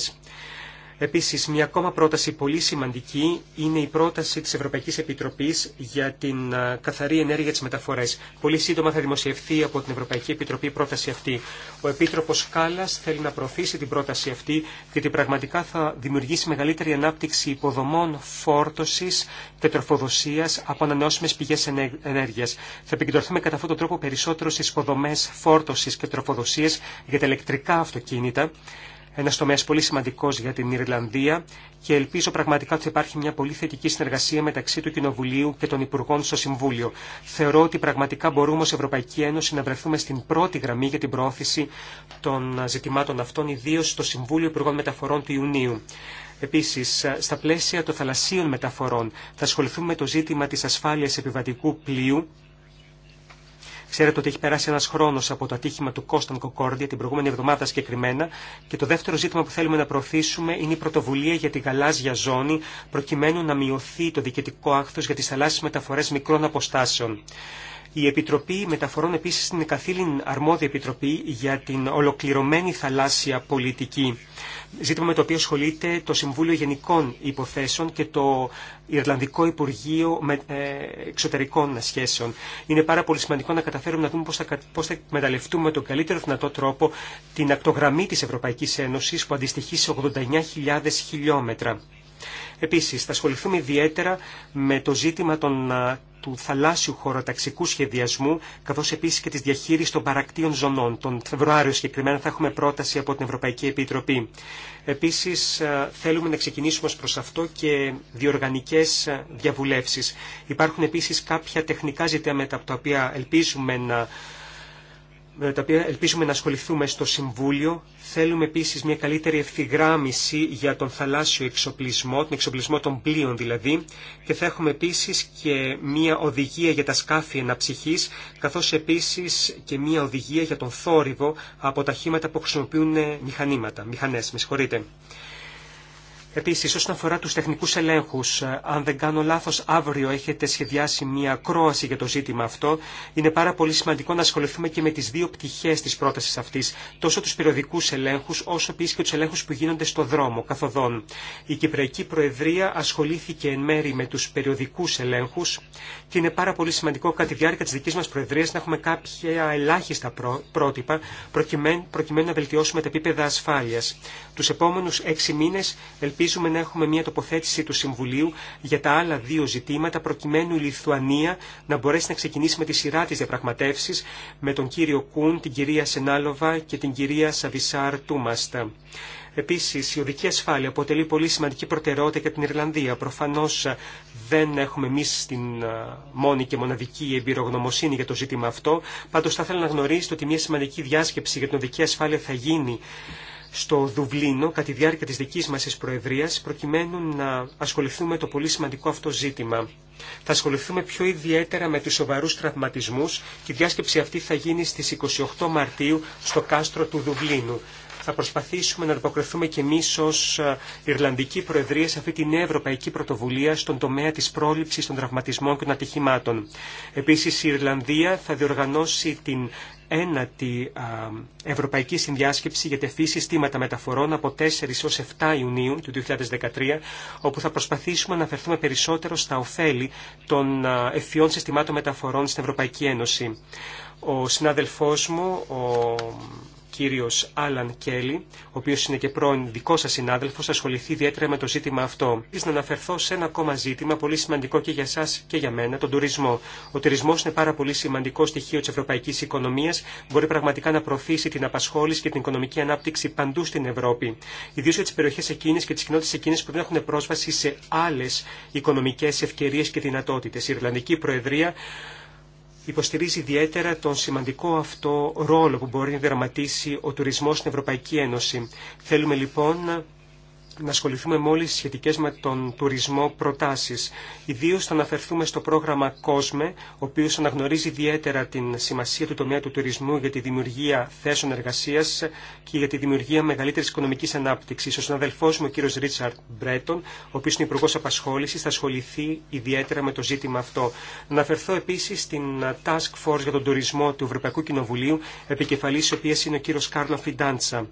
S4: Επίσης, μια ακόμα πρόταση πολύ σημαντική είναι η πρόταση της Ευρωπαϊκής Επιτροπής για την καθαρή ενέργεια της μεταφοράς. Πολύ σύντομα θα δημοσιευθεί από την Ευρωπαϊκή Επιτροπή η πρόταση αυτή. Ο Επίτροπος Κάλλας θέλει να προωθήσει την πρόταση αυτή, γιατί πραγματικά θα δημιουργήσει μεγαλύτερη ανάπτυξη υποδομών φόρτωσης και τροφοδοσίας από ανανεώσιμες πηγές ενέργειας. Θα επικεντρωθούμε κατά αυτόν τον τρόπο περισσότερο στις υποδομές φόρτωσης και τροφοδοσίας για τα ηλεκτρικά αυτοκίνητα ένα τομέα πολύ σημαντικό για την Ιρλανδία και ελπίζω πραγματικά ότι θα υπάρχει μια πολύ θετική συνεργασία μεταξύ του Κοινοβουλίου και των Υπουργών στο Συμβούλιο. Θεωρώ ότι πραγματικά μπορούμε ω Ευρωπαϊκή Ένωση να βρεθούμε στην πρώτη γραμμή για την προώθηση των ζητημάτων αυτών, ιδίω στο Συμβούλιο Υπουργών Μεταφορών του Ιουνίου. Επίση, στα πλαίσια των θαλασσίων μεταφορών θα ασχοληθούμε με το ζήτημα τη ασφάλεια επιβατικού πλοίου Ξέρετε ότι έχει περάσει ένα χρόνο από το ατύχημα του Κώσταν Κοκόρδια την προηγούμενη εβδομάδα συγκεκριμένα. Και το δεύτερο ζήτημα που θέλουμε να προωθήσουμε είναι η πρωτοβουλία για τη γαλάζια ζώνη, προκειμένου να μειωθεί το διοικητικό άκθο για τι θαλάσσιε μεταφορέ μικρών αποστάσεων. Η Επιτροπή Μεταφορών επίση είναι καθήλυν αρμόδια επιτροπή για την ολοκληρωμένη θαλάσσια πολιτική ζήτημα με το οποίο ασχολείται το Συμβούλιο Γενικών Υποθέσεων και το Ιρλανδικό Υπουργείο ε, Εξωτερικών Σχέσεων. Είναι πάρα πολύ σημαντικό να καταφέρουμε να δούμε πώς θα, πώς θα εκμεταλλευτούμε με τον καλύτερο δυνατό τρόπο την ακτογραμμή της Ευρωπαϊκής Ένωσης που αντιστοιχεί σε 89.000 χιλιόμετρα. Επίσης, θα ασχοληθούμε ιδιαίτερα με το ζήτημα των, του θαλάσσιου χωροταξικού σχεδιασμού, καθώς επίσης και της διαχείρισης των παρακτήων ζωνών. Τον Φεβρουάριο συγκεκριμένα θα έχουμε πρόταση από την Ευρωπαϊκή Επιτροπή. Επίσης, θέλουμε να ξεκινήσουμε ως προς αυτό και διοργανικές διαβουλεύσεις. Υπάρχουν επίσης κάποια τεχνικά ζητήματα από τα οποία ελπίζουμε να με τα οποία ελπίζουμε να ασχοληθούμε στο Συμβούλιο. Θέλουμε επίσης μια καλύτερη ευθυγράμμιση για τον θαλάσσιο εξοπλισμό, τον εξοπλισμό των πλοίων δηλαδή, και θα έχουμε επίσης και μια οδηγία για τα σκάφη εναψυχής, καθώς επίσης και μια οδηγία για τον θόρυβο από τα χήματα που χρησιμοποιούν μηχανήματα, μηχανές, με Επίση, όσον αφορά του τεχνικού ελέγχου, ε, αν δεν κάνω λάθο αύριο έχετε σχεδιάσει μια ακρόαση για το ζήτημα αυτό. Είναι πάρα πολύ σημαντικό να ασχοληθούμε και με τι δύο πτυχέ τη πρόταση αυτή, τόσο του περιοδικού ελέγχου, όσο επίση και του ελέγχου που γίνονται στο δρόμο, καθοδόν. Η Κυπριακή Προεδρία ασχολήθηκε εν μέρη με του περιοδικού ελέγχου και είναι πάρα πολύ σημαντικό κατά τη διάρκεια τη δική μα προεδρία να έχουμε κάποια ελάχιστα πρότυπα προκειμένου, να βελτιώσουμε τα επίπεδα ασφάλεια. Του επόμενου έξι μήνε ελπίζουμε να έχουμε μια τοποθέτηση του Συμβουλίου για τα άλλα δύο ζητήματα, προκειμένου η Λιθουανία να μπορέσει να ξεκινήσει με τη σειρά τη διαπραγματεύσει με τον κύριο Κούν, την κυρία Σενάλοβα και την κυρία Σαβισάρ Τούμαστα. Επίση, η οδική ασφάλεια αποτελεί πολύ σημαντική προτεραιότητα για την Ιρλανδία. Προφανώ ε, δεν έχουμε εμεί την ε, μόνη και μοναδική εμπειρογνωμοσύνη για το ζήτημα αυτό. Πάντω, θα ήθελα να γνωρίζετε ότι μια σημαντική διάσκεψη για την οδική ασφάλεια θα γίνει στο Δουβλίνο κατά τη διάρκεια της δικής μας της προκειμένου να ασχοληθούμε το πολύ σημαντικό αυτό ζήτημα. Θα ασχοληθούμε πιο ιδιαίτερα με τους σοβαρούς τραυματισμούς και η διάσκεψη αυτή θα γίνει στις 28 Μαρτίου στο κάστρο του Δουβλίνου θα προσπαθήσουμε να ανταποκριθούμε και εμεί ω ε, Ιρλανδική Προεδρία σε αυτή την ευρωπαϊκή πρωτοβουλία στον τομέα τη πρόληψη των τραυματισμών και των ατυχημάτων. Επίση, η Ιρλανδία θα διοργανώσει την ένατη Ευρωπαϊκή Συνδιάσκεψη για τεφή συστήματα μεταφορών από 4 έως 7 Ιουνίου του 2013, όπου θα προσπαθήσουμε να αναφερθούμε περισσότερο στα ωφέλη των ευφυών συστημάτων μεταφορών στην Ευρωπαϊκή Ένωση. Ο συνάδελφός μου, ο κύριος Άλαν Κέλλη, ο οποίος είναι και πρώην δικό σας συνάδελφος, ασχοληθεί ιδιαίτερα με το ζήτημα αυτό. Θέλω να αναφερθώ σε ένα ακόμα ζήτημα πολύ σημαντικό και για σας και για μένα, τον τουρισμό. Ο τουρισμός είναι πάρα πολύ σημαντικό στοιχείο της ευρωπαϊκής οικονομίας, μπορεί πραγματικά να προωθήσει την απασχόληση και την οικονομική ανάπτυξη παντού στην Ευρώπη. Ιδίως για τις περιοχές εκείνες και τις κοινότητες εκείνες που δεν έχουν πρόσβαση σε άλλε οικονομικές ευκαιρίες και δυνατότητες. Η Ιρλανδική Προεδρία υποστηρίζει ιδιαίτερα τον σημαντικό αυτό ρόλο που μπορεί να δραματίσει ο τουρισμός στην Ευρωπαϊκή Ένωση. Θέλουμε λοιπόν να ασχοληθούμε με όλες σχετικές με τον τουρισμό προτάσεις. Ιδίως θα αναφερθούμε στο πρόγραμμα COSME, ο οποίος αναγνωρίζει ιδιαίτερα την σημασία του τομέα του τουρισμού για τη δημιουργία θέσεων εργασίας και για τη δημιουργία μεγαλύτερης οικονομικής ανάπτυξης. Ο συναδελφός μου, ο κύριος Ρίτσαρτ Μπρέτον, ο οποίος είναι υπουργό Απασχόλησης, θα ασχοληθεί ιδιαίτερα με το ζήτημα αυτό. Να αναφερθώ επίσης στην Task Force για τον τουρισμό του Ευρωπαϊκού Κοινοβουλίου, επικεφαλής είναι ο κύριος Κάρλο Φιντάντσα.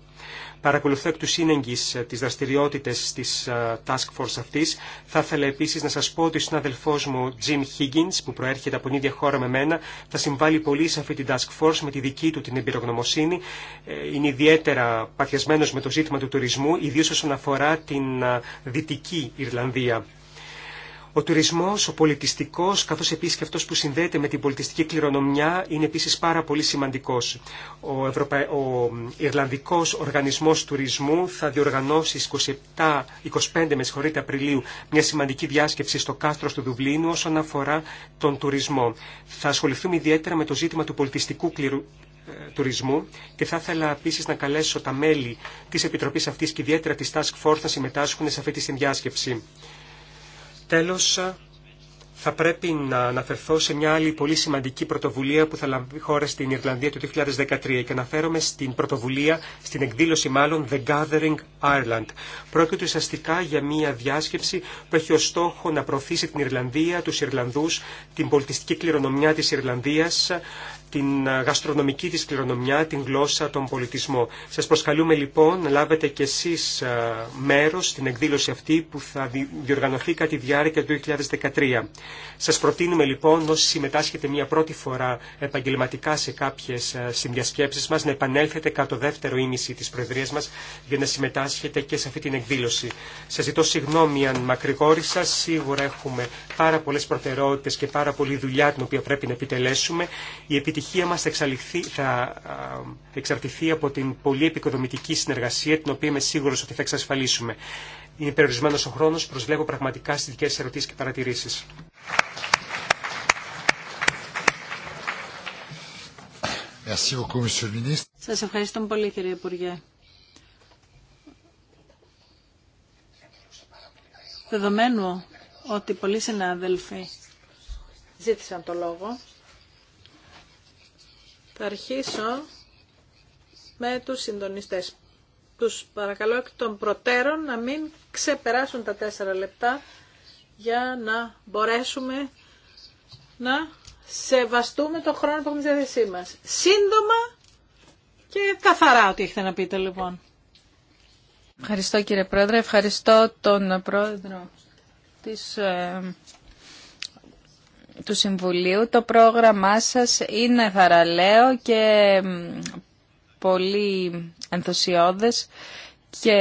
S4: Παρακολουθώ εκ του σύνεγγυ ε, τι δραστηριότητε τη της ε, Task Force αυτής. Θα ήθελα επίσης να σας πω ότι ο συναδελφός μου Jim Higgins, που προέρχεται από την ίδια χώρα με μένα, θα συμβάλλει πολύ σε αυτή την Task Force με τη δική του την εμπειρογνωμοσύνη. Ε, είναι ιδιαίτερα παθιασμένος με το ζήτημα του τουρισμού, ιδίως όσον αφορά την ε, Δυτική Ιρλανδία. Ο τουρισμός, ο πολιτιστικός, καθώς επίσης και αυτός που συνδέεται με την πολιτιστική κληρονομιά, είναι επίσης πάρα πολύ σημαντικός. Ο, Ευρωπα... ο Ιρλανδικός Οργανισμός Τουρισμού θα διοργανώσει 27... 25 με Απριλίου μια σημαντική διάσκεψη στο κάστρο του Δουβλίνου όσον αφορά τον τουρισμό. Θα ασχοληθούμε ιδιαίτερα με το ζήτημα του πολιτιστικού ε, τουρισμού και θα ήθελα επίση να καλέσω τα μέλη της Επιτροπής αυτής και ιδιαίτερα της Task Force να συμμετάσχουν σε αυτή τη συνδιάσκεψη. Τέλος, θα πρέπει να αναφερθώ σε μια άλλη πολύ σημαντική πρωτοβουλία που θα λαμβάνει χώρα στην Ιρλανδία το 2013 και αναφέρομαι στην πρωτοβουλία, στην εκδήλωση μάλλον The Gathering Ireland. Πρόκειται ουσιαστικά για μια διάσκεψη που έχει ως στόχο να προωθήσει την Ιρλανδία, τους Ιρλανδούς, την πολιτιστική κληρονομιά της Ιρλανδίας, την ε, γαστρονομική της κληρονομιά, την γλώσσα, τον πολιτισμό. Σας προσκαλούμε λοιπόν να λάβετε κι εσείς ε, μέρος στην εκδήλωση αυτή που θα διοργανωθεί κατά τη διάρκεια του 2013. Σας προτείνουμε λοιπόν όσοι συμμετάσχετε μια πρώτη φορά επαγγελματικά σε κάποιες ε, συνδιασκέψεις μας να επανέλθετε κατά το δεύτερο ήμιση της Προεδρίας μας για να συμμετάσχετε και σε αυτή την εκδήλωση. Σας ζητώ συγγνώμη αν μακρηγόρησα, σίγουρα έχουμε πάρα πολλές προτεραιότητες και πάρα πολλή δουλειά την οποία πρέπει να επιτελέσουμε. Η επιτυχία μας θα, θα εξαρτηθεί από την πολύ επικοδομητική συνεργασία, την οποία είμαι σίγουρο ότι θα εξασφαλίσουμε. Είναι περιορισμένος ο χρόνος, προσβλέπω πραγματικά στις δικές ερωτήσει ερωτήσεις και
S1: παρατηρήσεις. Σας ευχαριστώ πολύ κύριε Υπουργέ. Δεδομένου ότι πολλοί συνάδελφοι ζήτησαν το λόγο, θα αρχίσω με τους συντονιστές. Τους παρακαλώ εκ των προτέρων να μην ξεπεράσουν τα τέσσερα λεπτά για να μπορέσουμε να σεβαστούμε το χρόνο που έχουμε στη διάθεσή μας. Σύντομα και καθαρά ό,τι έχετε να πείτε λοιπόν.
S3: Ευχαριστώ κύριε Πρόεδρε, ευχαριστώ τον Πρόεδρο
S1: της ε,
S3: του Συμβουλίου. Το πρόγραμμά σας είναι θαραλέο και πολύ ενθουσιώδες και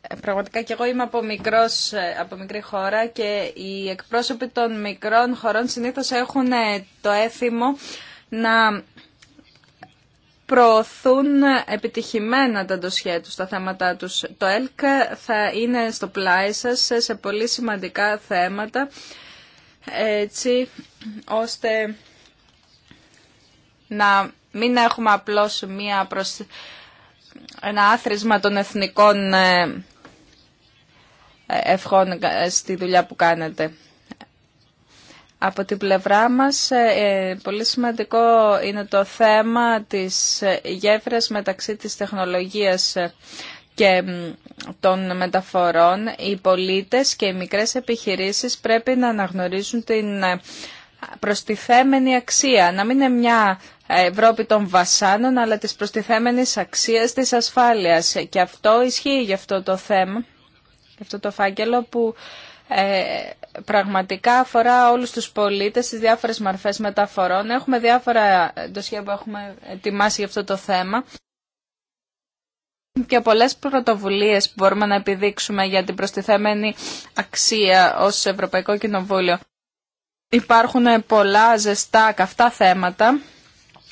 S3: ε, πραγματικά και εγώ είμαι από, μικρός, ε, από μικρή χώρα και οι εκπρόσωποι των μικρών χωρών συνήθως έχουν ε, το έθιμο να προωθούν επιτυχημένα τα ντοσιέ τους, τα θέματα τους. Το ΕΛΚ θα είναι στο πλάι σας σε πολύ σημαντικά θέματα έτσι ώστε να μην έχουμε απλώς μία ένα άθροισμα των εθνικών ε, ε, ευχών στη δουλειά που κάνετε. Από την πλευρά μας, ε, πολύ σημαντικό είναι το θέμα της γέφυρας μεταξύ της τεχνολογίας και των μεταφορών, οι πολίτες και οι μικρές επιχειρήσεις πρέπει να αναγνωρίζουν την ε, προστιθέμενη αξία, να μην είναι μια Ευρώπη των βασάνων, αλλά της προστιθέμενης αξίας της ασφάλειας. Και αυτό ισχύει για αυτό το θέμα, για αυτό το φάκελο που ε, πραγματικά αφορά όλους τους πολίτες στις διάφορες μορφές μεταφορών. Έχουμε διάφορα ντοσιά που έχουμε ετοιμάσει για αυτό το θέμα και πολλέ πρωτοβουλίε που μπορούμε να επιδείξουμε για την προστιθέμενη αξία ως Ευρωπαϊκό Κοινοβούλιο. Υπάρχουν πολλά ζεστά καυτά θέματα.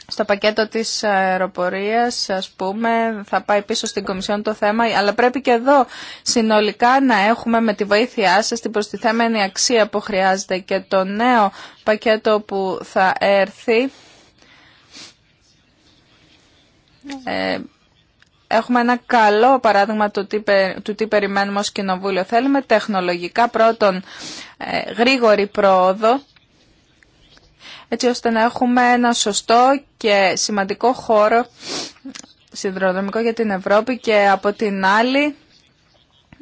S3: Στο πακέτο της αεροπορίας, ας πούμε, θα πάει πίσω στην Κομισιόν το θέμα, αλλά πρέπει και εδώ συνολικά να έχουμε με τη βοήθειά σας την προστιθέμενη αξία που χρειάζεται και το νέο πακέτο που θα έρθει. Ε, έχουμε ένα καλό παράδειγμα του τι, του τι περιμένουμε ως κοινοβούλιο. Θέλουμε τεχνολογικά πρώτον ε, γρήγορη πρόοδο, έτσι ώστε να έχουμε ένα σωστό και σημαντικό χώρο συνδρομικό για την Ευρώπη και από την άλλη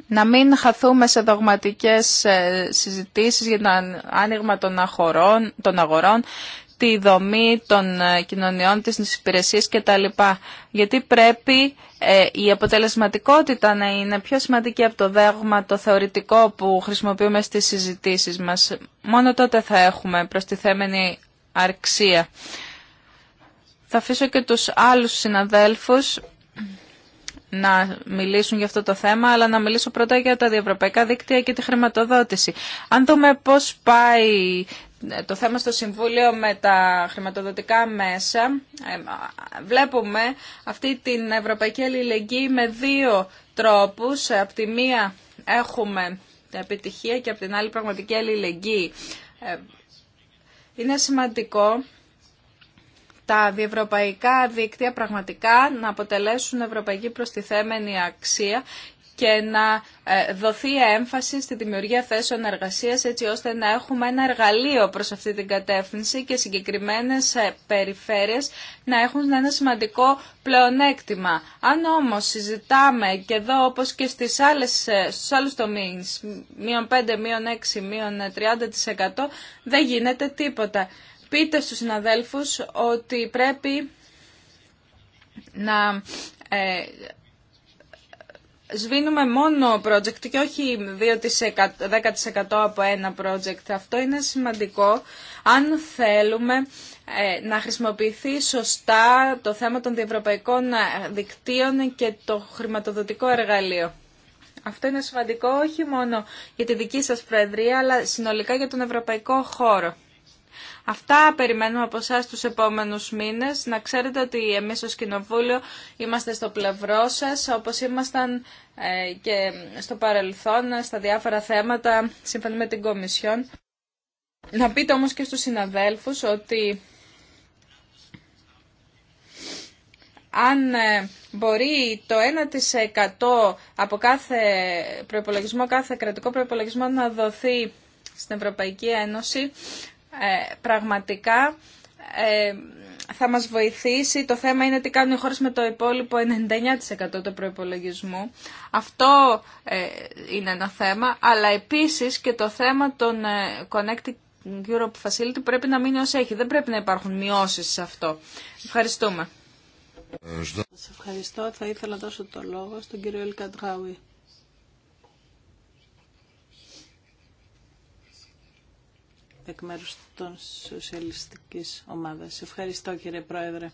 S3: να μην χαθούμε σε δογματικές ε, συζητήσεις για το άνοιγμα των, αγορών, των αγορών, τη δομή των ε, κοινωνιών της υπηρεσίας κτλ. Γιατί πρέπει ε, η αποτελεσματικότητα να είναι πιο σημαντική από το δέγμα το θεωρητικό που χρησιμοποιούμε στις συζητήσεις μας. Μόνο τότε θα έχουμε προστιθέμενη αρξία. Θα αφήσω και τους άλλους συναδέλφους να μιλήσουν για αυτό το θέμα, αλλά να μιλήσω πρώτα για τα διευρωπαϊκά δίκτυα και τη χρηματοδότηση. Αν δούμε πώς πάει ε, το θέμα στο Συμβούλιο με τα χρηματοδοτικά μέσα, ε, βλέπουμε αυτή την ευρωπαϊκή αλληλεγγύη με δύο τρόπους. Ε, από τη μία έχουμε την επιτυχία και από την άλλη πραγματική αλληλεγγύη. Είναι σημαντικό τα διευρωπαϊκά δίκτυα πραγματικά να αποτελέσουν ευρωπαϊκή προστιθέμενη αξία και να ε, δοθεί έμφαση στη δημιουργία θέσεων εργασίας έτσι ώστε να έχουμε ένα εργαλείο προς αυτή την κατεύθυνση και συγκεκριμένες ε, περιφέρειες να έχουν ένα σημαντικό πλεονέκτημα. Αν όμως συζητάμε και εδώ όπως και στις άλλες, ε, στους άλλους τομείς, μείον 5, μείον 6, μείον 30% δεν γίνεται τίποτα. Πείτε στους συναδέλφους ότι πρέπει να σβήνουμε μόνο project και όχι 10% από ένα project. Αυτό είναι σημαντικό αν θέλουμε ε, να χρησιμοποιηθεί σωστά το θέμα των διευρωπαϊκών ε, δικτύων και το χρηματοδοτικό εργαλείο. Αυτό είναι σημαντικό όχι μόνο για τη δική σας Προεδρία, αλλά συνολικά για τον ευρωπαϊκό χώρο. Αυτά περιμένουμε από εσά τους επόμενους μήνες. Να ξέρετε ότι εμείς ως Κοινοβούλιο είμαστε στο πλευρό σας, όπως ήμασταν ε, και στο παρελθόν στα διάφορα θέματα, σύμφωνα με την Κομισιόν. Να πείτε όμως και στους συναδέλφους ότι αν ε, μπορεί το 1% από κάθε προϋπολογισμό, κάθε κρατικό προϋπολογισμό να δοθεί στην Ευρωπαϊκή Ένωση, ε, πραγματικά ε, θα μας βοηθήσει. Το θέμα είναι τι κάνουν οι χώρες με το υπόλοιπο 99% του προϋπολογισμού. Αυτό ε, είναι ένα θέμα, αλλά επίσης και το θέμα των Connecting Europe Facility πρέπει να μείνει ως έχει. Δεν πρέπει να υπάρχουν μειώσεις σε αυτό. Ευχαριστούμε.
S1: Σας ευχαριστώ. Θα ήθελα να δώσω το λόγο στον κύριο Ελκαντράουι. εκ μέρους των Σοσιαλιστικής Ομάδας. Ευχαριστώ κύριε Πρόεδρε.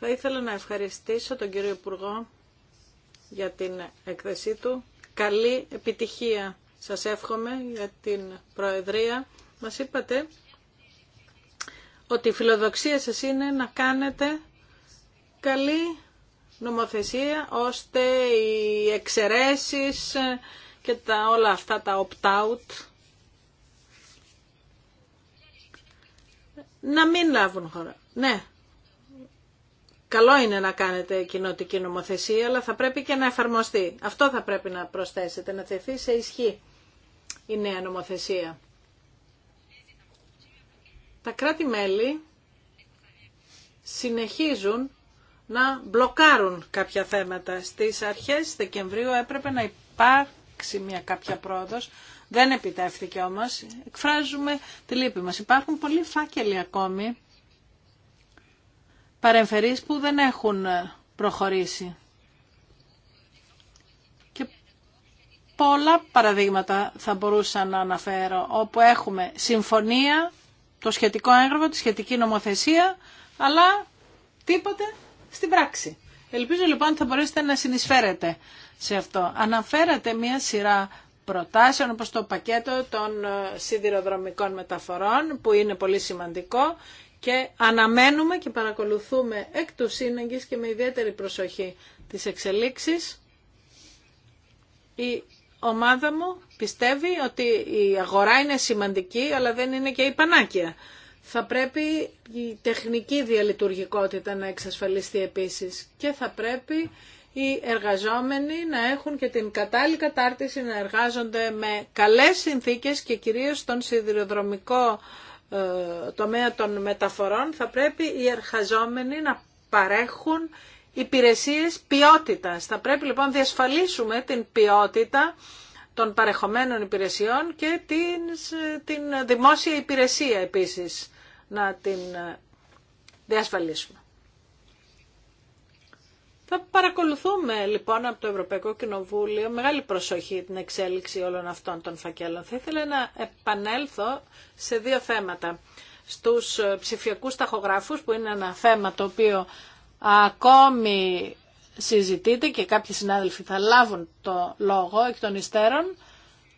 S1: Θα ήθελα να ευχαριστήσω τον κύριο Υπουργό για την έκθεσή του. Καλή επιτυχία σας εύχομαι για την Προεδρία. Μας είπατε ότι η φιλοδοξία σας είναι να κάνετε καλή νομοθεσία ώστε οι εξαιρεσει και τα, όλα αυτά τα opt-out να μην λάβουν χώρα. Ναι, καλό είναι να κάνετε κοινοτική νομοθεσία, αλλά θα πρέπει και να εφαρμοστεί. Αυτό θα πρέπει να προσθέσετε, να θεθεί σε ισχύ η νέα νομοθεσία. Τα κράτη-μέλη συνεχίζουν να μπλοκάρουν κάποια θέματα. Στις αρχές Δεκεμβρίου έπρεπε να υπάρξει μια κάποια πρόοδος. Δεν επιτεύχθηκε όμως. Εκφράζουμε τη λύπη μας. Υπάρχουν πολλοί φάκελοι ακόμη παρεμφερείς που δεν έχουν προχωρήσει. Και πολλά παραδείγματα θα μπορούσα να αναφέρω όπου έχουμε συμφωνία, το σχετικό έγγραφο, τη σχετική νομοθεσία, αλλά τίποτε στην πράξη. Ελπίζω λοιπόν ότι θα μπορέσετε να συνεισφέρετε σε αυτό. Αναφέρατε μία σειρά προτάσεων όπως το πακέτο των ε, σιδηροδρομικών μεταφορών που είναι πολύ σημαντικό και αναμένουμε και παρακολουθούμε εκ του σύναγγης και με ιδιαίτερη προσοχή τις εξελίξεις. Η ομάδα μου πιστεύει ότι η αγορά είναι σημαντική αλλά δεν είναι και η πανάκια. Θα πρέπει η τεχνική διαλειτουργικότητα να εξασφαλιστεί επίσης και θα πρέπει οι εργαζόμενοι να έχουν και την κατάλληλη κατάρτιση να εργάζονται με καλές συνθήκες και κυρίως στον σιδηροδρομικό ε, τομέα των μεταφορών θα πρέπει οι εργαζόμενοι να παρέχουν υπηρεσίες ποιότητας. Θα πρέπει λοιπόν να διασφαλίσουμε την ποιότητα των παρεχομένων υπηρεσιών και την, την δημόσια υπηρεσία επίσης να την ε, διασφαλίσουμε. Θα παρακολουθούμε λοιπόν από το Ευρωπαϊκό Κοινοβούλιο μεγάλη προσοχή την εξέλιξη όλων αυτών των φακέλων. Θα ήθελα να επανέλθω σε δύο θέματα. Στους ε, ψηφιακούς ταχογράφους που είναι ένα θέμα το οποίο ακόμη συζητείται και κάποιοι συνάδελφοι θα λάβουν το λόγο εκ των υστέρων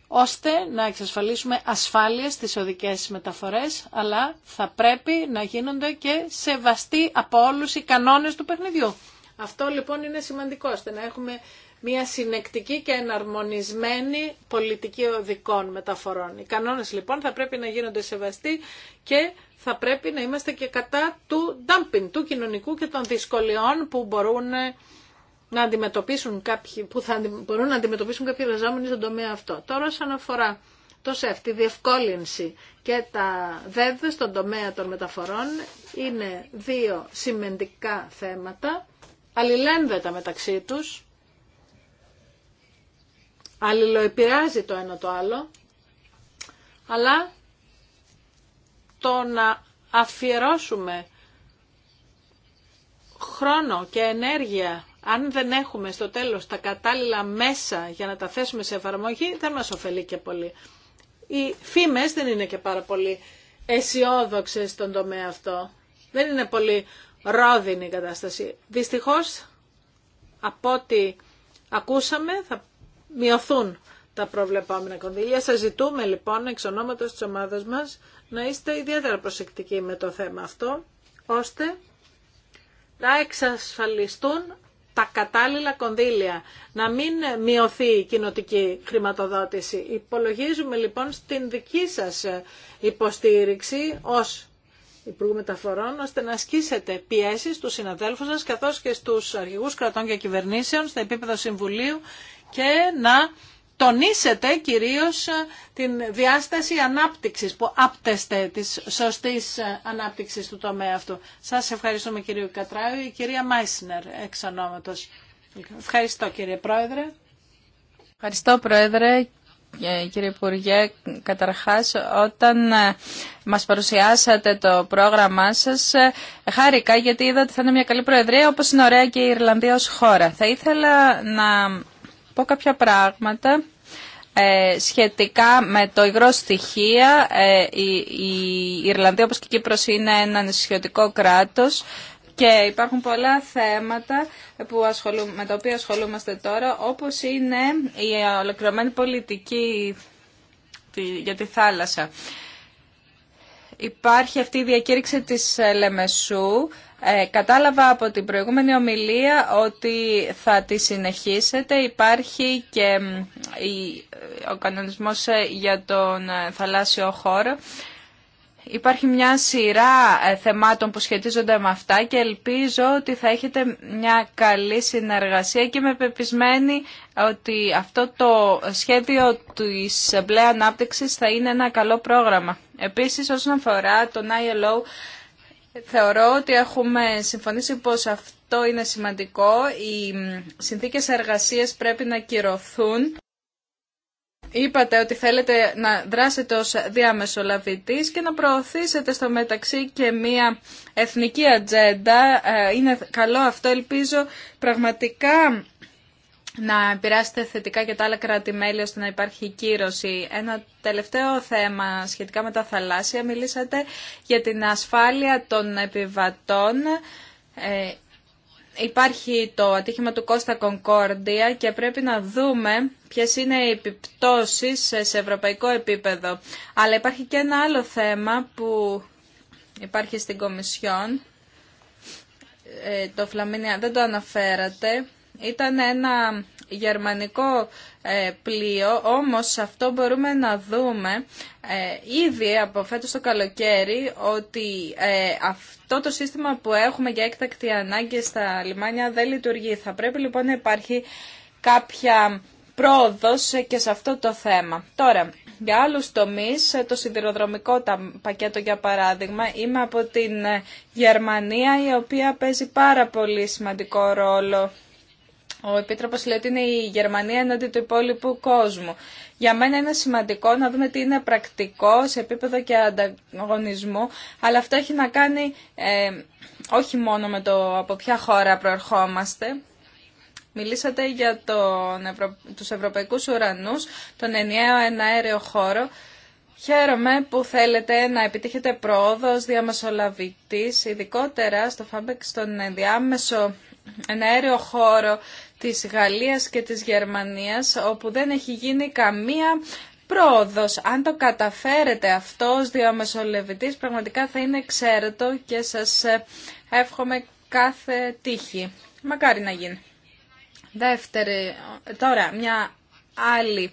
S1: ώστε να εξασφαλίσουμε ασφάλεια στις οδικές μεταφορές, αλλά θα πρέπει να γίνονται και σεβαστοί από όλους οι κανόνες του παιχνιδιού. Αυτό λοιπόν είναι σημαντικό, ώστε να έχουμε μια συνεκτική και εναρμονισμένη πολιτική οδικών μεταφορών. Οι κανόνες λοιπόν θα πρέπει να γίνονται σεβαστοί και θα πρέπει να είμαστε και κατά του dumping, του κοινωνικού και των δυσκολιών που μπορούν να αντιμετωπίσουν κάποιοι, που θα μπορούν να αντιμετωπίσουν κάποιοι εργαζόμενοι στον τομέα αυτό. Τώρα όσον αφορά το ΣΕΦ, τη διευκόλυνση και τα δέδε στον τομέα των μεταφορών είναι δύο σημαντικά θέματα, αλληλένδετα μεταξύ τους, αλληλοεπηρεάζει το ένα το άλλο, αλλά το να αφιερώσουμε χρόνο και ενέργεια αν δεν έχουμε στο τέλος τα κατάλληλα μέσα για να τα θέσουμε σε εφαρμογή, δεν μας ωφελεί και πολύ. Οι φήμες δεν είναι και πάρα πολύ αισιόδοξε στον τομέα αυτό. Δεν είναι πολύ ρόδινη η κατάσταση. Δυστυχώς, από ό,τι ακούσαμε, θα μειωθούν τα προβλεπόμενα κονδύλια. Σας ζητούμε λοιπόν εξ ονόματος της ομάδας μας να είστε ιδιαίτερα προσεκτικοί με το θέμα αυτό, ώστε να εξασφαλιστούν τα κατάλληλα κονδύλια, να μην μειωθεί η κοινοτική χρηματοδότηση. Υπολογίζουμε λοιπόν στην δική σας υποστήριξη ως Υπουργού Μεταφορών, ώστε να ασκήσετε πιέσει στους συναδέλφους σας, καθώς και στους αρχηγούς κρατών και κυβερνήσεων, στα επίπεδα Συμβουλίου και να τονίσετε κυρίως ε, την διάσταση ανάπτυξης, που άπτεστε της σωστής ε, ανάπτυξης του τομέα αυτού. Σας ευχαριστούμε κύριο Κατράου. Η κυρία Μάισνερ, εξ ονόματος. Ευχαριστώ κύριε Πρόεδρε. Ευχαριστώ
S3: Πρόεδρε ε, Κύριε Υπουργέ, καταρχάς όταν μας παρουσιάσατε το πρόγραμμά σας χάρηκα γιατί είδα ότι θα είναι μια καλή προεδρία όπως είναι ωραία και η Ιρλανδία ως χώρα. Θα ήθελα να πω κάποια πράγματα ε, σχετικά με το υγρό στοιχεία. Ε, η, Ιρλανδία όπως και η Κύπρος είναι ένα νησιωτικό κράτος και υπάρχουν πολλά θέματα που με τα οποία ασχολούμαστε τώρα όπως είναι η ολοκληρωμένη πολιτική για τη θάλασσα. Υπάρχει αυτή η διακήρυξη της Λεμεσού ε, κατάλαβα από την προηγούμενη ομιλία ότι θα τη συνεχίσετε. Υπάρχει και ο κανονισμός ε, για τον ε, θαλάσσιο χώρο. Υπάρχει μια σειρά θεμάτων που σχετίζονται με αυτά και ελπίζω ότι θα έχετε μια καλή συνεργασία και είμαι πεπισμένη ότι αυτό το σχέδιο της μπλε ανάπτυξης θα είναι ένα καλό πρόγραμμα. Επίσης όσον αφορά τον ILO Θεωρώ ότι έχουμε συμφωνήσει πως αυτό είναι σημαντικό. Οι συνθήκες εργασίας πρέπει να κυρωθούν. Είπατε ότι θέλετε να δράσετε ως διαμεσολαβητής και να προωθήσετε στο μεταξύ και μία εθνική ατζέντα. Ε, είναι καλό αυτό, ελπίζω πραγματικά να επηρεάσετε θετικά και τα άλλα κράτη-μέλη ώστε να υπάρχει κύρωση. Ένα τελευταίο θέμα σχετικά με τα θαλάσσια. Μιλήσατε για την ασφάλεια των επιβατών. Ε, υπάρχει το ατύχημα του Κώστα Κονκόρντια και πρέπει να δούμε ποιες είναι οι επιπτώσεις σε ευρωπαϊκό επίπεδο. Αλλά υπάρχει και ένα άλλο θέμα που υπάρχει στην Κομισιόν. Ε, το Φλαμίνια δεν το αναφέρατε ήταν ένα γερμανικό ε, πλοίο, όμως αυτό μπορούμε να δούμε ε, ήδη από φέτος το καλοκαίρι ότι ε, αυτό το σύστημα που έχουμε για έκτακτη ανάγκη στα λιμάνια δεν λειτουργεί. Θα πρέπει λοιπόν να υπάρχει κάποια πρόοδος και σε αυτό το θέμα. Τώρα, για άλλους τομείς, το σιδηροδρομικό πακέτο για παράδειγμα, είμαι από την Γερμανία η οποία παίζει πάρα πολύ σημαντικό ρόλο ο Επίτροπος λέει ότι είναι η Γερμανία ενάντια του υπόλοιπου κόσμου. Για μένα είναι σημαντικό να δούμε τι είναι πρακτικό σε επίπεδο και ανταγωνισμού, αλλά αυτό έχει να κάνει ε, όχι μόνο με το από ποια χώρα προερχόμαστε. Μιλήσατε για τον τους ευρωπαϊκούς ουρανούς, τον ενιαίο εναέριο χώρο. Χαίρομαι που θέλετε να επιτύχετε πρόοδος διαμεσολαβητής, ειδικότερα στο ΦΑΜΠΕΚ στον ενδιάμεσο ένα αέριο χώρο της Γαλλίας και της Γερμανίας όπου δεν έχει γίνει καμία πρόοδος. Αν το καταφέρετε αυτό ως διαμεσολευητής πραγματικά θα είναι εξαίρετο και σας ε, εύχομαι κάθε τύχη. Μακάρι να γίνει. Δεύτερη, τώρα μια άλλη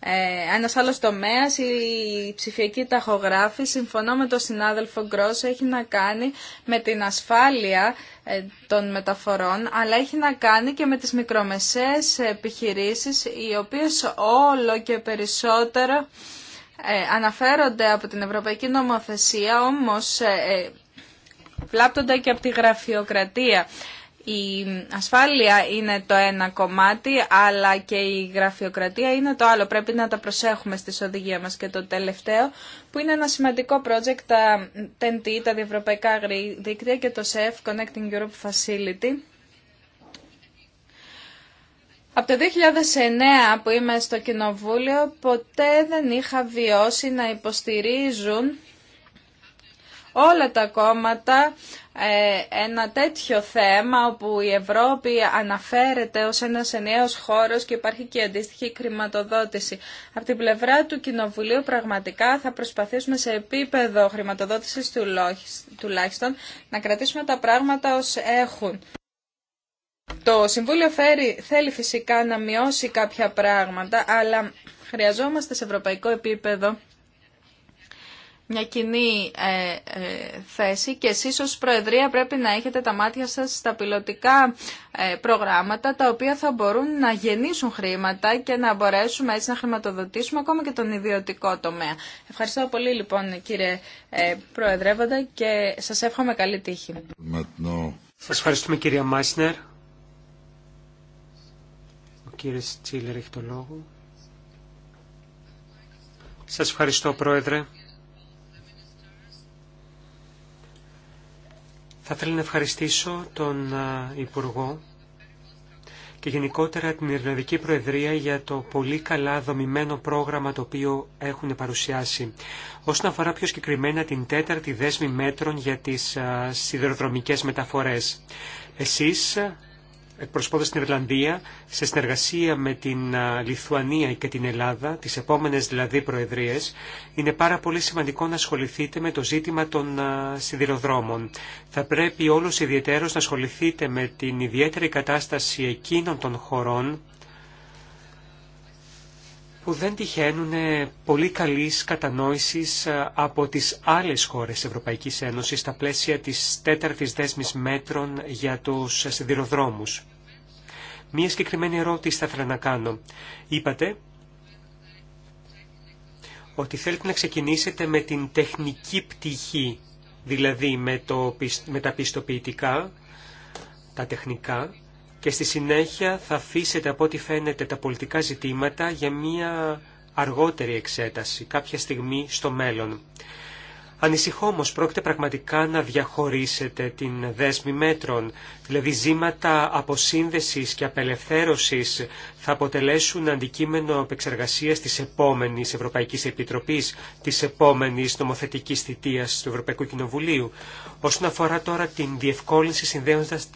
S3: ε, ένας άλλος τομέας, η ψηφιακή ταχογράφη, συμφωνώ με τον συνάδελφο Γκρός, έχει να κάνει με την ασφάλεια ε, των μεταφορών, αλλά έχει να κάνει και με τις μικρομεσαίες επιχειρήσεις, οι οποίες όλο και περισσότερο ε, αναφέρονται από την Ευρωπαϊκή Νομοθεσία, όμως ε, βλάπτονται και από τη γραφειοκρατία η ασφάλεια είναι το ένα κομμάτι, αλλά και η γραφειοκρατία είναι το άλλο. Πρέπει να τα προσέχουμε στη οδηγίες μας. Και το τελευταίο, που είναι ένα σημαντικό project, τα TNT, τα διευρωπαϊκά δίκτυα και το SEF, Connecting Europe Facility. Από το 2009 που είμαι στο Κοινοβούλιο, ποτέ δεν είχα βιώσει να υποστηρίζουν όλα τα κόμματα ε, ένα τέτοιο θέμα όπου η Ευρώπη αναφέρεται ως ένας ενιαίος χώρος και υπάρχει και αντίστοιχη χρηματοδότηση. Από την πλευρά του Κοινοβουλίου πραγματικά θα προσπαθήσουμε σε επίπεδο χρηματοδότησης τουλάχιστον να κρατήσουμε τα πράγματα ως έχουν. Το Συμβούλιο φέρει, θέλει φυσικά να μειώσει κάποια πράγματα, αλλά χρειαζόμαστε σε ευρωπαϊκό επίπεδο μια κοινή ε, ε, θέση και εσείς ως Προεδρία πρέπει να έχετε τα μάτια σας στα πιλωτικά ε, προγράμματα τα οποία θα μπορούν να γεννήσουν χρήματα και να μπορέσουμε έτσι να χρηματοδοτήσουμε ακόμα και τον ιδιωτικό τομέα. Ευχαριστώ πολύ λοιπόν κύριε Προεδρεύοντα και σας εύχομαι καλή τύχη.
S4: Σας ευχαριστούμε κυρία Μάισνερ. Ο κύριος Τσίλερ έχει το λόγο. Σας ευχαριστώ Πρόεδρε. Θα ήθελα να ευχαριστήσω τον Υπουργό και γενικότερα την Ιρλανδική Προεδρία για το πολύ καλά δομημένο πρόγραμμα το οποίο έχουν παρουσιάσει. Όσον αφορά πιο συγκεκριμένα την τέταρτη δέσμη μέτρων για τις σιδηροδρομικές μεταφορές. Εσείς εκπροσωπώντας την Ιρλανδία σε συνεργασία με την Λιθουανία και την Ελλάδα, τις επόμενες δηλαδή προεδρίες, είναι πάρα πολύ σημαντικό να ασχοληθείτε με το ζήτημα των σιδηροδρόμων. Θα πρέπει όλος ιδιαίτερος να ασχοληθείτε με την ιδιαίτερη κατάσταση εκείνων των χωρών που δεν τυχαίνουν πολύ καλής κατανόησης ε, από τις άλλες χώρες Ευρωπαϊκής Ένωσης στα πλαίσια της τέταρτης δέσμης μέτρων για τους σιδηροδρόμους. Μία συγκεκριμένη ερώτηση θα ήθελα να κάνω. Είπατε ότι θέλετε να ξεκινήσετε με την τεχνική πτυχή, δηλαδή με, το, με τα πιστοποιητικά, τα τεχνικά, και στη συνέχεια θα αφήσετε από ό,τι φαίνεται τα πολιτικά ζητήματα για μια αργότερη εξέταση κάποια στιγμή στο μέλλον. Ανησυχώ όμω πρόκειται πραγματικά να διαχωρίσετε την δέσμη μέτρων, δηλαδή ζήματα αποσύνδεσης και απελευθέρωσης θα αποτελέσουν αντικείμενο επεξεργασίας της επόμενης Ευρωπαϊκής Επιτροπής, της επόμενης νομοθετικής θητείας του Ευρωπαϊκού Κοινοβουλίου. Όσον αφορά τώρα την διευκόλυνση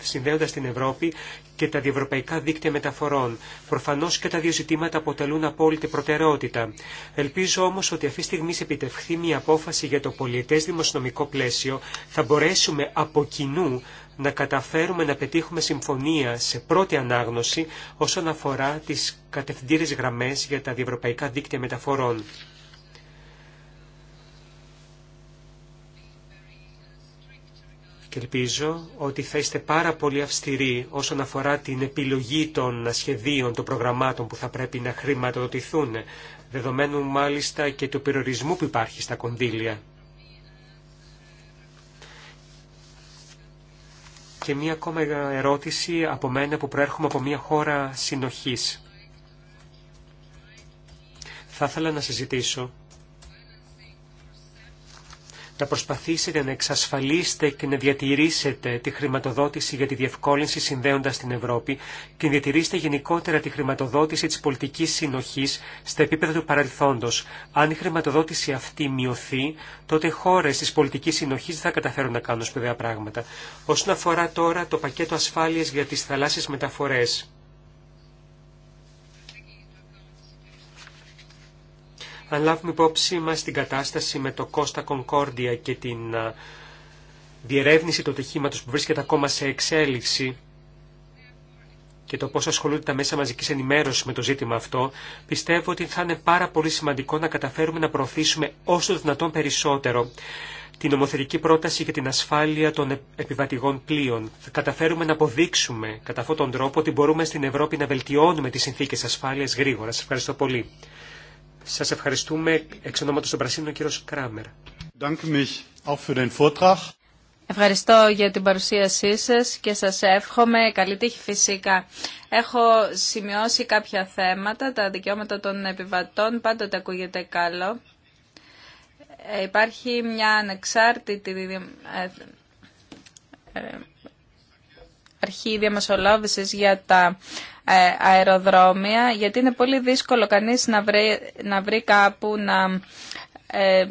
S4: συνδέοντας, την Ευρώπη και τα διευρωπαϊκά δίκτυα μεταφορών, προφανώς και τα δύο ζητήματα αποτελούν απόλυτη προτεραιότητα. Ελπίζω όμως ότι αυτή τη στιγμή επιτευχθεί μια απόφαση για το πολιετές δημοσιονομικό πλαίσιο, θα μπορέσουμε από κοινού να καταφέρουμε να πετύχουμε συμφωνία σε πρώτη ανάγνωση όσον αφορά τις κατευθυντήρες γραμμές για τα διευρωπαϊκά δίκτυα μεταφορών. Και ελπίζω ότι θα είστε πάρα πολύ αυστηροί όσον αφορά την επιλογή των σχεδίων, των προγραμμάτων που θα πρέπει να χρηματοδοτηθούν, δεδομένου μάλιστα και του περιορισμού που υπάρχει στα κονδύλια. Και μία ακόμα ερώτηση από μένα που προέρχομαι από μία χώρα συνοχής. Θα ήθελα να συζητήσω να προσπαθήσετε να εξασφαλίσετε και να διατηρήσετε τη χρηματοδότηση για τη διευκόλυνση συνδέοντας την Ευρώπη και να διατηρήσετε γενικότερα τη χρηματοδότηση της πολιτικής συνοχής στα επίπεδα του παρελθόντος. Αν η χρηματοδότηση αυτή μειωθεί, τότε οι χώρες της πολιτικής συνοχής δεν θα καταφέρουν να κάνουν σπουδαία πράγματα. Όσον αφορά τώρα το πακέτο ασφάλειας για τις θαλάσσιες μεταφορές. αν λάβουμε υπόψη μας την κατάσταση με το Κώστα Κονκόρντια και την διερεύνηση του ατυχήματος που βρίσκεται ακόμα σε εξέλιξη και το πώς ασχολούνται τα μέσα μαζικής ενημέρωσης με το ζήτημα αυτό, πιστεύω ότι θα είναι πάρα πολύ σημαντικό να καταφέρουμε να προωθήσουμε όσο το δυνατόν περισσότερο την νομοθετική πρόταση για την ασφάλεια των επιβατηγών πλοίων. Θα καταφέρουμε να αποδείξουμε κατά αυτόν τον τρόπο ότι μπορούμε στην Ευρώπη να βελτιώνουμε τις συνθήκες ασφάλειας γρήγορα. Σας ευχαριστώ πολύ. Σας ευχαριστούμε εξ ονόματος των Πρασίνων, κύριος Κράμερ.
S3: Ευχαριστώ για την παρουσίασή σας και σας εύχομαι καλή τύχη φυσικά. Έχω σημειώσει κάποια θέματα, τα δικαιώματα των επιβατών πάντοτε ακούγεται καλό. Ε, υπάρχει μια ανεξάρτητη ε, ε, αρχή διαμεσολάβησης για τα ε, αεροδρόμια, γιατί είναι πολύ δύσκολο κανείς να βρει, να βρει κάπου να ε,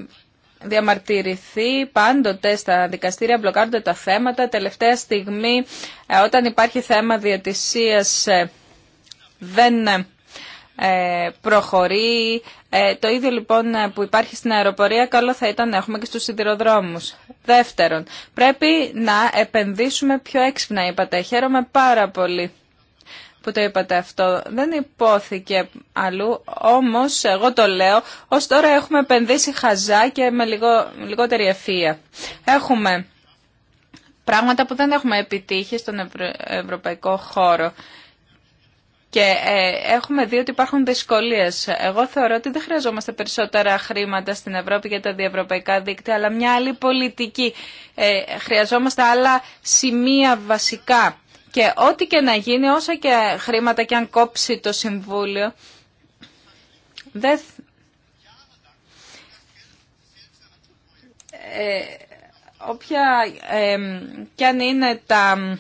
S3: διαμαρτυρηθεί. Πάντοτε στα δικαστήρια μπλοκάρονται τα θέματα. Τελευταία στιγμή, ε, όταν υπάρχει θέμα διατησίας, ε, δεν προχωρεί. Το ίδιο λοιπόν που υπάρχει στην αεροπορία καλό θα ήταν να έχουμε και στους σιδηροδρόμους. Δεύτερον, πρέπει να επενδύσουμε πιο έξυπνα είπατε. Χαίρομαι πάρα πολύ που το είπατε αυτό. Δεν υπόθηκε αλλού, όμως εγώ το λέω, ως τώρα έχουμε επενδύσει χαζά και με λιγο, λιγότερη ευφύεια. Έχουμε πράγματα που δεν έχουμε επιτύχει στον ευρωπαϊκό χώρο. Και ε, έχουμε δει ότι υπάρχουν δυσκολίες. Εγώ θεωρώ ότι δεν χρειαζόμαστε περισσότερα χρήματα στην Ευρώπη για τα διευρωπαϊκά δίκτυα, αλλά μια άλλη πολιτική. Ε, χρειαζόμαστε άλλα σημεία βασικά. Και ό,τι και να γίνει, όσα και χρήματα και αν κόψει το Συμβούλιο, δεν... Ε, όποια ε, και αν είναι τα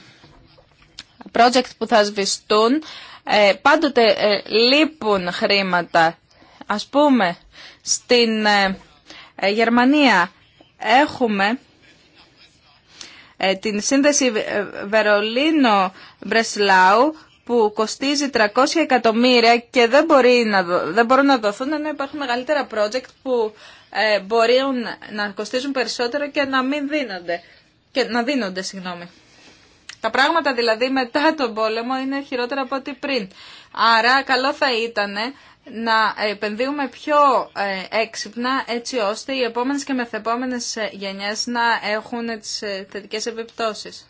S3: project που θα σβηστούν, ε, πάντοτε ε, λείπουν χρήματα. Ας πούμε, στην ε, ε, Γερμανία έχουμε ε, την σύνδεση ε, Βερολίνο-Μπρεσλάου που κοστίζει 300 εκατομμύρια και δεν, μπορεί να, δεν μπορούν να δοθούν ενώ υπάρχουν μεγαλύτερα project που ε, μπορεί να κοστίζουν περισσότερο και να μην δίνονται. Και να δίνονται, συγγνώμη. Τα πράγματα δηλαδή μετά τον πόλεμο είναι χειρότερα από ό,τι πριν. Άρα καλό θα ήταν να επενδύουμε πιο ε, έξυπνα έτσι ώστε οι επόμενες και μεθεπόμενες ε, γενιές να έχουν τις ε, θετικές επιπτώσεις.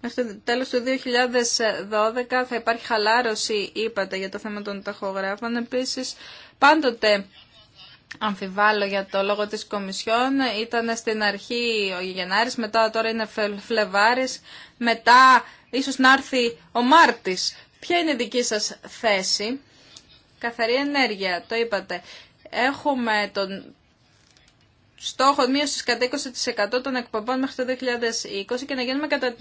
S3: Μέχρι το τέλος του 2012 θα υπάρχει χαλάρωση, είπατε, για το θέμα των ταχογράφων. Επίσης, πάντοτε αμφιβάλλω για το λόγο της Κομισιόν. Ήταν στην αρχή ο Γενάρης, μετά τώρα είναι Φλεβάρης, μετά ίσως να έρθει ο Μάρτης. Ποια είναι η δική σας θέση. Καθαρή ενέργεια, το είπατε. Έχουμε τον στόχο μείωσης κατά 20% των εκπομπών μέχρι το 2020 και να γίνουμε κατά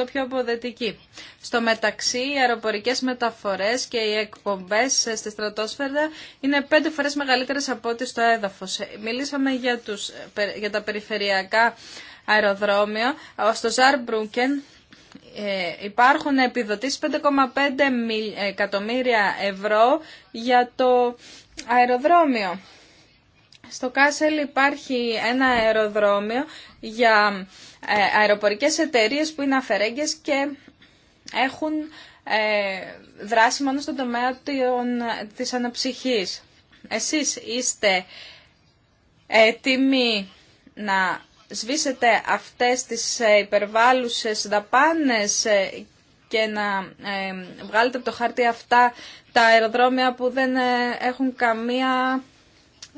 S3: 20% πιο αποδετικοί. Στο μεταξύ, οι αεροπορικές μεταφορές και οι εκπομπές στη στρατόσφαιρα είναι πέντε φορές μεγαλύτερες από ό,τι στο έδαφος. Μιλήσαμε για, τους, για τα περιφερειακά αεροδρόμια. Στο Ζαρμπρούκεν ε, υπάρχουν επιδοτήσεις 5,5 εκατομμύρια ευρώ για το αεροδρόμιο. Στο Κάσελ υπάρχει ένα αεροδρόμιο για ε, αεροπορικές εταιρείες που είναι αφαιρέγγες και έχουν ε, δράση μόνο στον τομέα της αναψυχής. Εσείς είστε έτοιμοι να σβήσετε αυτές τις ε, υπερβάλλουσες δαπάνες ε, και να ε, βγάλετε από το χάρτη αυτά τα αεροδρόμια που δεν έχουν καμία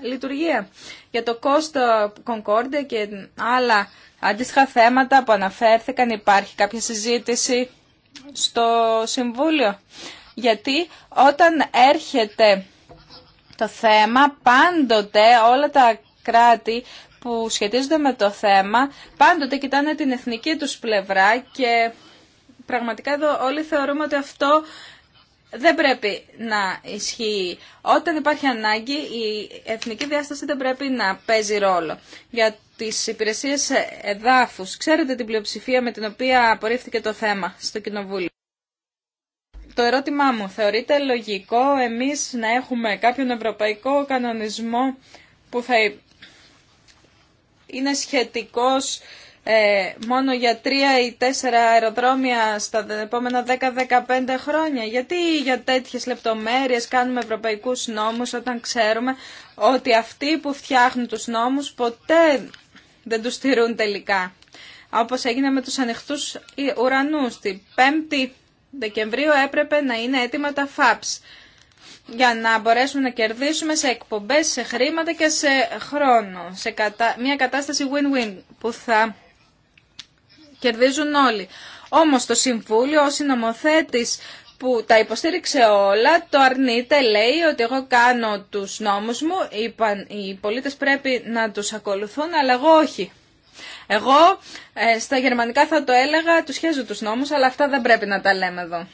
S3: λειτουργία. Για το κόστο Concordia και άλλα αντίστοιχα θέματα που αναφέρθηκαν υπάρχει κάποια συζήτηση στο Συμβούλιο. Γιατί όταν έρχεται το θέμα πάντοτε όλα τα κράτη που σχετίζονται με το θέμα πάντοτε κοιτάνε την εθνική τους πλευρά και πραγματικά εδώ όλοι θεωρούμε ότι αυτό δεν πρέπει να ισχύει. Όταν υπάρχει ανάγκη, η εθνική διάσταση δεν πρέπει να παίζει ρόλο. Για τις υπηρεσίες εδάφους, ξέρετε την πλειοψηφία με την οποία απορρίφθηκε το θέμα στο Κοινοβούλιο. Το ερώτημά μου, θεωρείται λογικό εμείς να έχουμε κάποιον ευρωπαϊκό κανονισμό που θα είναι σχετικός ε, μόνο για τρία ή τέσσερα αεροδρόμια στα επόμενα 10-15 χρόνια. Γιατί για τέτοιες λεπτομέρειες κάνουμε ευρωπαϊκούς νόμους όταν ξέρουμε ότι αυτοί που φτιάχνουν τους νόμους ποτέ δεν τους στηρούν τελικά. Όπως έγινε με τους ανοιχτούς ουρανούς. Την 5η Δεκεμβρίου έπρεπε να είναι έτοιμα τα FAPS για να μπορέσουμε να κερδίσουμε σε εκπομπές, σε χρήματα και σε χρόνο. Σε μια κατάσταση win-win που θα κερδίζουν όλοι. Όμως το Συμβούλιο ο συνομοθέτης που τα υποστήριξε όλα, το αρνείται, λέει ότι εγώ κάνω τους νόμους μου, οι πολίτες πρέπει να τους ακολουθούν, αλλά εγώ όχι. Εγώ ε, στα γερμανικά θα το έλεγα, τους χέζω τους νόμους, αλλά αυτά δεν πρέπει να τα λέμε εδώ.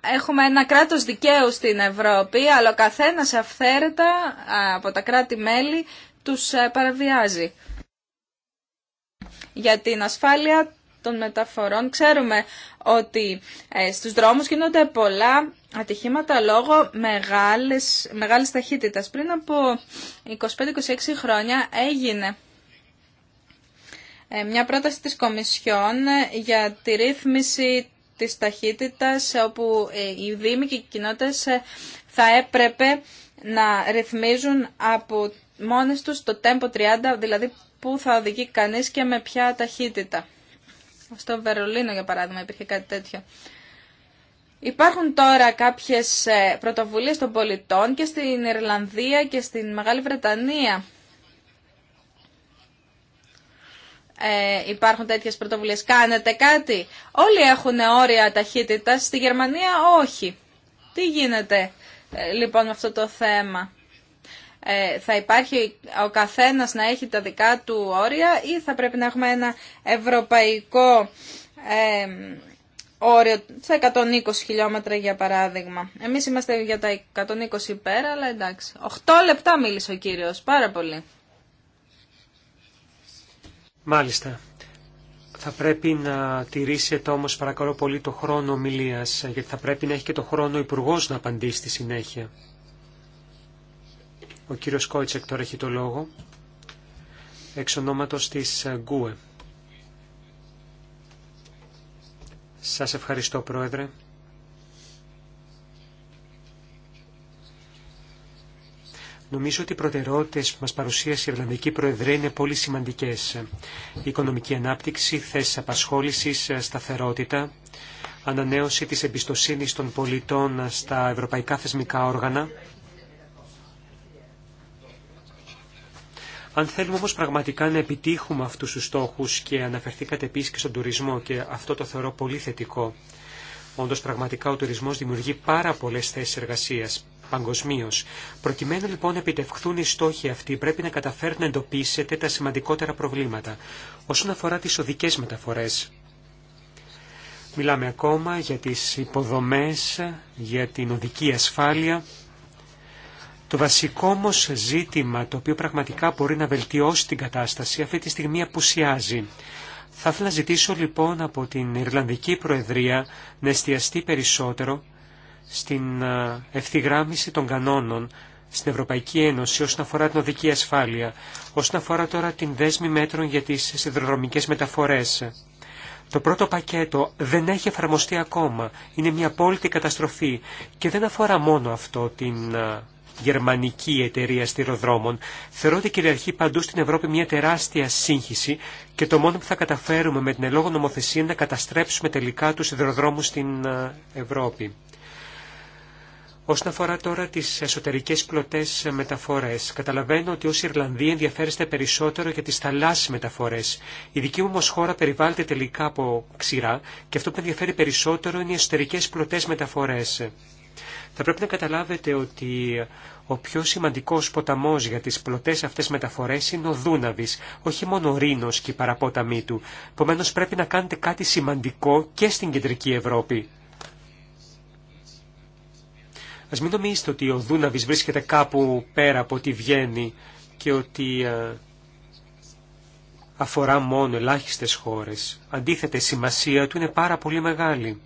S3: Έχουμε ένα κράτος δικαίου στην Ευρώπη, αλλά ο καθένας αυθαίρετα από τα κράτη-μέλη τους ε, παραβιάζει. Για την ασφάλεια των μεταφορών ξέρουμε ότι ε, στους δρόμους γίνονται πολλά ατυχήματα λόγω μεγάλης, μεγάλης ταχύτητας. Πριν από 25-26 χρόνια έγινε ε, μια πρόταση της Κομισιόν για τη ρύθμιση της ταχύτητας ε, όπου ε, οι δήμοι και οι κοινότητες ε, θα έπρεπε να ρυθμίζουν από μόνες τους το τέμπο 30, δηλαδή πού θα οδηγεί κανείς και με ποια ταχύτητα. Στο Βερολίνο, για παράδειγμα, υπήρχε κάτι τέτοιο. Υπάρχουν τώρα κάποιες πρωτοβουλίες των πολιτών και στην Ιρλανδία και στην Μεγάλη Βρετανία ε, υπάρχουν τέτοιες πρωτοβουλίες. Κάνετε κάτι. Όλοι έχουν όρια ταχύτητας. Στη Γερμανία όχι. Τι γίνεται ε, λοιπόν με αυτό το θέμα. Ε, θα υπάρχει ο καθένας να έχει τα δικά του όρια ή θα πρέπει να έχουμε ένα ευρωπαϊκό ε, όριο σε 120 χιλιόμετρα για παράδειγμα. Εμείς είμαστε για τα 120 πέρα, αλλά εντάξει. 8 λεπτά μίλησε ο κύριος, πάρα πολύ.
S4: Μάλιστα. Θα πρέπει να τηρήσετε όμω παρακαλώ πολύ το χρόνο ομιλία, γιατί θα πρέπει να έχει και το χρόνο ο Υπουργό να απαντήσει στη συνέχεια. Ο κύριος Κόιτσεκ τώρα έχει το λόγο, εξ ονόματο της Γκούε. Σα ευχαριστώ Πρόεδρε. Νομίζω ότι οι προτεραιότητε που μα παρουσίασε η Ιρλανδική Προεδρία είναι πολύ σημαντικέ Η οικονομική ανάπτυξη, θέσει απασχόληση, σταθερότητα, ανανέωση της εμπιστοσύνη των πολιτών στα ευρωπαϊκά θεσμικά όργανα. Αν θέλουμε όμω πραγματικά να επιτύχουμε αυτού τους στόχους και αναφερθήκατε επίση και στον τουρισμό και αυτό το θεωρώ πολύ θετικό. Όντω πραγματικά ο τουρισμό δημιουργεί πάρα πολλέ θέσει εργασία παγκοσμίω. Προκειμένου λοιπόν να επιτευχθούν οι στόχοι αυτοί, πρέπει να καταφέρουν να εντοπίσετε τα σημαντικότερα προβλήματα όσον αφορά τι οδικέ μεταφορέ. Μιλάμε ακόμα για τις υποδομέ, για την οδική ασφάλεια. Το βασικό όμω ζήτημα το οποίο πραγματικά μπορεί να βελτιώσει την κατάσταση αυτή τη στιγμή απουσιάζει. Θα ήθελα να ζητήσω λοιπόν από την Ιρλανδική Προεδρία να εστιαστεί περισσότερο στην ε, ευθυγράμμιση των κανόνων στην Ευρωπαϊκή Ένωση όσον αφορά την οδική ασφάλεια, όσον αφορά τώρα την δέσμη μέτρων για τις σιδηροδρομικές μεταφορές. Το πρώτο πακέτο δεν έχει εφαρμοστεί ακόμα. Είναι μια απόλυτη καταστροφή και δεν αφορά μόνο αυτό την ε, γερμανική εταιρεία στυροδρόμων Θεωρώ ότι κυριαρχεί παντού στην Ευρώπη μια τεράστια σύγχυση και το μόνο που θα καταφέρουμε με την ελόγω νομοθεσία είναι να καταστρέψουμε τελικά τους σιδηροδρόμους στην ε, Ευρώπη. Όσον αφορά τώρα τι εσωτερικέ πλωτέ μεταφορέ, καταλαβαίνω ότι ω Ιρλανδοί ενδιαφέρεστε περισσότερο για τι θαλάσσιε μεταφορέ. Η δική μου όμω χώρα περιβάλλεται τελικά από ξηρά και αυτό που ενδιαφέρει περισσότερο είναι οι εσωτερικέ πλωτέ μεταφορέ. Θα πρέπει να καταλάβετε ότι ο πιο σημαντικό ποταμό για τι πλωτέ αυτέ μεταφορέ είναι ο δούναβη, όχι μόνο ο Ρήνο και η παραπόταμή του. Επομένω πρέπει να κάνετε κάτι σημαντικό και στην κεντρική Ευρώπη. Ας μην νομίζετε ότι ο Δούναβη βρίσκεται κάπου πέρα από τη βγαίνει και ότι ε, αφορά μόνο ελάχιστε χώρες. Αντίθετα, η σημασία του είναι πάρα πολύ μεγάλη.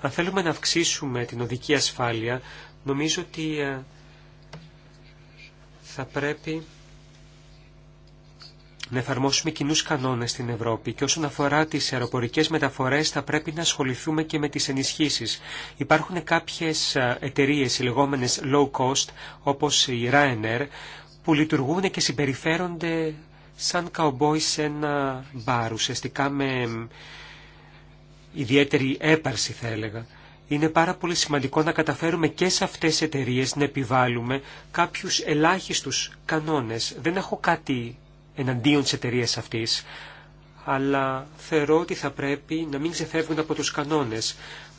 S4: Αν θέλουμε να αυξήσουμε την οδική ασφάλεια, νομίζω ότι ε, θα πρέπει να εφαρμόσουμε κοινού κανόνε στην Ευρώπη και όσον αφορά τι αεροπορικέ μεταφορέ, θα πρέπει να ασχοληθούμε και με τι ενισχύσει. Υπάρχουν κάποιε εταιρείε, οι λεγόμενε low cost, όπω η Ryanair, που λειτουργούν και συμπεριφέρονται σαν καουμπόι σε ένα μπαρ, ουσιαστικά με ιδιαίτερη έπαρση θα έλεγα. Είναι πάρα πολύ σημαντικό να καταφέρουμε και σε αυτές τις εταιρείες να επιβάλλουμε κάποιους ελάχιστου κανόνες. Δεν έχω κάτι εναντίον τη εταιρεία αυτή, Αλλά θεωρώ ότι θα πρέπει να μην ξεφεύγουν από του κανόνε.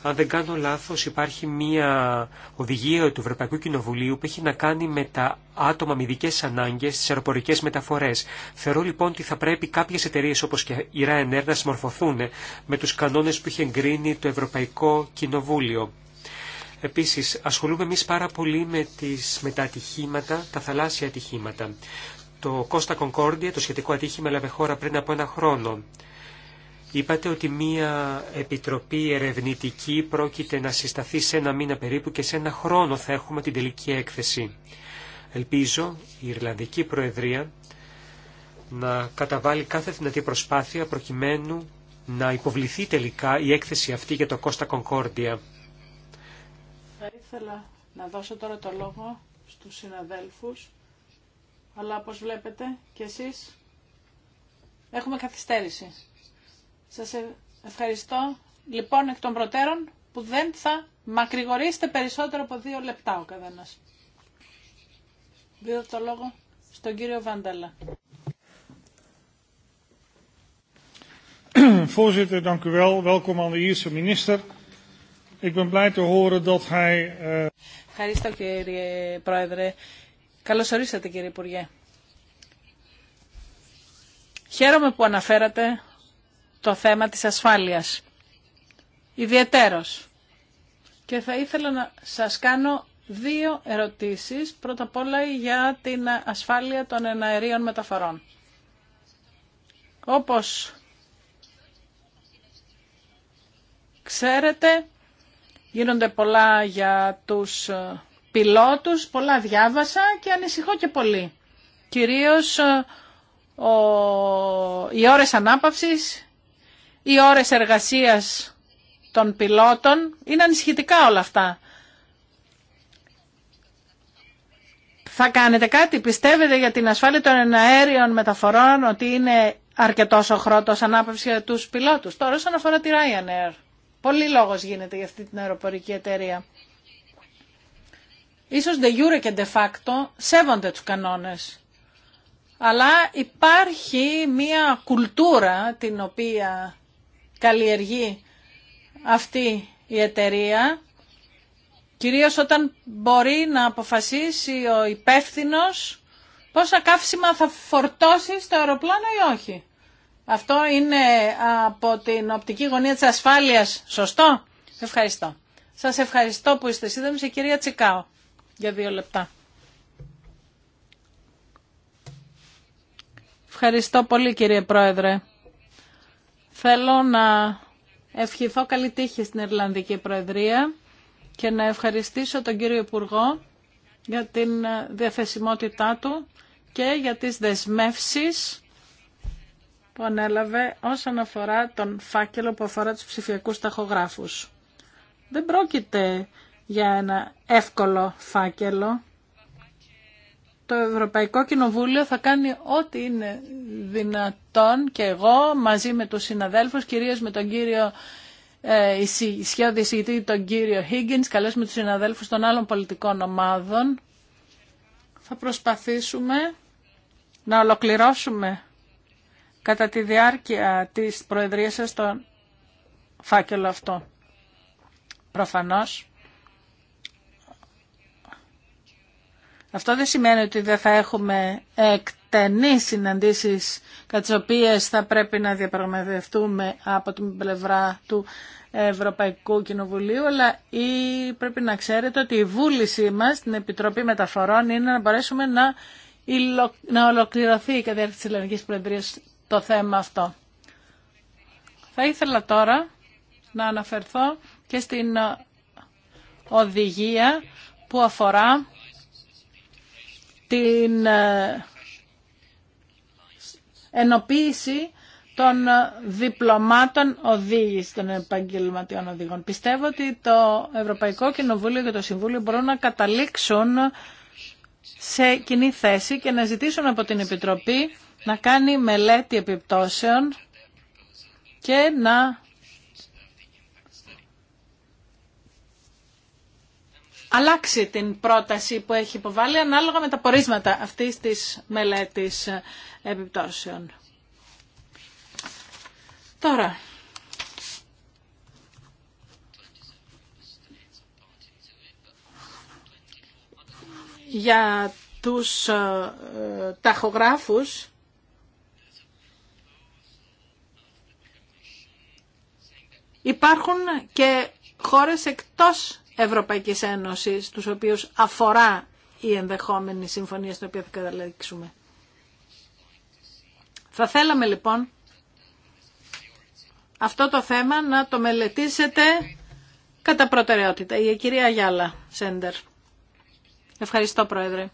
S4: Αν δεν κάνω λάθο, υπάρχει μια οδηγία του Ευρωπαϊκού Κοινοβουλίου που έχει να κάνει με τα άτομα με ειδικέ ανάγκες στι αεροπορικές μεταφορές. Θεωρώ λοιπόν ότι θα πρέπει κάποιε εταιρείε όπω και η Ryanair να συμμορφωθούν με του κανόνε που είχε εγκρίνει το Ευρωπαϊκό Κοινοβούλιο. Επίσης, ασχολούμαι εμεί πάρα πολύ με, τις, με τα ατυχήματα, τα θαλάσσια ατυχήματα. Το Κώστα Κονκόρντια, το σχετικό ατύχημα, έλαβε χώρα πριν από ένα χρόνο. Είπατε ότι μία επιτροπή ερευνητική πρόκειται να συσταθεί σε ένα μήνα περίπου και σε ένα χρόνο θα έχουμε την τελική έκθεση. Ελπίζω η Ιρλανδική Προεδρία να καταβάλει κάθε δυνατή προσπάθεια προκειμένου να υποβληθεί τελικά η έκθεση αυτή για το Κώστα Κονκόρντια.
S1: Θα ήθελα να δώσω τώρα το λόγο στους συναδέλφους αλλά όπως βλέπετε και εσείς έχουμε καθυστέρηση. Σας ε, ευχαριστώ λοιπόν εκ των προτέρων που δεν θα μακρηγορήσετε περισσότερο από δύο λεπτά ο καθένας. Δίδω το λόγο στον κύριο Βάνταλα. Voorzitter, Ευχαριστώ κύριε Πρόεδρε. Καλώς ορίσατε κύριε Υπουργέ. Χαίρομαι που αναφέρατε το θέμα της ασφάλειας. Ιδιαιτέρως. Και θα ήθελα να σας κάνω δύο ερωτήσεις. Πρώτα απ' όλα για την ασφάλεια των εναερίων μεταφορών. Όπως ξέρετε, γίνονται πολλά για τους ε, πιλότους, πολλά διάβασα και ανησυχώ και πολύ. Κυρίως ε, οι ώρες ανάπαυσης, οι ώρες εργασίας των πιλότων, είναι ανησυχητικά όλα αυτά. Θα κάνετε κάτι, πιστεύετε για την ασφάλεια των αέριων μεταφορών ότι είναι αρκετός ο χρόνος ανάπαυση για τους πιλότους. Τώρα όσον αφορά τη Ryanair, πολύ λόγος γίνεται για αυτή την αεροπορική εταιρεία ίσως de jure και de facto σέβονται τους κανόνες. Αλλά υπάρχει μία κουλτούρα την οποία καλλιεργεί αυτή η εταιρεία, κυρίως όταν μπορεί να αποφασίσει ο υπεύθυνο πόσα καύσιμα θα φορτώσει στο αεροπλάνο ή όχι. Αυτό είναι από την οπτική γωνία της ασφάλειας. Σωστό. Ευχαριστώ. Σας ευχαριστώ που είστε σύντομοι, η κυρία ευχαριστω σας ευχαριστω που ειστε συντομοι σε κυρια τσικαο για δύο λεπτά. Ευχαριστώ πολύ κύριε Πρόεδρε. Θέλω να ευχηθώ καλή τύχη στην Ιρλανδική Προεδρία και να ευχαριστήσω τον κύριο Υπουργό για την διαθεσιμότητά του και για τις δεσμεύσεις που ανέλαβε όσον αφορά τον φάκελο που αφορά τους ψηφιακούς ταχογράφους. Δεν πρόκειται για ένα εύκολο φάκελο. Το Ευρωπαϊκό Κοινοβούλιο θα κάνει ό,τι είναι δυνατόν και εγώ μαζί με τους συναδέλφους, κυρίως με τον κύριο ε, διευθυντή τον κύριο Higgins, καλώς με τους συναδέλφους των άλλων πολιτικών ομάδων. Θα προσπαθήσουμε να ολοκληρώσουμε κατά τη διάρκεια της Προεδρίας σας τον φάκελο αυτό. Προφανώς Αυτό δεν σημαίνει ότι δεν θα έχουμε εκτενείς συναντήσεις κατά τις οποίες θα πρέπει να διαπραγματευτούμε από την πλευρά του Ευρωπαϊκού Κοινοβουλίου, αλλά ή πρέπει να ξέρετε ότι η βούλησή μας στην Επιτροπή Μεταφορών είναι να μπορέσουμε να, υλο... να ολοκληρωθεί η τη της Ελληνικής Προεδρίας το θέμα αυτό. Θα ήθελα τώρα να αναφερθώ και στην οδηγία που αφορά την ε, ενοποίηση των διπλωμάτων οδήγηση των επαγγελματιών οδηγών. Πιστεύω ότι το Ευρωπαϊκό Κοινοβούλιο και το Συμβούλιο μπορούν να καταλήξουν σε κοινή θέση και να ζητήσουν από την Επιτροπή να κάνει μελέτη επιπτώσεων και να αλλάξει την πρόταση που έχει υποβάλει ανάλογα με τα πορίσματα αυτής της μελέτης επιπτώσεων. Τώρα, για τους ε, ταχογράφους υπάρχουν και χώρες εκτός Ευρωπαϊκής Ένωσης, τους οποίους αφορά η ενδεχόμενη συμφωνία στην οποία θα καταλήξουμε. Θα θέλαμε λοιπόν αυτό το θέμα να το μελετήσετε κατά προτεραιότητα. Η κυρία Γιάλα Σέντερ. Ευχαριστώ Πρόεδρε.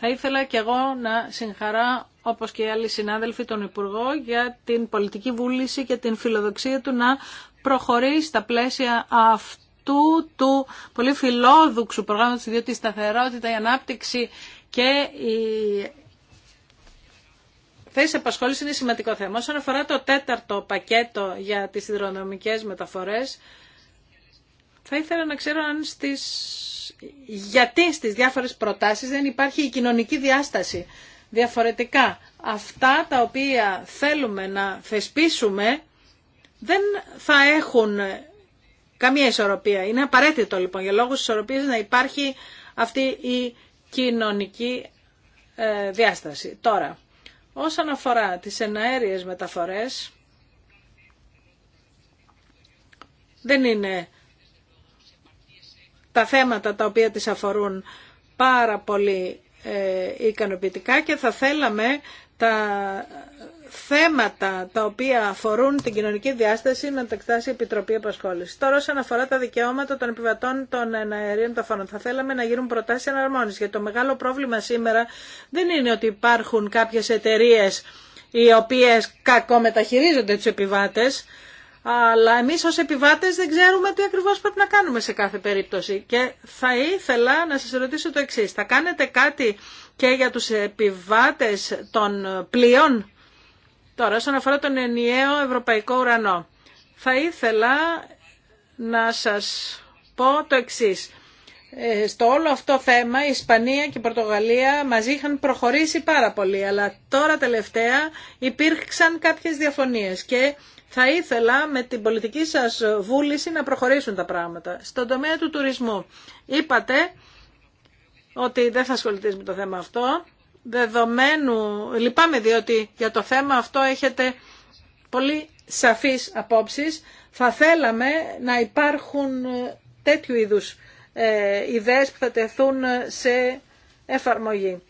S1: Θα ήθελα και εγώ να συγχαρά όπως και οι άλλοι συνάδελφοι τον Υπουργό για την πολιτική βούληση και την φιλοδοξία του να προχωρεί στα πλαίσια αυτού του του πολύ φιλόδουξου προγράμματος, διότι η σταθερότητα, η ανάπτυξη και η θέση επασχόληση είναι σημαντικό θέμα. Όσον αφορά το τέταρτο πακέτο για τις συνδρομικές μεταφορές, θα ήθελα να ξέρω γιατί στις διάφορες προτάσεις δεν υπάρχει η κοινωνική διάσταση. Διαφορετικά, αυτά τα οποία θέλουμε να θεσπίσουμε δεν θα έχουν καμία ισορροπία. Είναι απαραίτητο λοιπόν για λόγους ισορροπίας να υπάρχει αυτή η κοινωνική ε, διάσταση. Τώρα, όσον αφορά τις εναέριες μεταφορές, δεν είναι τα θέματα τα οποία τις αφορούν πάρα πολύ ε, ικανοποιητικά και θα θέλαμε τα θέματα τα οποία αφορούν την κοινωνική διάσταση να τα εκτάσει η Επιτροπή Επασχόληση. Τώρα, όσον αφορά τα δικαιώματα των επιβατών των ε, αερίων ταφώνων, θα θέλαμε να γίνουν προτάσει εναρμόνιση. Γιατί το μεγάλο πρόβλημα σήμερα δεν είναι ότι υπάρχουν κάποιε εταιρείε οι οποίε μεταχειρίζονται του επιβάτε, αλλά εμεί ω επιβάτε δεν ξέρουμε τι ακριβώ πρέπει να κάνουμε σε κάθε περίπτωση. Και θα ήθελα να σα ρωτήσω το εξή: Θα κάνετε κάτι και για τους επιβάτες των πλοίων Τώρα, όσον αφορά τον ενιαίο ευρωπαϊκό ουρανό, θα ήθελα να σας πω το εξής. Ε, στο όλο αυτό θέμα η Ισπανία και η Πορτογαλία μαζί είχαν προχωρήσει πάρα πολύ, αλλά τώρα τελευταία υπήρξαν κάποιες διαφωνίες και θα ήθελα με την πολιτική σας βούληση να προχωρήσουν τα πράγματα. Στον τομέα του τουρισμού είπατε ότι δεν θα ασχοληθείς με το θέμα αυτό δεδομένου, λυπάμαι διότι για το θέμα αυτό έχετε πολύ σαφείς απόψεις, θα θέλαμε να υπάρχουν ε, τέτοιου είδους ε, ιδέες που θα τεθούν ε, σε εφαρμογή.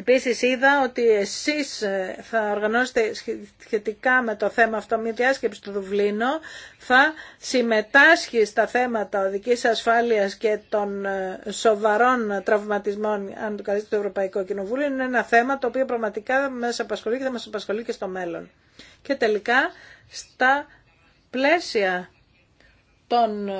S1: Επίση είδα ότι εσείς ε, θα οργανώσετε σχετικά με το θέμα αυτό μια διάσκεψη του Δουβλίνο, θα συμμετάσχει στα θέματα οδικής ασφάλειας και των ε, σοβαρών τραυματισμών, αν το καθίσετε το Ευρωπαϊκό Κοινοβούλιο, είναι ένα θέμα το οποίο πραγματικά μας απασχολεί και θα μας απασχολεί και στο μέλλον. Και τελικά, στα πλαίσια των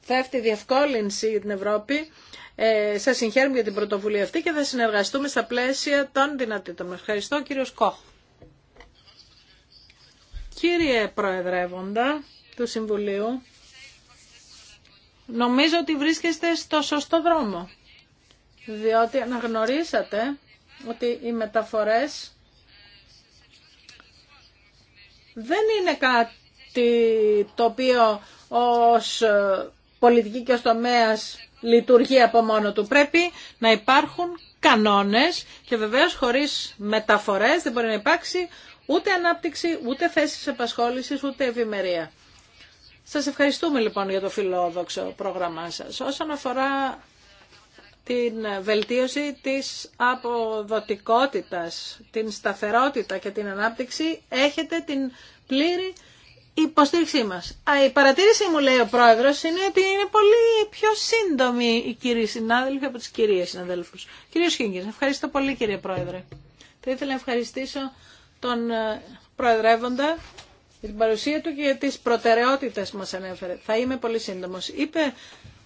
S1: θεύτη ε, διευκόλυνση για την Ευρώπη, ε, σας συγχαίρουμε για την πρωτοβουλία αυτή και θα συνεργαστούμε στα πλαίσια των δυνατήτων μα. Ευχαριστώ κύριος Κόχ. Κύριε Προεδρεύοντα του Συμβουλίου, νομίζω ότι βρίσκεστε στο σωστό δρόμο, διότι αναγνωρίσατε ότι οι μεταφορές δεν είναι κάτι το οποίο ως πολιτική και ως τομέας λειτουργεί από μόνο του. Πρέπει να υπάρχουν κανόνες και βεβαίως χωρίς μεταφορές δεν μπορεί να υπάρξει ούτε ανάπτυξη, ούτε θέσεις επασχόλησης, ούτε ευημερία. Σας ευχαριστούμε λοιπόν για το φιλόδοξο πρόγραμμά σας. Όσον αφορά την βελτίωση της αποδοτικότητας, την σταθερότητα και την ανάπτυξη, έχετε την πλήρη η υποστήριξή μα. Η παρατήρηση μου, λέει ο πρόεδρο είναι ότι είναι πολύ πιο σύντομη οι κυρία συνάδελφοι από τι κυρίε συναδέλφου. Κύριο Χίγκη, ευχαριστώ πολύ κύριε πρόεδρε. Θα ήθελα να ευχαριστήσω τον ε, προεδρεύοντα για την παρουσία του και για τις προτεραιότητες που μας ανέφερε. Θα είμαι πολύ σύντομο. Είπε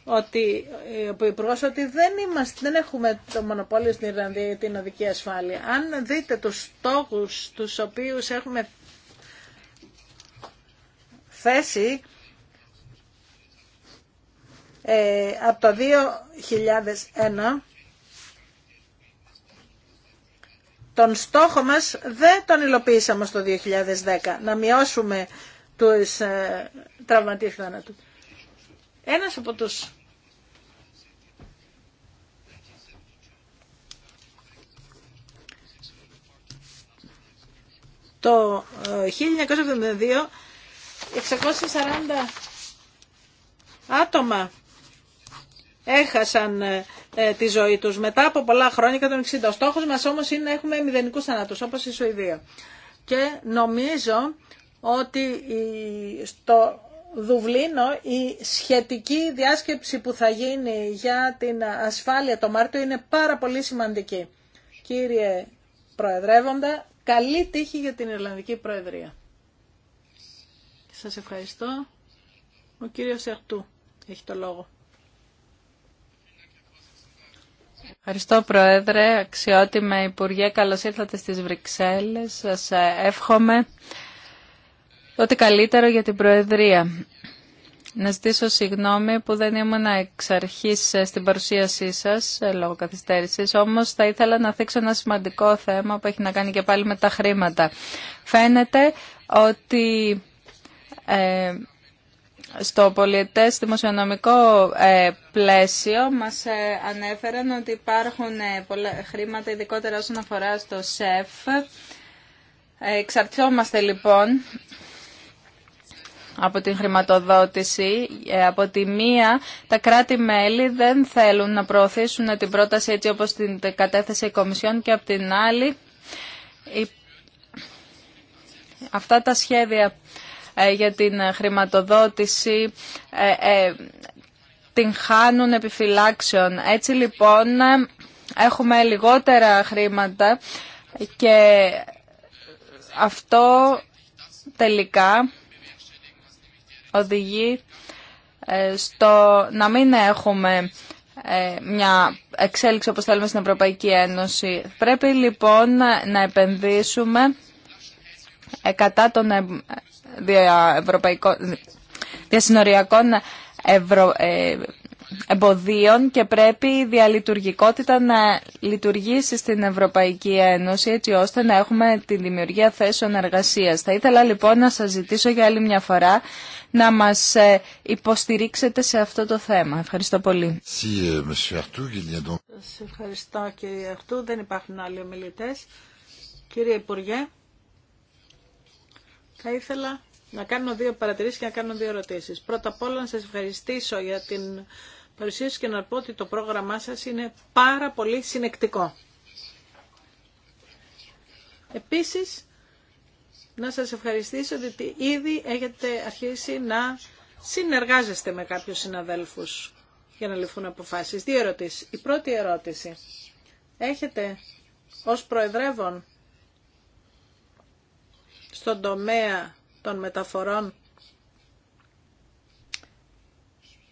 S1: ότι, ε, ο υπουργό ότι δεν, είμαστε, δεν έχουμε το μονοπόλιο στην Ιρλανδία για την οδική ασφάλεια. Αν δείτε του στόχου τους οποίου έχουμε θέση ε, από το 2001 τον στόχο μας δεν τον υλοποίησαμε στο 2010 να μειώσουμε τους ε, τραυματίες θάνατου. Ένας από τους το 1972 ε, 640 άτομα έχασαν ε, ε, τη ζωή τους μετά από πολλά χρόνια, 160. Ο στόχος μας όμως είναι να έχουμε μηδενικούς θανάτους, όπως η Σουηδία. Και νομίζω ότι στο Δουβλίνο η σχετική διάσκεψη που θα γίνει για την ασφάλεια το Μάρτιο είναι πάρα πολύ σημαντική. Κύριε Προεδρεύοντα, καλή τύχη για την Ιρλανδική Προεδρία. Σας ευχαριστώ. Ο κύριος Ερτού έχει το λόγο.
S3: Ευχαριστώ Πρόεδρε, αξιότιμε Υπουργέ, καλώς ήρθατε στις Βρυξέλλες. Σας ε, εύχομαι ότι καλύτερο για την Προεδρία. Να ζητήσω συγγνώμη που δεν ήμουν εξ αρχής ε, στην παρουσίασή σας ε, λόγω καθυστέρησης, όμως θα ήθελα να θίξω ένα σημαντικό θέμα που έχει να κάνει και πάλι με τα χρήματα. Φαίνεται ότι ε, στο πολιτές δημοσιονομικό ε, πλαίσιο μας ε, ανέφεραν ότι υπάρχουν πολλά χρήματα, ειδικότερα όσον αφορά στο ΣΕΦ. Εξαρτιόμαστε λοιπόν από την χρηματοδότηση. Από τη μία, τα κράτη-μέλη δεν θέλουν να προωθήσουν την πρόταση έτσι όπως την κατέθεσε η Κομισιόν και από την άλλη, αυτά τα σχέδια ε, για την ε, χρηματοδότηση ε, την χάνουν επιφυλάξεων. Έτσι λοιπόν έχουμε λιγότερα χρήματα και αυτό τελικά οδηγεί στο να μην έχουμε μια εξέλιξη όπως θέλουμε στην Ευρωπαϊκή Ένωση. Πρέπει λοιπόν να επενδύσουμε κατά των διασυνοριακών ευρω... Ε, εμποδίων και πρέπει η διαλειτουργικότητα να λειτουργήσει στην Ευρωπαϊκή Ένωση έτσι ώστε να έχουμε τη δημιουργία θέσεων εργασίας. Θα ήθελα λοιπόν να σας ζητήσω για άλλη μια φορά να μας ε, υποστηρίξετε σε αυτό το θέμα. Ευχαριστώ πολύ.
S5: Ε, σας
S1: ευχαριστώ κύριε Αρτού. Δεν υπάρχουν άλλοι ομιλητές. Κύριε Υπουργέ, θα ήθελα να κάνω δύο παρατηρήσεις και να κάνω δύο ερωτήσεις. Πρώτα απ' όλα να σας ευχαριστήσω για την παρουσίαση και να πω ότι το πρόγραμμά σας είναι πάρα πολύ συνεκτικό. Επίσης, να σας ευχαριστήσω ότι ήδη έχετε αρχίσει να συνεργάζεστε με κάποιους συναδέλφους για να ληφθούν αποφάσεις. Δύο ερωτήσεις. Η πρώτη ερώτηση. Έχετε ως προεδρεύον στον τομέα των μεταφορών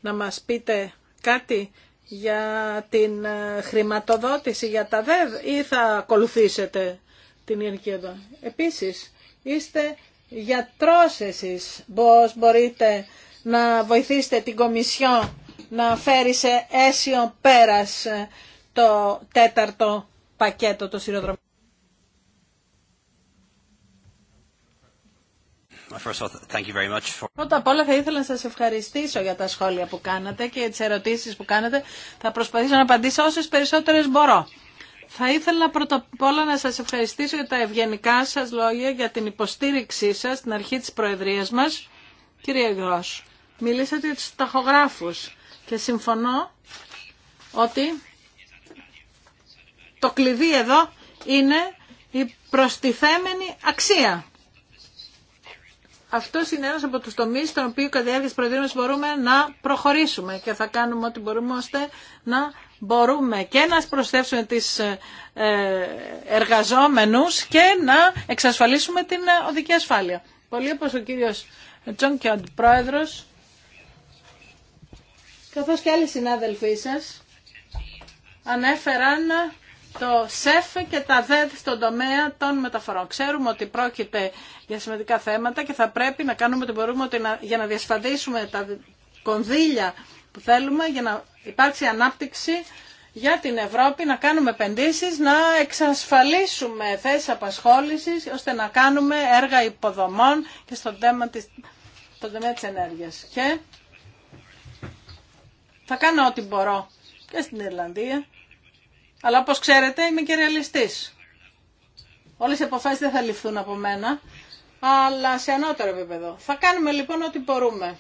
S1: να μας πείτε κάτι για την ε, χρηματοδότηση για τα ΔΕΒ ή θα ακολουθήσετε την Ιερική εδώ. Επίσης, είστε γιατρός εσείς. Πώς μπορείτε να βοηθήσετε την Κομισιό να φέρει σε αίσιο πέρας ε, το τέταρτο πακέτο το σειροδρομικό. Πρώτα απ' όλα θα ήθελα να σας ευχαριστήσω για τα σχόλια που κάνατε και τις ερωτήσεις που κάνατε. Θα προσπαθήσω να απαντήσω όσες περισσότερες μπορώ. Θα ήθελα πρώτα απ' όλα να σας ευχαριστήσω για τα ευγενικά σας λόγια, για την υποστήριξή σας στην αρχή της Προεδρίας μας. Κύριε Γρός. μιλήσατε για τους ταχογράφους και συμφωνώ ότι το κλειδί εδώ είναι η προστιθέμενη αξία αυτό είναι ένα από του τομεί στον οποίο κατά διάρκεια τη Προεδρία μπορούμε να προχωρήσουμε και θα κάνουμε ό,τι μπορούμε ώστε να μπορούμε και να προσθέσουμε τις ε, εργαζόμενους και να εξασφαλίσουμε την οδική ασφάλεια. Πολύ όπως ο κύριος Τζον και ο Πρόεδρος, καθώς και άλλοι συνάδελφοί σας, ανέφεραν το ΣΕΦ και τα ΔΕΔ στον τομέα των μεταφορών. Ξέρουμε ότι πρόκειται για σημαντικά θέματα και θα πρέπει να κάνουμε ό,τι μπορούμε για να διασφαλίσουμε τα κονδύλια που θέλουμε για να υπάρξει ανάπτυξη για την Ευρώπη, να κάνουμε επενδύσει, να εξασφαλίσουμε θέσεις απασχόλησης ώστε να κάνουμε έργα υποδομών και στον θέμα της, στον τομέα της ενέργειας. Και θα κάνω ό,τι μπορώ και στην Ιρλανδία αλλά όπως ξέρετε είμαι και ρεαλιστής. Όλες οι αποφάσεις δεν θα ληφθούν από μένα, αλλά σε ανώτερο επίπεδο. Θα κάνουμε λοιπόν ό,τι μπορούμε.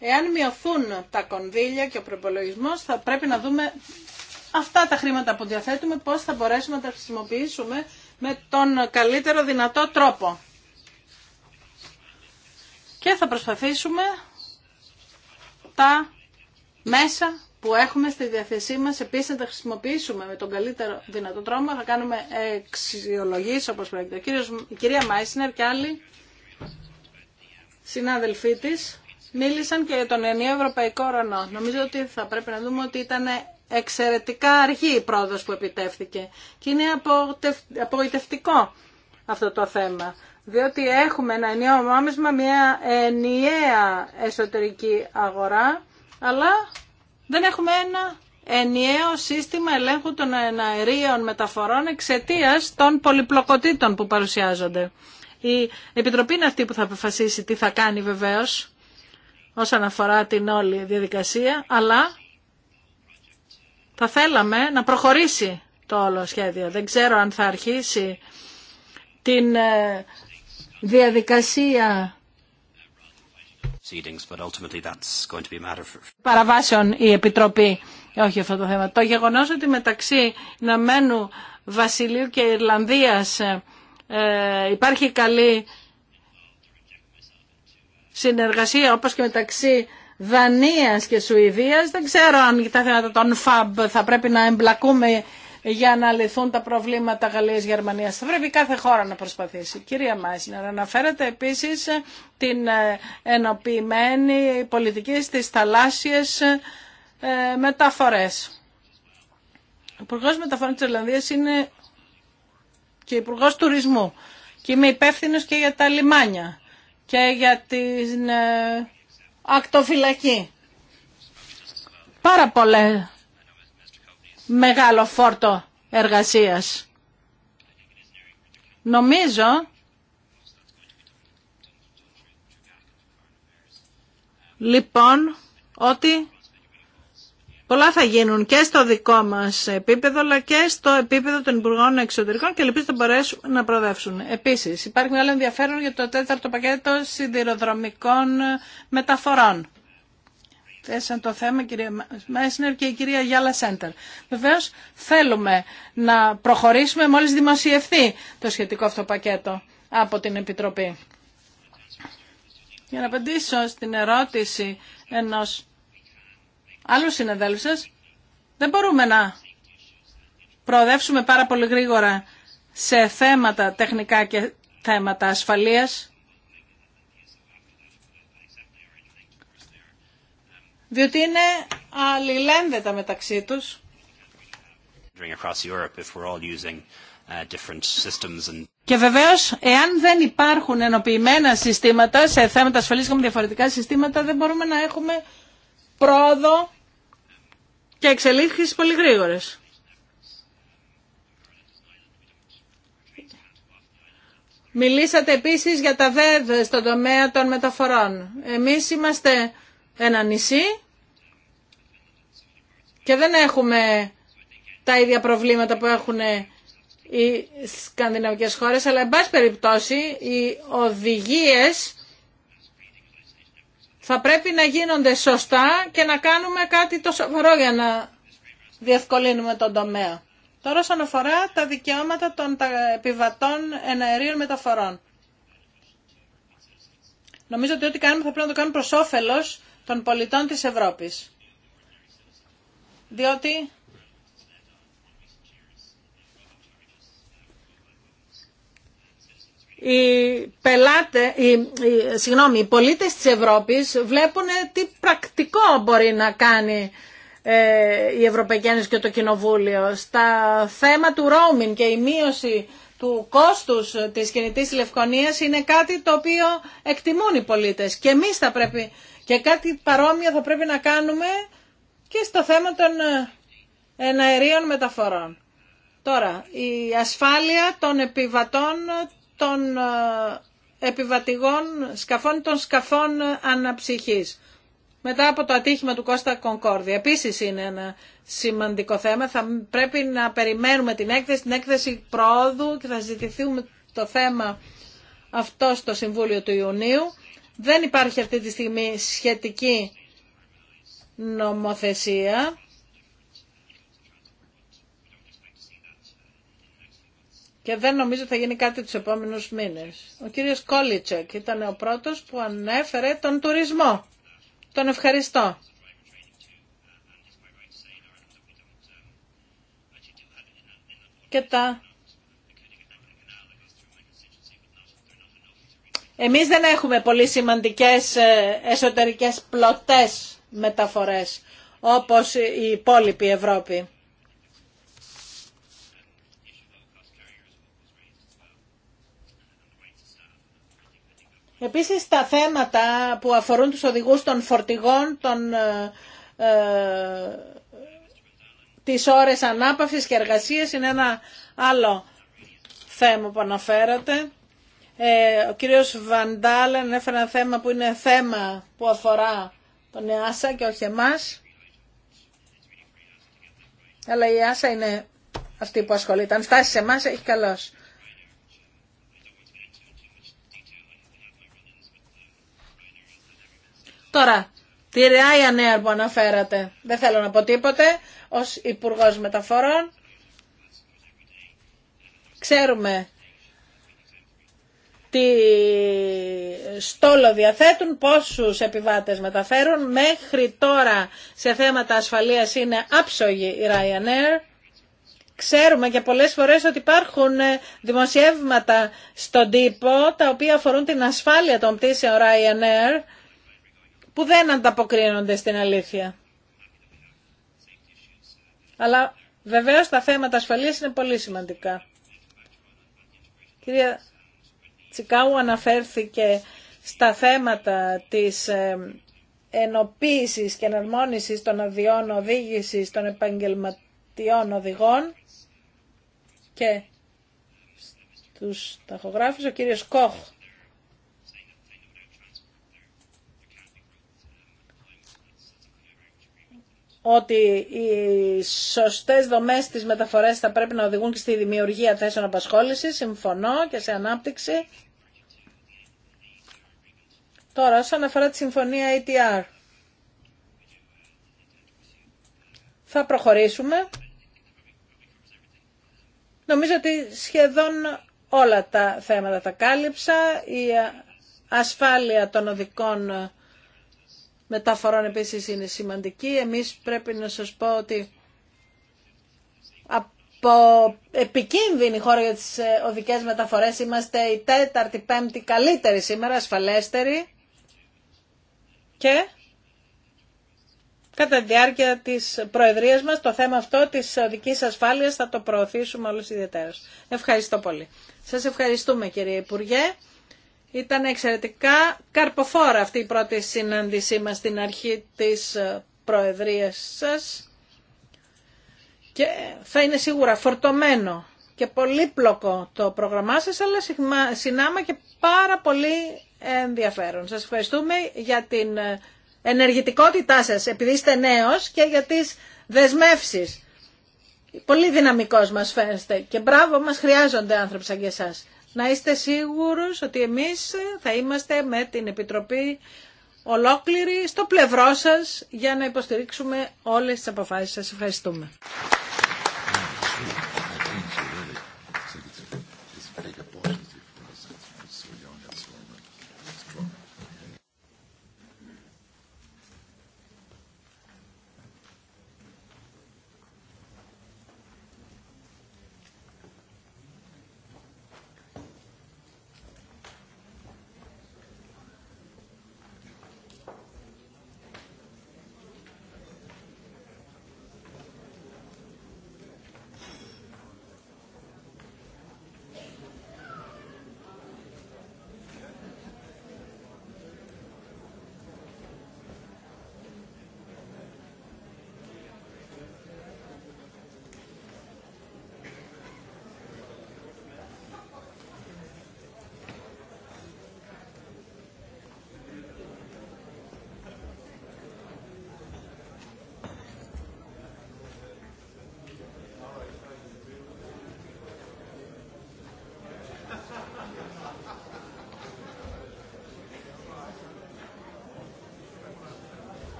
S1: Εάν μειωθούν τα κονδύλια και ο προπολογισμό, θα πρέπει να δούμε αυτά τα χρήματα που διαθέτουμε, πώς θα μπορέσουμε να τα χρησιμοποιήσουμε με τον καλύτερο δυνατό τρόπο. Και θα προσπαθήσουμε τα μέσα που έχουμε στη διαθεσή μας επίσης να τα χρησιμοποιήσουμε με τον καλύτερο δυνατό τρόπο. Θα κάνουμε εξιολογήσεις, όπως πρέπει. Η κυρία Μάισνερ και άλλοι συνάδελφοί της μίλησαν και για τον ενιαίο ευρωπαϊκό ουρανό. Νομίζω ότι θα πρέπει να δούμε ότι ήταν εξαιρετικά αργή η πρόοδος που επιτεύθηκε. Και είναι απογοητευτικό αυτό το θέμα. Διότι έχουμε ένα ενιαίο μάμισμα, μια ενιαία εσωτερική αγορά, αλλά δεν έχουμε ένα ενιαίο σύστημα ελέγχου των αερίων μεταφορών εξαιτία των πολυπλοκοτήτων που παρουσιάζονται. Η Επιτροπή είναι αυτή που θα αποφασίσει τι θα κάνει βεβαίω όσον αφορά την όλη διαδικασία, αλλά θα θέλαμε να προχωρήσει το όλο σχέδιο. Δεν ξέρω αν θα αρχίσει την ε, διαδικασία παραβάσεων η Επιτροπή. Όχι αυτό το θέμα. Το γεγονός ότι μεταξύ Ηνωμένου Βασιλείου και Ιρλανδίας ε, ε υπάρχει καλή συνεργασία όπως και μεταξύ Δανίας και Σουηδίας. Δεν ξέρω αν τα θέματα των ΦΑΜΠ θα πρέπει να εμπλακούμε για να λυθούν τα προβλήματα Γαλλίας-Γερμανίας. Θα πρέπει κάθε χώρα να προσπαθήσει. Κυρία Μάισνερ, αναφέρατε επίσης την ε, ενοποιημένη πολιτική στις θαλάσσιες ε, μεταφορές. Ο Υπουργό Μεταφορών της Ολλανδίας είναι και Υπουργό Τουρισμού και είμαι υπεύθυνο και για τα λιμάνια και για την ε, ακτοφυλακή. Πάρα πολλές μεγάλο φόρτο εργασίας. Νομίζω λοιπόν ότι πολλά θα γίνουν και στο δικό μας επίπεδο αλλά και στο επίπεδο των Υπουργών Εξωτερικών και ελπίζω να μπορέσουν να προοδεύσουν. Επίσης υπάρχει μεγάλο ενδιαφέρον για το τέταρτο πακέτο σιδηροδρομικών μεταφορών θέσαν το θέμα η κυρία Μέσνερ και η κυρία Γιάλα Σέντερ. Βεβαίω θέλουμε να προχωρήσουμε μόλις δημοσιευθεί το σχετικό αυτό πακέτο από την Επιτροπή. Για να απαντήσω στην ερώτηση ενός άλλου συναδέλφου σας, δεν μπορούμε να προοδεύσουμε πάρα πολύ γρήγορα σε θέματα τεχνικά και θέματα ασφαλείας διότι είναι αλληλένδετα μεταξύ τους. Uh, και βεβαίω, εάν δεν υπάρχουν ενοποιημένα συστήματα σε θέματα ασφαλή και με διαφορετικά συστήματα, δεν μπορούμε να έχουμε πρόοδο και εξελίξει πολύ γρήγορε. Μιλήσατε επίσης για τα ΔΕΔ στον τομέα των μεταφορών. Εμείς είμαστε ένα νησί και δεν έχουμε τα ίδια προβλήματα που έχουν οι σκανδιναβικές χώρες, αλλά εν πάση περιπτώσει οι οδηγίες θα πρέπει να γίνονται σωστά και να κάνουμε κάτι τόσο σοβαρό για να διευκολύνουμε τον τομέα. Τώρα όσον αφορά τα δικαιώματα των επιβατών εναερίων μεταφορών. Νομίζω ότι ό,τι κάνουμε θα πρέπει να το κάνουμε προς όφελος των πολιτών της Ευρώπης. Διότι οι, πελάτε, οι, οι, συγγνώμη, πολίτες της Ευρώπης βλέπουν τι πρακτικό μπορεί να κάνει ε, η Ευρωπαϊκή Ένωση και το Κοινοβούλιο στα θέμα του roaming και η μείωση του κόστους της κινητής τηλεφωνίας είναι κάτι το οποίο εκτιμούν οι πολίτες και εμείς θα πρέπει και κάτι παρόμοιο θα πρέπει να κάνουμε και στο θέμα των ε, εναερίων μεταφορών. Τώρα, η ασφάλεια των επιβατών, των ε, επιβατηγών σκαφών, των σκαφών αναψυχής. Μετά από το ατύχημα του Κώστα Κονκόρδη. Επίσης είναι ένα σημαντικό θέμα. Θα πρέπει να περιμένουμε την έκθεση, την έκθεση πρόοδου και θα ζητηθούμε το θέμα αυτό στο Συμβούλιο του Ιουνίου. Δεν υπάρχει αυτή τη στιγμή σχετική νομοθεσία. Και δεν νομίζω θα γίνει κάτι τους επόμενους μήνες. Ο κύριος Κόλιτσεκ ήταν ο πρώτος που ανέφερε τον τουρισμό. Τον ευχαριστώ. Και τα Εμείς δεν έχουμε πολύ σημαντικές ε, εσωτερικές πλωτές μεταφορές όπως η υπόλοιπη Ευρώπη. Επίσης τα θέματα που αφορούν τους οδηγούς των φορτηγών, των, ε, ε τις ώρες ανάπαυσης και εργασίας είναι ένα άλλο θέμα που αναφέρατε. Ε, ο κύριος Βαντάλεν έφερε ένα θέμα που είναι θέμα που αφορά τον ΕΑΣΑ και όχι εμάς. Αλλά η ΕΑΣΑ είναι αυτή που ασχολείται. Αν φτάσει σε εμάς έχει καλώς. Τώρα, τη ΝΕΑ που αναφέρατε. Δεν θέλω να πω τίποτε. Ως Υπουργός Μεταφορών ξέρουμε τι στόλο διαθέτουν, πόσους επιβάτες μεταφέρουν. Μέχρι τώρα σε θέματα ασφαλείας είναι άψογη η Ryanair. Ξέρουμε και πολλές φορές ότι υπάρχουν ε, δημοσιεύματα στον τύπο τα οποία αφορούν την ασφάλεια των πτήσεων Ryanair που δεν ανταποκρίνονται στην αλήθεια. Αλλά βεβαίως τα θέματα ασφαλείας είναι πολύ σημαντικά. Κυρία Τσικάου αναφέρθηκε στα θέματα της ε, ενοποίησης και εναρμόνισης των αδειών οδήγησης των επαγγελματιών οδηγών και τους ταχογράφους, ο κύριος Κόχ. ότι οι σωστές δομές της μεταφορές θα πρέπει να οδηγούν και στη δημιουργία θέσεων απασχόλησης, συμφωνώ και σε ανάπτυξη. Τώρα, όσον αφορά τη συμφωνία ATR, θα προχωρήσουμε. Νομίζω ότι σχεδόν όλα τα θέματα τα κάλυψα. Η ασφάλεια των οδικών μεταφορών επίσης είναι σημαντική. Εμείς πρέπει να σας πω ότι από επικίνδυνη χώρα για τις ε, οδικές μεταφορές είμαστε η τέταρτη, πέμπτη καλύτερη σήμερα, ασφαλέστερη και κατά τη διάρκεια της Προεδρίας μας το θέμα αυτό της οδικής ασφάλειας θα το προωθήσουμε όλους ιδιαίτερως. Ευχαριστώ πολύ. Σας ευχαριστούμε κύριε Υπουργέ. Ήταν εξαιρετικά καρποφόρα αυτή η πρώτη συνάντησή μας στην αρχή της ε, Προεδρίας σας και θα είναι σίγουρα φορτωμένο και πολύπλοκο το πρόγραμμά σας, αλλά συνάμα και πάρα πολύ ενδιαφέρον. Σας ευχαριστούμε για την ε, ενεργητικότητά σας επειδή είστε νέος και για τις δεσμεύσεις. Πολύ δυναμικός μας φαίνεστε και μπράβο μας χρειάζονται άνθρωποι σαν και εσάς. Να είστε σίγουρος ότι εμείς θα είμαστε με την Επιτροπή ολόκληρη στο πλευρό σας για να υποστηρίξουμε όλες τις αποφάσεις σας. Ευχαριστούμε.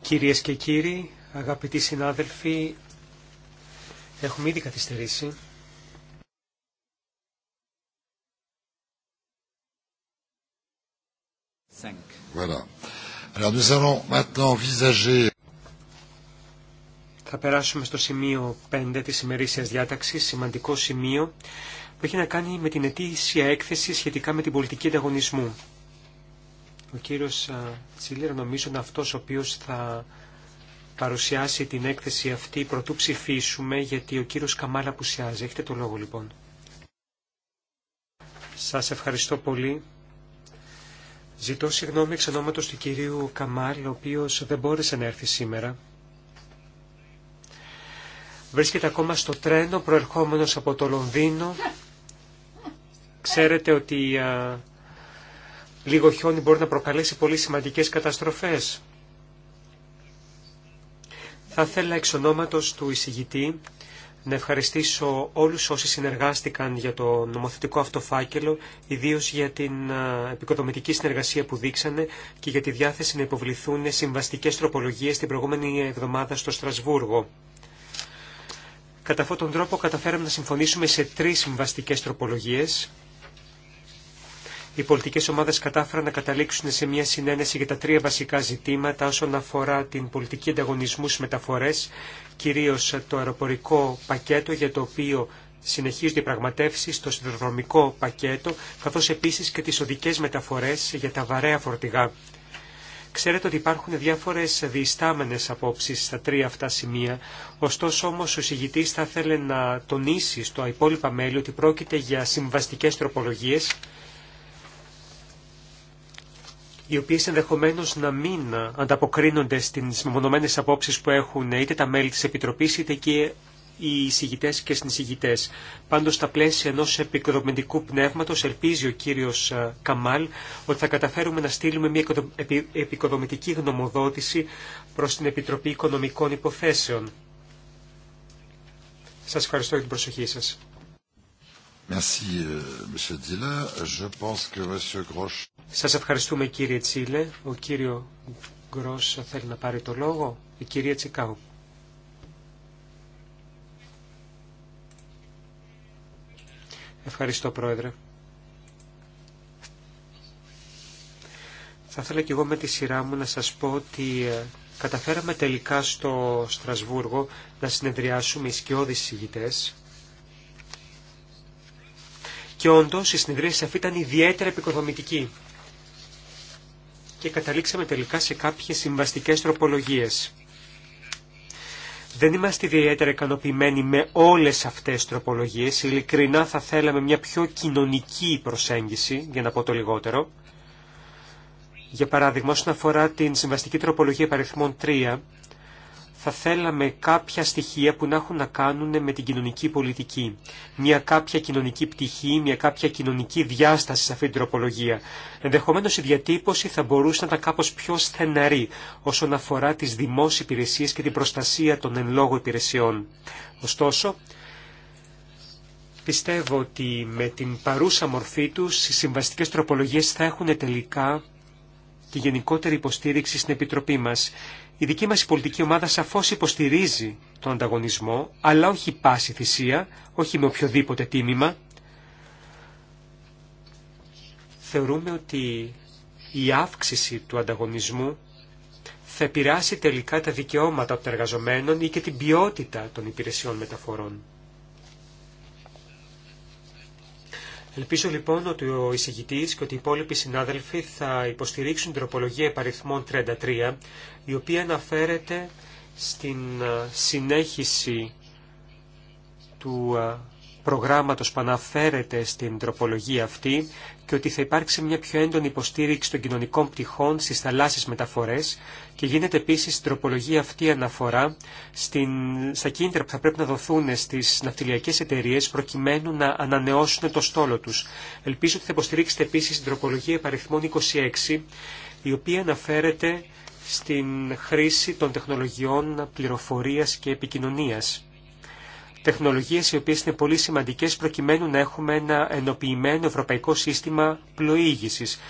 S4: Κυρίες και κύριοι, αγαπητοί συνάδελφοι, έχουμε ήδη καθυστερήσει. Θα περάσουμε στο σημείο 5 της ημερήσιας διάταξης, σημαντικό σημείο που έχει να κάνει με την ετήσια έκθεση σχετικά με την πολιτική ανταγωνισμού ο κύριος Τσίλερ νομίζω είναι αυτός ο οποίος θα παρουσιάσει την έκθεση αυτή πρωτού ψηφίσουμε γιατί ο κύριος Καμάλα απουσιάζει. Έχετε το λόγο λοιπόν. Σας ευχαριστώ πολύ. Ζητώ συγγνώμη εξ ονόματος του κυρίου Καμάλ, ο οποίος δεν μπόρεσε να έρθει σήμερα. Βρίσκεται ακόμα στο τρένο προερχόμενος από το Λονδίνο. Ξέρετε ότι Λίγο χιόνι μπορεί να προκαλέσει πολύ σημαντικές καταστροφές. Θα ήθελα εξ ονόματος του εισηγητή να ευχαριστήσω όλους όσοι συνεργάστηκαν για το νομοθετικό αυτό φάκελο, ιδίως για την επικοδομητική συνεργασία που δείξανε και για τη διάθεση να υποβληθούν συμβαστικές τροπολογίες την προηγούμενη εβδομάδα στο Στρασβούργο. Κατά αυτόν τον τρόπο καταφέραμε να συμφωνήσουμε σε τρεις συμβαστικές τροπολογίες οι πολιτικές ομάδες κατάφεραν να καταλήξουν σε μια συνένεση για τα τρία βασικά ζητήματα όσον αφορά την πολιτική ανταγωνισμού στις μεταφορές, κυρίως το αεροπορικό πακέτο για το οποίο συνεχίζονται οι πραγματεύσεις, το συνδρομικό πακέτο, καθώς επίσης και τις οδικές μεταφορές για τα βαρέα φορτηγά. Ξέρετε ότι υπάρχουν διάφορες διστάμενες απόψεις στα τρία αυτά σημεία, ωστόσο όμως ο συγητής θα ήθελε να τονίσει στο υπόλοιπα μέλη ότι πρόκειται για συμβαστικέ τροπολογίες, οι οποίες ενδεχομένως να μην ανταποκρίνονται στις μεμονωμένες απόψεις που έχουν είτε τα μέλη της Επιτροπής είτε και οι εισηγητέ και συνεισηγητέ. Πάντω, στα πλαίσια ενό επικοδομητικού πνεύματο, ελπίζει ο κύριο ε, Καμάλ ότι θα καταφέρουμε να στείλουμε μια επικοδομητική γνωμοδότηση προ την Επιτροπή Οικονομικών Υποθέσεων. Σα ευχαριστώ για την προσοχή σα. Σας ευχαριστούμε κύριε Τσίλε. Ο κύριο Γκρός θέλει να πάρει το λόγο. Η κυρία Τσικάου. Ευχαριστώ πρόεδρε. Θα ήθελα και εγώ με τη σειρά μου να σας πω ότι ε, καταφέραμε τελικά στο Στρασβούργο να συνεδριάσουμε οι σκιώδεις συγητές. Και όντως η σε αυτή ήταν ιδιαίτερα επικοδομητική και καταλήξαμε τελικά σε κάποιες συμβαστικές τροπολογίες. Δεν είμαστε ιδιαίτερα ικανοποιημένοι με όλες αυτές τις τροπολογίες. Ειλικρινά θα θέλαμε μια πιο κοινωνική προσέγγιση, για να πω το λιγότερο. Για παράδειγμα, όσον αφορά την συμβαστική τροπολογία παριθμών θα θέλαμε κάποια στοιχεία που να έχουν να κάνουν με την κοινωνική πολιτική. Μια κάποια κοινωνική πτυχή, μια κάποια κοινωνική διάσταση σε αυτή την τροπολογία. Ενδεχομένως η διατύπωση θα μπορούσε να ήταν κάπως πιο στεναρή όσον αφορά τις δημόσιες υπηρεσίες και την προστασία των εν λόγω υπηρεσιών. Ωστόσο, πιστεύω ότι με την παρούσα μορφή του, οι συμβαστικές τροπολογίες θα έχουν τελικά η γενικότερη υποστήριξη στην Επιτροπή μας. Η δική μας πολιτική ομάδα σαφώς υποστηρίζει τον ανταγωνισμό, αλλά όχι πάση θυσία, όχι με οποιοδήποτε τίμημα. Θεωρούμε ότι η αύξηση του ανταγωνισμού θα επηρεάσει τελικά τα δικαιώματα των εργαζομένων ή και την ποιότητα των υπηρεσιών μεταφορών. Ελπίζω λοιπόν ότι ο εισηγητή και ότι οι υπόλοιποι συνάδελφοι θα υποστηρίξουν την τροπολογία επαριθμών 33, η οποία αναφέρεται στην συνέχιση του προγράμματος που αναφέρεται στην τροπολογία αυτή και ότι θα υπάρξει μια πιο έντονη υποστήριξη των κοινωνικών πτυχών στις θαλάσσιες μεταφορές και γίνεται επίσης στην τροπολογία αυτή αναφορά στην, στα κίνητρα που θα πρέπει να δοθούν στις ναυτιλιακές εταιρείε προκειμένου να ανανεώσουν το στόλο τους. Ελπίζω ότι θα υποστηρίξετε επίσης την τροπολογία επαριθμών 26 η οποία αναφέρεται στην χρήση των τεχνολογιών πληροφορίας και επικοινωνίας τεχνολογίες οι οποίες είναι πολύ σημαντικές προκειμένου να έχουμε ένα ενοποιημένο ευρωπαϊκό σύστημα πλοήγησης.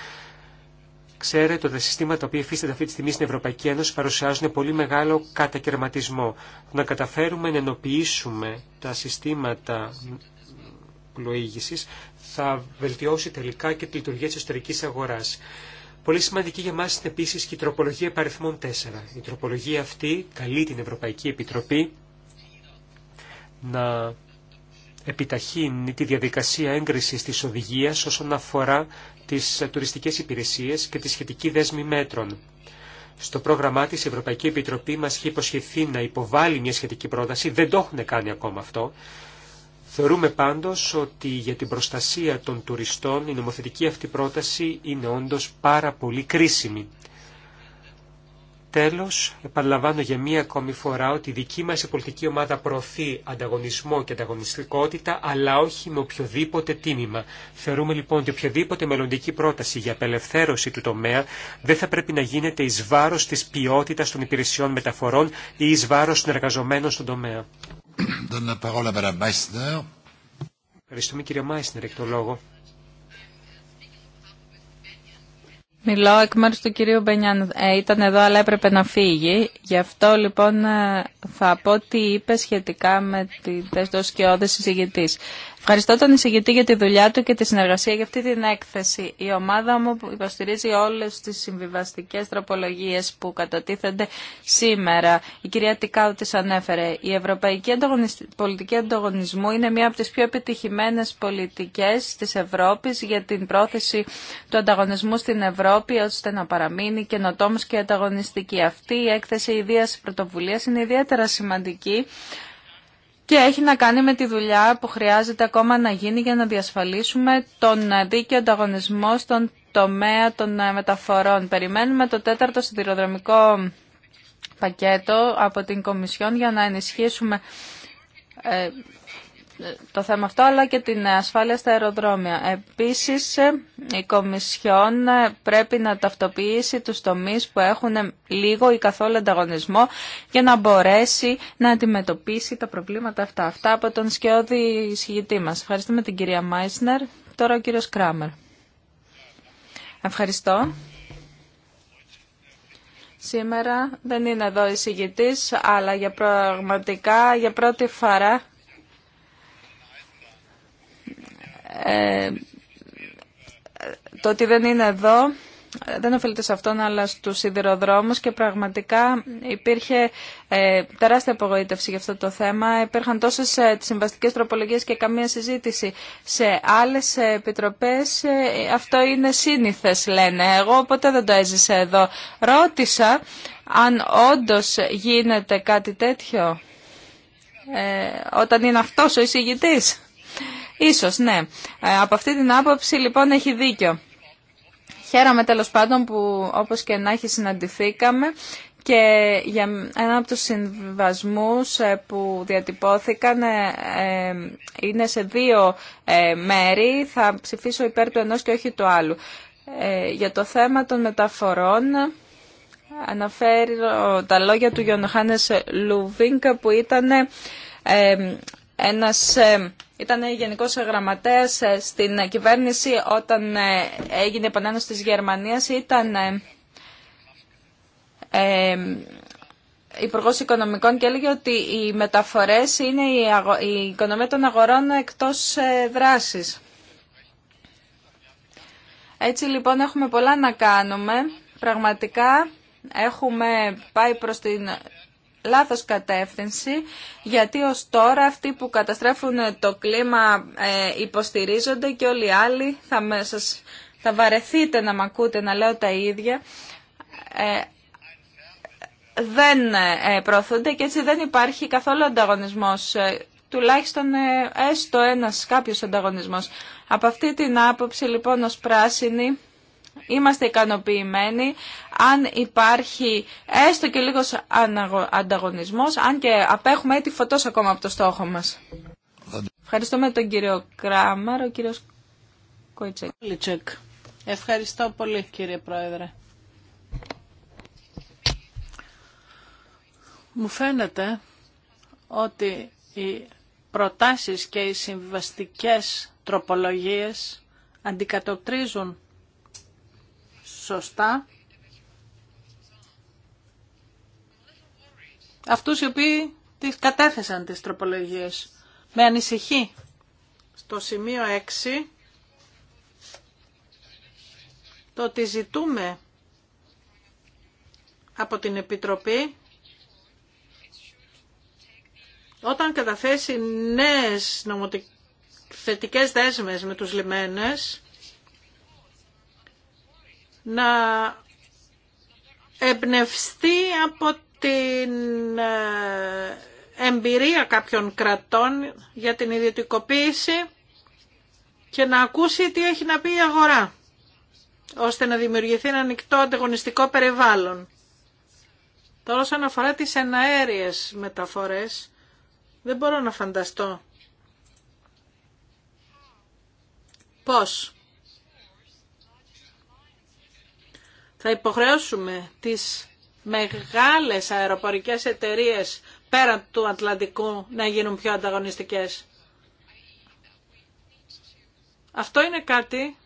S4: Ξέρετε ότι τα συστήματα που υφίστανται αυτή τη στιγμή στην Ευρωπαϊκή Ένωση παρουσιάζουν πολύ μεγάλο κατακαιρματισμό. Να καταφέρουμε να ενοποιήσουμε τα συστήματα πλοήγησης θα βελτιώσει τελικά και τη λειτουργία της εσωτερικής αγοράς. Πολύ σημαντική για μας είναι επίσης και η τροπολογία παριθμών 4. Η τροπολογία αυτή καλεί την Ευρωπαϊκή Επιτροπή να επιταχύνει τη διαδικασία έγκρισης της οδηγίας όσον αφορά τις τουριστικές υπηρεσίες και τη σχετική δέσμη μέτρων. Στο πρόγραμμά της η Ευρωπαϊκή Επιτροπή μας έχει υποσχεθεί να υποβάλει μια σχετική πρόταση, δεν το έχουν κάνει ακόμα αυτό. Θεωρούμε πάντως ότι για την προστασία των τουριστών η νομοθετική αυτή πρόταση είναι όντως πάρα πολύ κρίσιμη. Τέλος, επαναλαμβάνω για μία ακόμη φορά ότι η δική μας πολιτική ομάδα προωθεί ανταγωνισμό και ανταγωνιστικότητα, αλλά όχι με οποιοδήποτε τίμημα. Θεωρούμε λοιπόν ότι οποιαδήποτε μελλοντική πρόταση για απελευθέρωση του τομέα δεν θα πρέπει να γίνεται εις βάρος της ποιότητας των υπηρεσιών μεταφορών ή εις βάρος των εργαζομένων στον τομέα. Ευχαριστούμε κύριε Μάισνερ εκ το λόγο.
S3: Μιλώ εκ μέρους του κυρίου Μπενιάν. Ε, ήταν εδώ αλλά έπρεπε να φύγει. Γι' αυτό λοιπόν ε, θα πω τι είπε σχετικά με τη θέση του σκιώδης συζητητής. Ευχαριστώ τον εισηγητή για τη δουλειά του και τη συνεργασία για αυτή την έκθεση. Η ομάδα μου υποστηρίζει όλες τις συμβιβαστικές τροπολογίες που κατατίθενται σήμερα. Η κυρία Τικάου τη ανέφερε. Η ευρωπαϊκή πολιτική ανταγωνισμού είναι μία από τις πιο επιτυχημένες πολιτικές της Ευρώπης για την πρόθεση του ανταγωνισμού στην Ευρώπη ώστε να παραμείνει καινοτόμος και ανταγωνιστική. Αυτή η έκθεση ιδίας πρωτοβουλία είναι ιδιαίτερα σημαντική και έχει να κάνει με τη δουλειά που χρειάζεται ακόμα να γίνει για να διασφαλίσουμε τον δίκαιο ανταγωνισμό στον τομέα των ε, μεταφορών. Περιμένουμε το τέταρτο σιδηροδρομικό πακέτο από την Κομισιόν για να ενισχύσουμε ε, το θέμα αυτό, αλλά και την ασφάλεια στα αεροδρόμια. Επίσης, ε, η Κομισιόν ε, πρέπει να ταυτοποιήσει τους τομείς που έχουν ε, λίγο ή καθόλου ανταγωνισμό για να μπορέσει να αντιμετωπίσει τα προβλήματα αυτά. Αυτά από τον σκιώδη εισηγητή μας. Ευχαριστούμε την κυρία Μάισνερ. Τώρα ο κύριος Κράμερ. Ευχαριστώ. Σήμερα δεν είναι εδώ εισηγητής, αλλά για πραγματικά για πρώτη φορά Ε, το ότι δεν είναι εδώ δεν οφείλεται σε αυτόν αλλά στους σιδηροδρόμους και πραγματικά υπήρχε ε, τεράστια απογοήτευση για αυτό το θέμα. Υπήρχαν τόσες ε, συμβαστικές τροπολογίες και καμία συζήτηση σε άλλες επιτροπές. Ε, αυτό είναι σύνηθες λένε. Εγώ ποτέ δεν το έζησα εδώ. Ρώτησα αν όντως γίνεται κάτι τέτοιο ε, όταν είναι αυτός ο εισηγητής. Ίσως, ναι. Ε, από αυτή την άποψη λοιπόν έχει δίκιο. Χαίρομαι τέλος πάντων που όπως και να έχει συναντηθήκαμε και για ένα από τους συμβασμούς ε, που διατυπώθηκαν ε, είναι σε δύο μέρη. Θα ψηφίσω υπέρ του ενός και όχι του άλλου. Για το θέμα των μεταφορών αναφέρει τα λόγια του Γιονοχάνες Λουβίνκα που ήταν ένας ήταν γενικός γραμματέας ε, στην κυβέρνηση όταν ε, έγινε η επανένωση της Γερμανίας. Ήταν ε, ε υπουργό Οικονομικών και έλεγε ότι οι μεταφορές είναι η, αγο... η οικονομία των αγορών εκτός δράσης. Έτσι λοιπόν έχουμε πολλά να κάνουμε. Πραγματικά έχουμε πάει προς την λάθος κατεύθυνση γιατί ως τώρα αυτοί που καταστρέφουν το κλίμα ε, υποστηρίζονται και όλοι οι άλλοι θα, σας, θα βαρεθείτε να μ' ακούτε να λέω τα ίδια ε, δεν ε, προωθούνται και έτσι δεν υπάρχει καθόλου ανταγωνισμός τουλάχιστον έστω ένας κάποιος ανταγωνισμός. Από αυτή την άποψη λοιπόν ως πράσινη είμαστε ικανοποιημένοι αν υπάρχει έστω και λίγος ανταγωνισμός, αν και απέχουμε έτσι φωτός ακόμα από το στόχο μας. Ευχαριστούμε τον κύριο Κράμαρ, ο κύριος Κοϊτσέκ. Ευχαριστώ
S1: πολύ κύριε Πρόεδρε. Μου φαίνεται ότι οι προτάσεις και οι συμβαστικές τροπολογίες αντικατοπτρίζουν σωστά αυτούς οι οποίοι τις κατέθεσαν τις τροπολογίες. Με ανησυχεί. Στο σημείο 6 το ότι ζητούμε από την Επιτροπή όταν καταθέσει νέες νομοθετικές δέσμες με τους λιμένες να εμπνευστεί από την ε, εμπειρία κάποιων κρατών για την ιδιωτικοποίηση και να ακούσει τι έχει να πει η αγορά, ώστε να δημιουργηθεί ένα ανοιχτό ανταγωνιστικό περιβάλλον. Τώρα όσον αφορά τις εναέριες μεταφορές, δεν μπορώ να φανταστώ πώς θα υποχρεώσουμε τις μεγάλες αεροπορικές εταιρείες πέραν του Ατλαντικού να γίνουν πιο ανταγωνιστικές. Αυτό είναι κάτι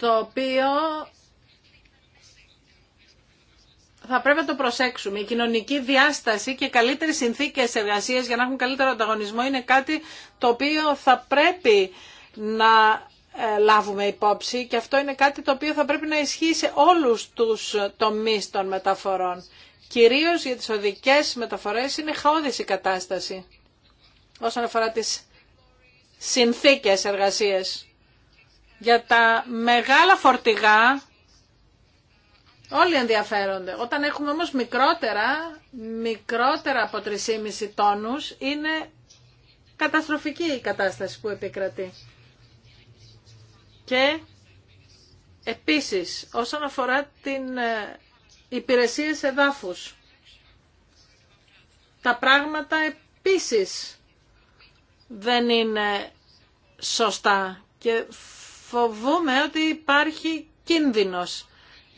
S1: το οποίο θα πρέπει να το προσέξουμε. Η κοινωνική διάσταση και καλύτερες συνθήκες εργασίας για να έχουν καλύτερο ανταγωνισμό είναι κάτι το οποίο θα πρέπει να ε, λάβουμε υπόψη και αυτό είναι κάτι το οποίο θα πρέπει να ισχύει σε όλους τους τομείς των μεταφορών. Κυρίως για τις οδικές μεταφορές είναι χαόδης η κατάσταση όσον αφορά τι συνθήκε εργασία. Για τα μεγάλα φορτηγά Όλοι ενδιαφέρονται. Όταν έχουμε όμως μικρότερα, μικρότερα από 3,5 τόνους, είναι καταστροφική η κατάσταση που επικρατεί. Και επίσης, όσον αφορά την ε, υπηρεσία σε εδάφους, τα πράγματα επίσης δεν είναι σωστά και φοβούμε ότι υπάρχει κίνδυνος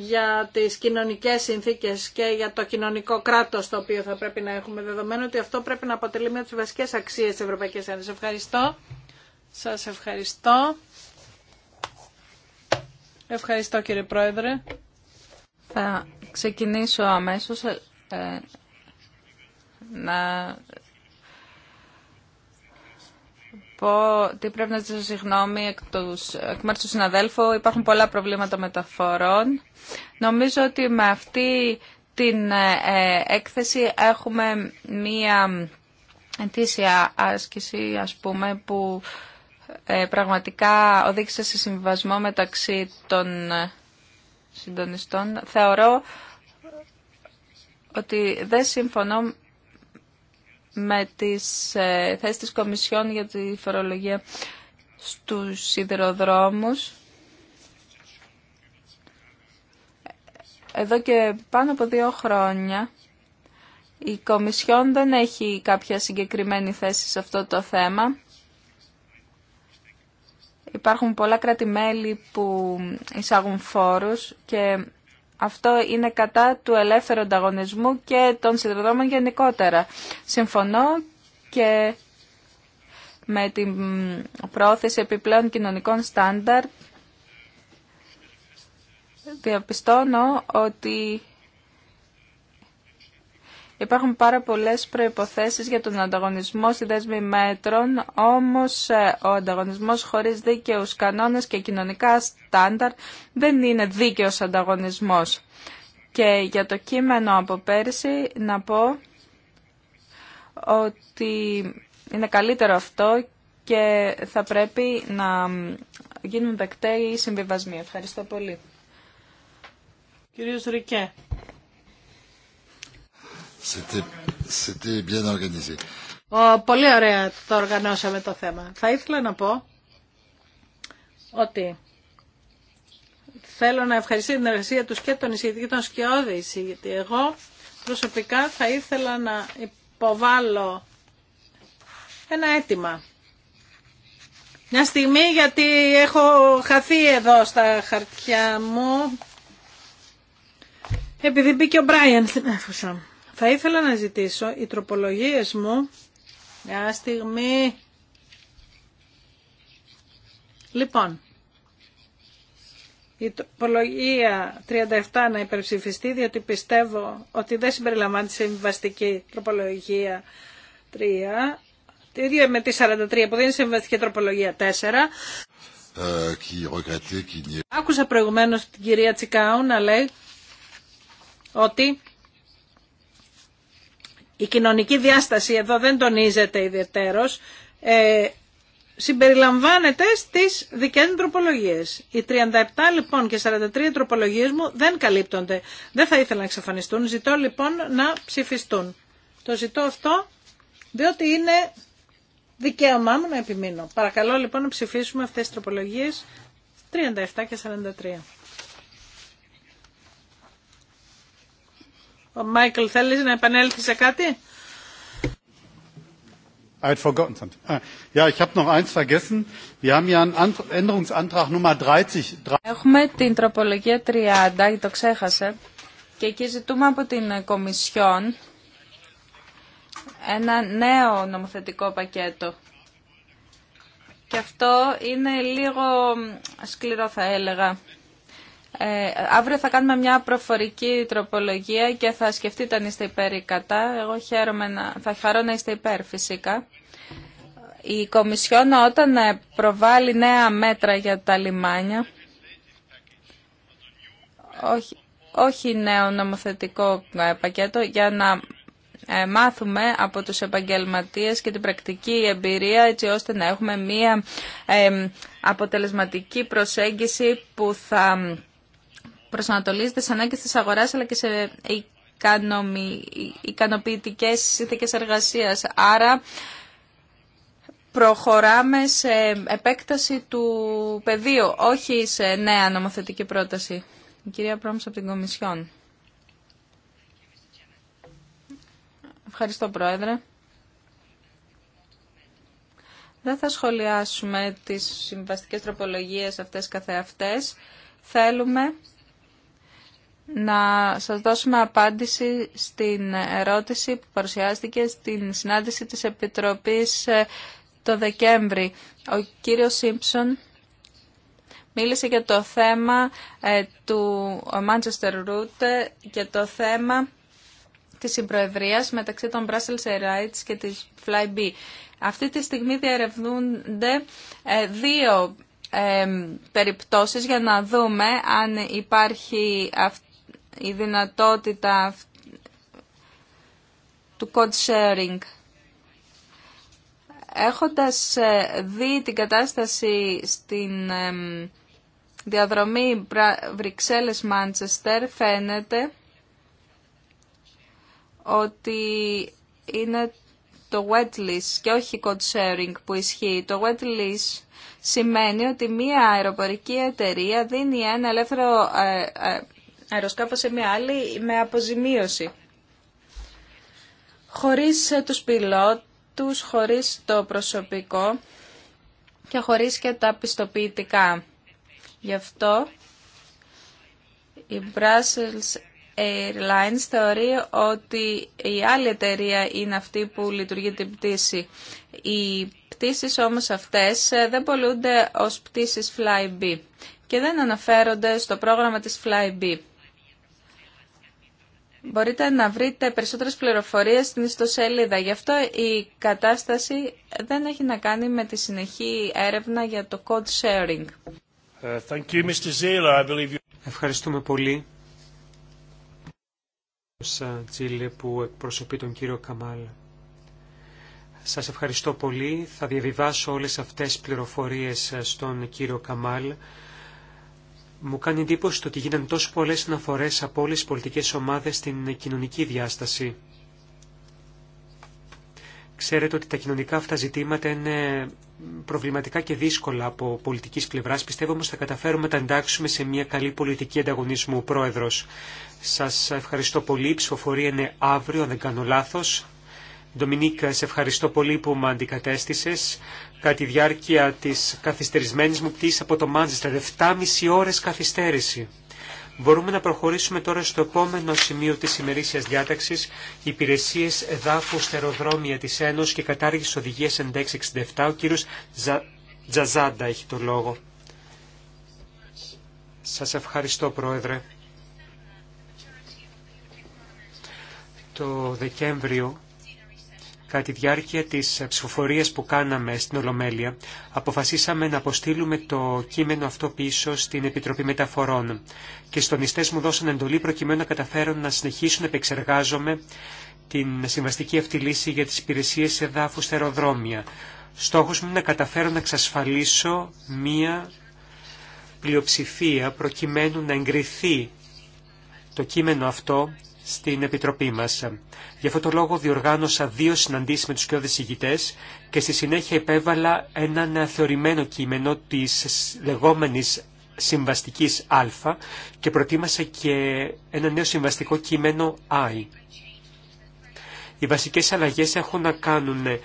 S1: για τις κοινωνικές συνθήκες και για το κοινωνικό κράτος το οποίο θα πρέπει να έχουμε δεδομένο ότι αυτό πρέπει να αποτελεί μια από τις βασικές αξίες της Ευρωπαϊκής Ένωσης. Ευχαριστώ. Σας ευχαριστώ. Ευχαριστώ κύριε Πρόεδρε.
S3: Θα ξεκινήσω αμέσως ε, ε, να πω ότι πρέπει να ζητήσω συγγνώμη εκ, τους, εκ μέρους του συναδέλφου. Υπάρχουν πολλά προβλήματα μεταφορών. Νομίζω ότι με αυτή την ε, έκθεση έχουμε μία ετήσια άσκηση, ας πούμε, που ε, πραγματικά οδήγησε σε συμβιβασμό μεταξύ των ε, συντονιστών. Θεωρώ ότι δεν συμφωνώ με τις ε, θέσεις της Κομισιόν για τη φορολογία στους σιδηροδρόμους. Εδώ και πάνω από δύο χρόνια η Κομισιόν δεν έχει κάποια συγκεκριμένη θέση σε αυτό το θέμα. Υπάρχουν πολλά κράτη-μέλη που εισάγουν φόρους και αυτό είναι κατά του ελεύθερου ανταγωνισμού και των συνδεδόμων γενικότερα. Συμφωνώ και με την πρόθεση επιπλέον κοινωνικών στάνταρ διαπιστώνω ότι Υπάρχουν πάρα πολλές προϋποθέσεις για τον ανταγωνισμό στη δέσμη μέτρων, όμως ε, ο ανταγωνισμός χωρίς δίκαιους κανόνες και κοινωνικά στάνταρ δεν είναι δίκαιος ανταγωνισμός. Και για το κείμενο από πέρσι να πω ότι είναι καλύτερο αυτό και θα πρέπει να γίνουν δεκτέ οι συμβιβασμοί. Ευχαριστώ πολύ.
S1: Κύριος Ρικέ. C'était Πολύ ωραία το οργανώσαμε το θέμα. Θα ήθελα να πω ότι θέλω να ευχαριστήσω την εργασία τους και τον εισηγητή και γιατί εγώ προσωπικά θα ήθελα να υποβάλω ένα αίτημα. Μια στιγμή γιατί έχω χαθεί εδώ στα χαρτιά μου επειδή μπήκε ο Μπράιαν στην αίθουσα. Θα ήθελα να ζητήσω οι τροπολογίες μου μια στιγμή. Λοιπόν, η τροπολογία 37 να υπερψηφιστεί, διότι πιστεύω ότι δεν συμπεριλαμβάνει τη συμβαστική τροπολογία 3. Το ίδιο με τη 43 που δεν είναι συμβαστική τροπολογία 4. Ε, Άκουσα προηγουμένως την κυρία Τσικάου να λέει ότι η κοινωνική διάσταση εδώ δεν τονίζεται ιδιαιτέρως, ε, συμπεριλαμβάνεται στις δικές μου τροπολογίες. Οι 37 λοιπόν και 43 τροπολογίες μου δεν καλύπτονται. Δεν θα ήθελα να εξαφανιστούν. Ζητώ λοιπόν να ψηφιστούν. Το ζητώ αυτό διότι είναι δικαίωμά μου να επιμείνω. Παρακαλώ λοιπόν να ψηφίσουμε αυτές τις τροπολογίες 37 και 43. Ο Μάικλ, θέλεις να επανέλθεις σε κάτι?
S5: I had forgotten something. Ah, ja, ich habe noch eins vergessen. Wir haben ja einen Änderungsantrag Nummer 30.
S3: Έχουμε την τροπολογία 30, το ξέχασε. Και εκεί ζητούμε από την Κομισιόν ένα νέο νομοθετικό πακέτο. Και αυτό είναι λίγο σκληρό θα έλεγα. Ε, αύριο θα κάνουμε μια προφορική τροπολογία και θα σκεφτείτε αν είστε υπέρ ή κατά. Εγώ χαίρομαι να, θα χαρώ να είστε υπέρ φυσικά. Η Κομισιόν όταν ε, προβάλλει νέα μέτρα για τα λιμάνια, όχι, όχι νέο νομοθετικό ε, πακέτο, για να μάθουμε από τους επαγγελματίες και την πρακτική εμπειρία έτσι ώστε να έχουμε μία αποτελεσματική προσέγγιση που θα προσανατολίζεται στι ανάγκε τη αγοράς αλλά και σε ικανοποιητικές συνθήκε εργασίας. Άρα προχωράμε σε επέκταση του πεδίου, όχι σε νέα νομοθετική πρόταση. Η κυρία Πρόμψ από την Κομισιόν. Ευχαριστώ, Πρόεδρε. Δεν θα σχολιάσουμε τις συμβαστικές τροπολογίες αυτές καθεαυτές. Θέλουμε να σας δώσουμε απάντηση στην ερώτηση που παρουσιάστηκε στην συνάντηση της Επιτροπής ε, το Δεκέμβρη. Ο κύριος Σίμψον μίλησε για το θέμα ε, του Manchester Route και το θέμα της συμπροευρίας μεταξύ των Brussels Airlines και της Flybe. Αυτή τη στιγμή διαρευνούνται ε, δύο περιπτώσεις για να δούμε αν υπάρχει αυτή η δυνατότητα του code sharing. Έχοντας ε, δει την κατάσταση στην διαδρομή Βρυξέλλες-Μάντσεστερ φαίνεται ότι είναι το wet lease και όχι code sharing που ισχύει. Το wet lease σημαίνει ότι μία αεροπορική εταιρεία δίνει ένα ελεύθερο ε, ε, αεροσκάφο σε μια άλλη με αποζημίωση. Χωρίς ε, τους πιλότους, χωρίς το προσωπικό και χωρίς και τα πιστοποιητικά. Γι' αυτό η Brussels Airlines θεωρεί ότι η άλλη εταιρεία είναι αυτή που λειτουργεί την πτήση. Οι πτήσεις όμως αυτές ε, δεν πολλούνται ως πτήσεις Flybe και δεν αναφέρονται στο πρόγραμμα της Flybe. Μπορείτε να βρείτε περισσότερες πληροφορίες στην ιστοσελίδα. Γι' αυτό η κατάσταση δεν έχει να κάνει με τη συνεχή έρευνα για το code sharing.
S4: Ε, Ευχαριστούμε πολύ. Τζίλε που Σας ευχαριστώ πολύ. Θα διαβιβάσω όλες αυτές τις πληροφορίες στον κύριο Καμάλ. Μου κάνει εντύπωση το ότι γίνανε τόσο πολλές συναφορές από όλες τις πολιτικές ομάδες στην κοινωνική διάσταση. Ξέρετε ότι τα κοινωνικά αυτά ζητήματα είναι προβληματικά και δύσκολα από πολιτικής πλευράς. Πιστεύω ότι θα καταφέρουμε να τα εντάξουμε σε μια καλή πολιτική ανταγωνισμού. πρόεδρος. Σας ευχαριστώ πολύ. Η ψηφοφορία είναι αύριο, αν δεν κάνω λάθος. Ντομινίκ, σε ευχαριστώ πολύ που με αντικατέστησες κατά τη διάρκεια της καθυστερισμένης μου πτήσης από το Μάντζεστερ. 7,5 ώρες καθυστέρηση. Μπορούμε να προχωρήσουμε τώρα στο επόμενο σημείο της ημερήσιας διάταξης, υπηρεσίες εδάφου στεροδρόμια της Ένωσης και κατάργηση οδηγίας 1667. Ο κύριος Τζαζάντα έχει το λόγο. Σας ευχαριστώ Πρόεδρε. Το Δεκέμβριο Κατά τη διάρκεια της ψηφοφορίας που κάναμε στην Ολομέλεια, αποφασίσαμε να αποστείλουμε το κείμενο αυτό πίσω στην Επιτροπή Μεταφορών και οι στονιστές μου δώσαν εντολή προκειμένου να καταφέρουν να συνεχίσουν να επεξεργάζομαι την συμβαστική αυτή λύση για τις υπηρεσίες εδάφους στα αεροδρόμια. Στόχος μου είναι να καταφέρω να εξασφαλίσω μία πλειοψηφία προκειμένου να εγκριθεί το κείμενο αυτό στην Επιτροπή μας. Γι' αυτό το λόγο διοργάνωσα δύο συναντήσεις με τους κοιόδες ηγητές και στη συνέχεια επέβαλα ένα θεωρημένο κείμενο της λεγόμενης συμβαστικής Α και προτίμασα και ένα νέο συμβαστικό κείμενο I. Οι βασικές αλλαγές έχουν να κάνουν ε,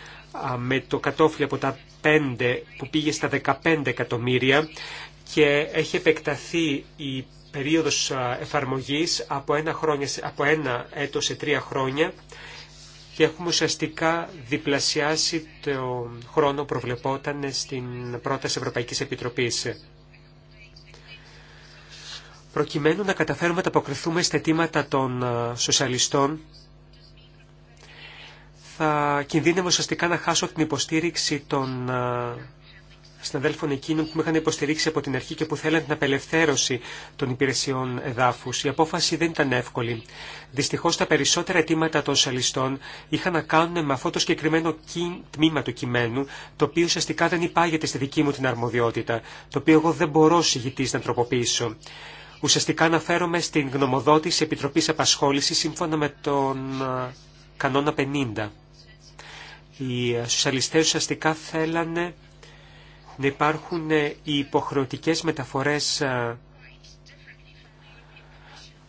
S4: με το κατόφλι από τα 5 που πήγε στα 15 εκατομμύρια και έχει επεκταθεί η περίοδος εφαρμογής από ένα, χρόνια, από ένα έτος σε τρία χρόνια και έχουμε ουσιαστικά διπλασιάσει το χρόνο που προβλεπόταν στην πρόταση Ευρωπαϊκής Επιτροπής. Προκειμένου να καταφέρουμε να αποκριθούμε στα των σοσιαλιστών, θα κινδύνευα ουσιαστικά να χάσω την υποστήριξη των συναδέλφων εκείνων που με είχαν υποστηρίξει από την αρχή και που θέλαν την απελευθέρωση των υπηρεσιών εδάφου. Η απόφαση δεν ήταν εύκολη. Δυστυχώ τα περισσότερα αιτήματα των σαλιστών είχαν να κάνουν με αυτό το συγκεκριμένο τμήμα του κειμένου, το οποίο ουσιαστικά δεν υπάγεται στη δική μου την αρμοδιότητα, το οποίο εγώ δεν μπορώ συγητή να τροποποιήσω. Ουσιαστικά αναφέρομαι στην γνωμοδότηση επιτροπή απασχόληση σύμφωνα με τον κανόνα 50. Οι σοσιαλιστές ουσιαστικά θέλανε να υπάρχουν ε, οι υποχρεωτικές μεταφορές ε,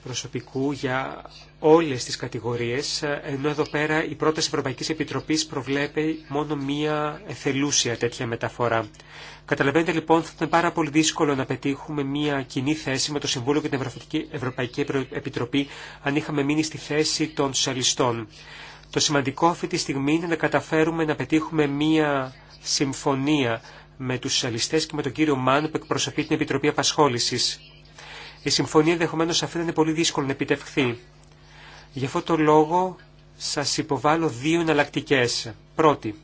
S4: προσωπικού για όλες τις κατηγορίες, ε, ενώ εδώ πέρα η Πρώτη Ευρωπαϊκής Επιτροπής προβλέπει μόνο μία εθελούσια τέτοια μεταφορά. Καταλαβαίνετε λοιπόν θα ήταν πάρα πολύ δύσκολο να πετύχουμε μία κοινή θέση με το Συμβούλιο και την Ευρωπαϊκή Επιτροπή αν είχαμε μείνει στη θέση των σοσιαλιστών. Το σημαντικό αυτή τη στιγμή είναι να καταφέρουμε να πετύχουμε μία συμφωνία με τους σοσιαλιστές και με τον κύριο Μάν που εκπροσωπεί την Επιτροπή Απασχόλησης. Η συμφωνία ενδεχομένω αυτή να είναι πολύ δύσκολο να επιτευχθεί. Γι' αυτό το λόγο σας υποβάλλω δύο εναλλακτικέ. Πρώτη,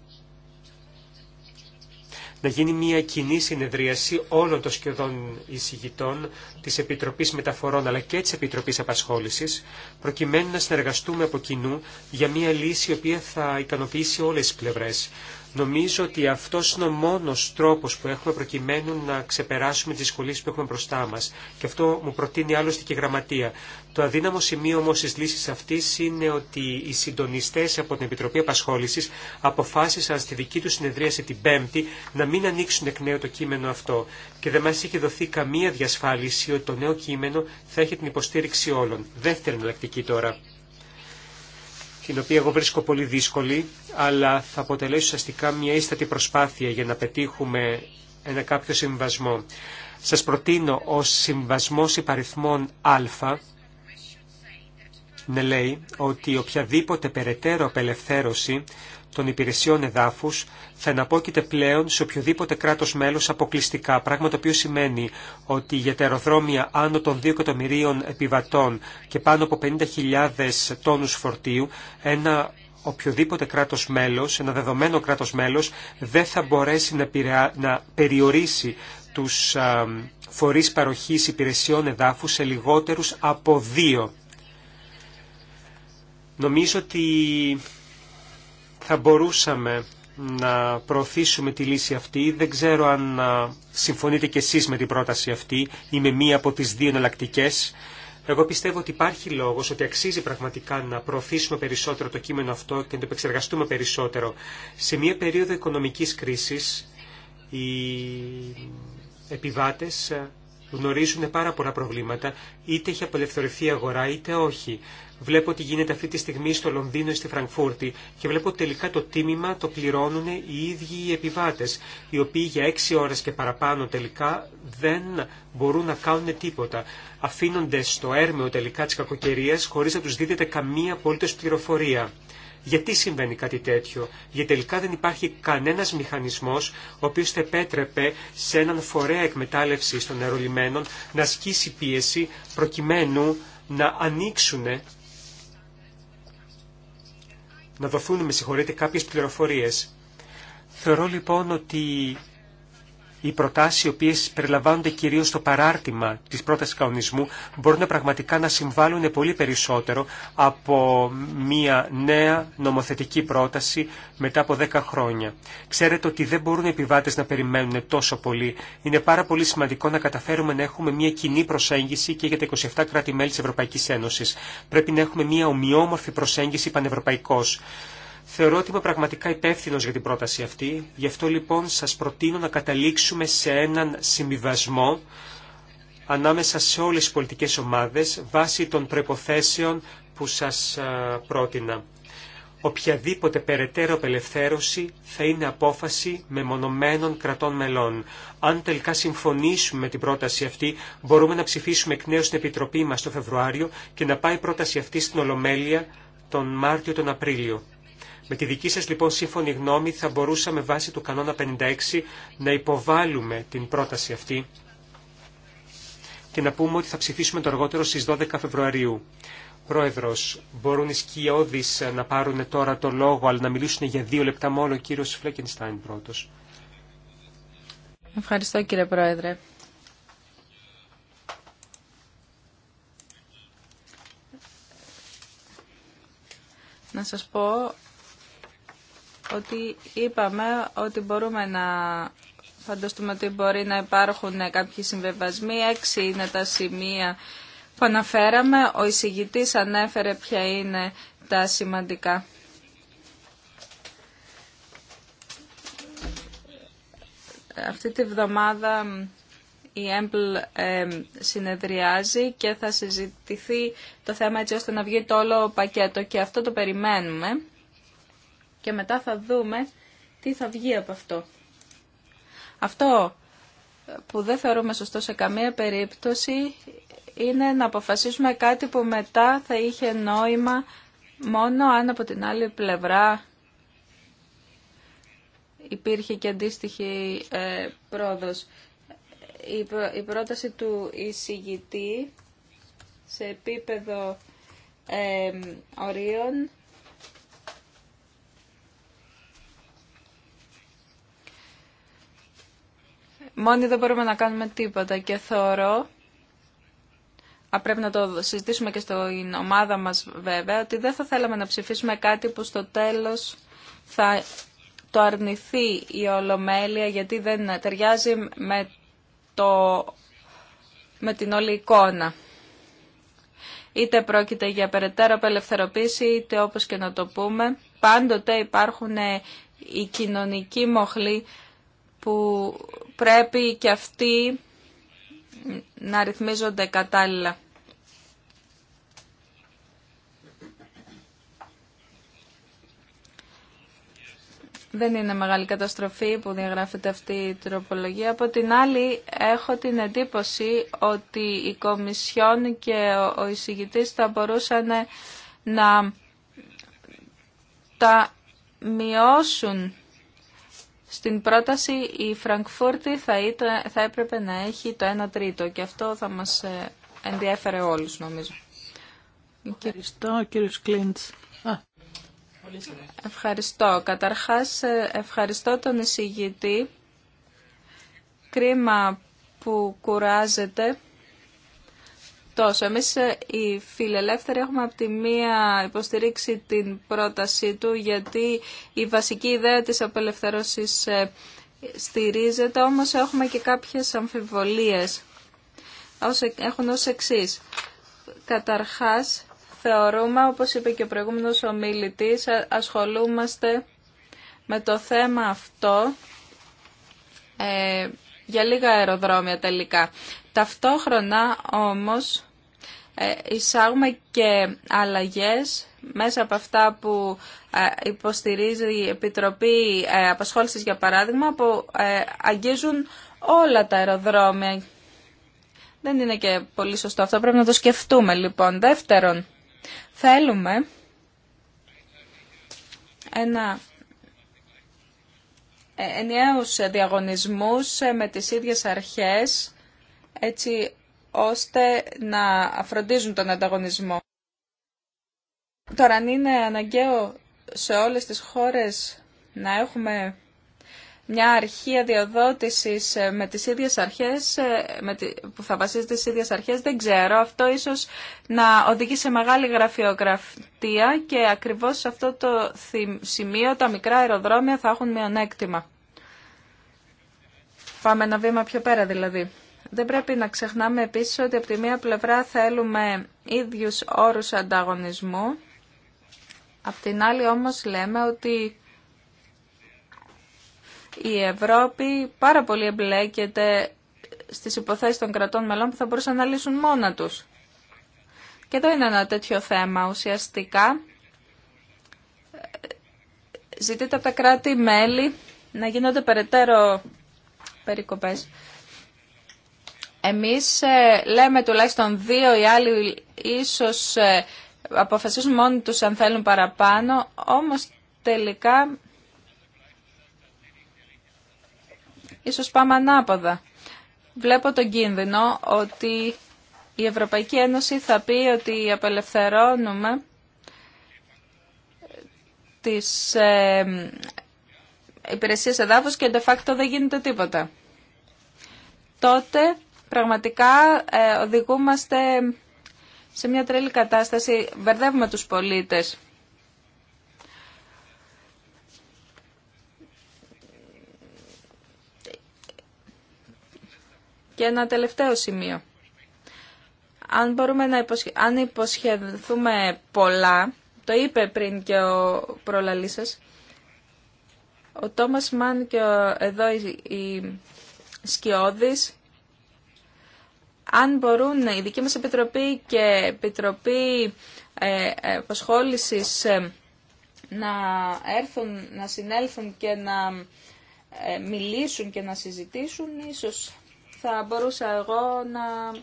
S4: να γίνει μια κοινή συνεδρίαση όλων των σχεδόν εισηγητών της Επιτροπής Μεταφορών αλλά και της Επιτροπής Απασχόλησης, προκειμένου να συνεργαστούμε από κοινού για μια λύση η οποία θα ικανοποιήσει όλες τις πλευρές. Νομίζω ότι αυτό είναι ο μόνο τρόπο που έχουμε προκειμένου να ξεπεράσουμε τι δυσκολίε που έχουμε μπροστά μα. Και αυτό μου προτείνει άλλωστε και η γραμματεία. Το αδύναμο σημείο όμω τη λύση αυτή είναι ότι οι συντονιστέ από την Επιτροπή Απασχόληση αποφάσισαν στη δική του συνεδρίαση την Πέμπτη να μην ανοίξουν εκ νέου το κείμενο αυτό. Και δεν μα είχε δοθεί καμία διασφάλιση ότι το νέο κείμενο θα έχει την υποστήριξη όλων. Δεύτερη εναλλακτική τώρα την οποία εγώ βρίσκω πολύ δύσκολη, αλλά θα αποτελέσει ουσιαστικά μια ίστατη προσπάθεια για να πετύχουμε ένα κάποιο συμβασμό. Σας προτείνω ο συμβασμός υπαριθμών α να λέει ότι οποιαδήποτε περαιτέρω απελευθέρωση των υπηρεσιών εδάφου θα εναπόκειται πλέον σε οποιοδήποτε κράτος μέλος αποκλειστικά, πράγμα το οποίο σημαίνει ότι για τα αεροδρόμια άνω των 2 εκατομμυρίων επιβατών και πάνω από 50.000 τόνους φορτίου, ένα οποιοδήποτε κράτος μέλος, ένα δεδομένο κράτος μέλος, δεν θα μπορέσει να περιορίσει τους φορείς παροχής υπηρεσιών εδάφους σε λιγότερους από δύο. Νομίζω ότι θα μπορούσαμε να προωθήσουμε τη λύση αυτή. Δεν ξέρω αν συμφωνείτε κι εσείς με την πρόταση αυτή ή με μία από τις δύο εναλλακτικέ. Εγώ πιστεύω ότι υπάρχει λόγος, ότι αξίζει πραγματικά να προωθήσουμε περισσότερο το κείμενο αυτό και να το επεξεργαστούμε περισσότερο. Σε μία περίοδο οικονομικής κρίσης, οι επιβάτες γνωρίζουν πάρα πολλά προβλήματα, είτε έχει απελευθερωθεί η αγορά είτε όχι. Βλέπω ότι γίνεται αυτή τη στιγμή στο Λονδίνο ή στη Φραγκφούρτη και βλέπω ότι τελικά το τίμημα το πληρώνουν οι ίδιοι οι επιβάτες, οι οποίοι για έξι ώρε και παραπάνω τελικά δεν μπορούν να κάνουν τίποτα. Αφήνονται στο έρμεο τελικά τη κακοκαιρία χωρί να του δίδεται καμία απολύτως πληροφορία. Γιατί συμβαίνει κάτι τέτοιο, γιατί τελικά δεν υπάρχει κανένας μηχανισμός ο οποίος θα επέτρεπε σε έναν φορέα εκμετάλλευση των αερολιμένων να ασκήσει πίεση προκειμένου να ανοίξουν να δοθούν, με συγχωρείτε, κάποιες πληροφορίες. Θεωρώ λοιπόν ότι οι προτάσει οι οποίε περιλαμβάνονται κυρίω στο παράρτημα τη πρόταση κανονισμού μπορούν πραγματικά να συμβάλλουν πολύ περισσότερο από μια νέα νομοθετική πρόταση μετά από 10 χρόνια. Ξέρετε ότι δεν μπορούν οι επιβάτε να περιμένουν τόσο πολύ. Είναι πάρα πολύ σημαντικό να καταφέρουμε να έχουμε μια κοινή προσέγγιση και για τα 27 κράτη-μέλη τη Ευρωπαϊκή Ένωση. Πρέπει να έχουμε μια ομοιόμορφη προσέγγιση πανευρωπαϊκώ. Θεωρώ ότι είμαι πραγματικά υπεύθυνο για την πρόταση αυτή. Γι' αυτό λοιπόν σας προτείνω να καταλήξουμε σε έναν συμβιβασμό ανάμεσα σε όλες τις πολιτικές ομάδες βάσει των προϋποθέσεων που σας πρότεινα. Οποιαδήποτε περαιτέρω απελευθέρωση θα είναι απόφαση μεμονωμένων κρατών μελών. Αν τελικά συμφωνήσουμε με την πρόταση αυτή, μπορούμε να ψηφίσουμε εκ νέου στην Επιτροπή μας το Φεβρουάριο και να πάει η πρόταση αυτή στην Ολομέλεια τον Μάρτιο-τον Απρίλιο. Με τη δική σας λοιπόν σύμφωνη γνώμη θα μπορούσαμε βάσει του κανόνα 56 να υποβάλουμε την πρόταση αυτή και να πούμε ότι θα ψηφίσουμε το αργότερο στις 12 Φεβρουαρίου. Πρόεδρος, μπορούν οι σκιώδεις να πάρουν τώρα το λόγο, αλλά να μιλήσουν για δύο λεπτά μόνο ο κύριος Φλέκενστάιν πρώτος.
S3: Ευχαριστώ κύριε Πρόεδρε. Να σας πω ότι είπαμε ότι μπορούμε να φανταστούμε ότι μπορεί να υπάρχουν κάποιοι συμβεβασμοί. Έξι είναι τα σημεία που αναφέραμε. Ο εισηγητής ανέφερε ποια είναι τα σημαντικά. Αυτή τη βδομάδα η ΕΜΠΛ ε, συνεδριάζει και θα συζητηθεί το θέμα έτσι ώστε να βγει το όλο πακέτο και αυτό το περιμένουμε και μετά θα δούμε τι θα βγει από αυτό. Αυτό που δεν θεωρούμε σωστό σε καμία περίπτωση είναι να αποφασίσουμε κάτι που μετά θα είχε νόημα μόνο αν από την άλλη πλευρά υπήρχε και αντίστοιχη ε, πρόοδος. Η πρόταση του εισηγητή σε επίπεδο ε, ορίων Μόνοι δεν μπορούμε να κάνουμε τίποτα και θεωρώ, α, πρέπει να το συζητήσουμε και στην ομάδα μας βέβαια, ότι δεν θα θέλαμε να ψηφίσουμε κάτι που στο τέλος θα το αρνηθεί η Ολομέλεια γιατί δεν ταιριάζει με, το, με την όλη εικόνα. Είτε πρόκειται για περαιτέρω απελευθεροποίηση, είτε όπως και να το πούμε, πάντοτε υπάρχουν ε, οι κοινωνικοί μοχλοί που πρέπει και αυτοί να ρυθμίζονται κατάλληλα. Δεν είναι μεγάλη καταστροφή που διαγράφεται αυτή η τροπολογία. Από την άλλη έχω την εντύπωση ότι η Κομισιόν και ο εισηγητής θα μπορούσαν να τα μειώσουν στην πρόταση η Φραγκφούρτη θα, θα έπρεπε να έχει το 1 τρίτο και αυτό θα μας ε, ενδιέφερε όλους νομίζω. Ευχαριστώ Κύριος Κλίντς. Ευχαριστώ. Καταρχάς ε, ευχαριστώ τον εισηγητή. Κρίμα που κουράζεται Τόσο, εμείς ε, οι φιλελεύθεροι έχουμε από τη μία υποστηρίξει την πρότασή του γιατί η βασική ιδέα της απελευθερώσης ε, στηρίζεται, όμως έχουμε και κάποιες αμφιβολίες έχουν ως εξής. Καταρχάς, θεωρούμε, όπως είπε και ο προηγούμενος ομιλητής, ασχολούμαστε με το θέμα αυτό ε, για λίγα αεροδρόμια τελικά. Ταυτόχρονα όμως ε, εισάγουμε και αλλαγές μέσα από αυτά που ε, υποστηρίζει η Επιτροπή ε, Απασχόλησης για παράδειγμα που αγγίζουν όλα τα αεροδρόμια. Δεν είναι και πολύ σωστό αυτό, πρέπει να το σκεφτούμε λοιπόν. Δεύτερον, θέλουμε ένα ενιαίους διαγωνισμούς με τις ίδιες αρχές έτσι ώστε να φροντίζουν τον ανταγωνισμό. Τώρα αν είναι αναγκαίο σε όλες τις χώρες να έχουμε μια αρχή αδειοδότησης ε, με τις ίδιες αρχές, ε, με τη, που θα βασίζεται στις ίδιες αρχές, δεν ξέρω. Αυτό ίσως να οδηγεί σε μεγάλη γραφειοκρατία και ακριβώς σε αυτό το σημείο τα μικρά αεροδρόμια θα έχουν μειονέκτημα. Πάμε ένα βήμα πιο πέρα δηλαδή. Δεν πρέπει να ξεχνάμε επίσης ότι από τη μία πλευρά θέλουμε ίδιους όρους ανταγωνισμού, απ' την άλλη όμως λέμε ότι η Ευρώπη πάρα πολύ εμπλέκεται στις υποθέσεις των κρατών μελών που θα μπορούσαν να λύσουν μόνα τους. Και εδώ είναι ένα τέτοιο θέμα. Ουσιαστικά ε, ζητείται από τα κράτη-μέλη να γίνονται περαιτέρω περικοπές εμείς ε, λέμε τουλάχιστον δύο, οι άλλοι ίσως ε, αποφασίζουν μόνοι τους αν θέλουν παραπάνω, όμως τελικά ίσως πάμε ανάποδα. Βλέπω τον κίνδυνο ότι η Ευρωπαϊκή Ένωση θα πει ότι απελευθερώνουμε τις ε, υπηρεσίες εδάφους και de facto δεν γίνεται τίποτα. Τότε πραγματικά ε, οδηγούμαστε σε μια τρελή κατάσταση, μπερδεύουμε τους πολίτες. Και ένα τελευταίο σημείο. Αν, μπορούμε να υποσχε... Αν υποσχεθούμε πολλά, το είπε πριν και ο προλαλής σας, ο Τόμας Μαν και εδώ η, η αν μπορούν η δική μας Επιτροπή και Επιτροπή ε, ε, ε να έρθουν, να συνέλθουν και να ε, μιλήσουν και να συζητήσουν, ίσως θα μπορούσα εγώ να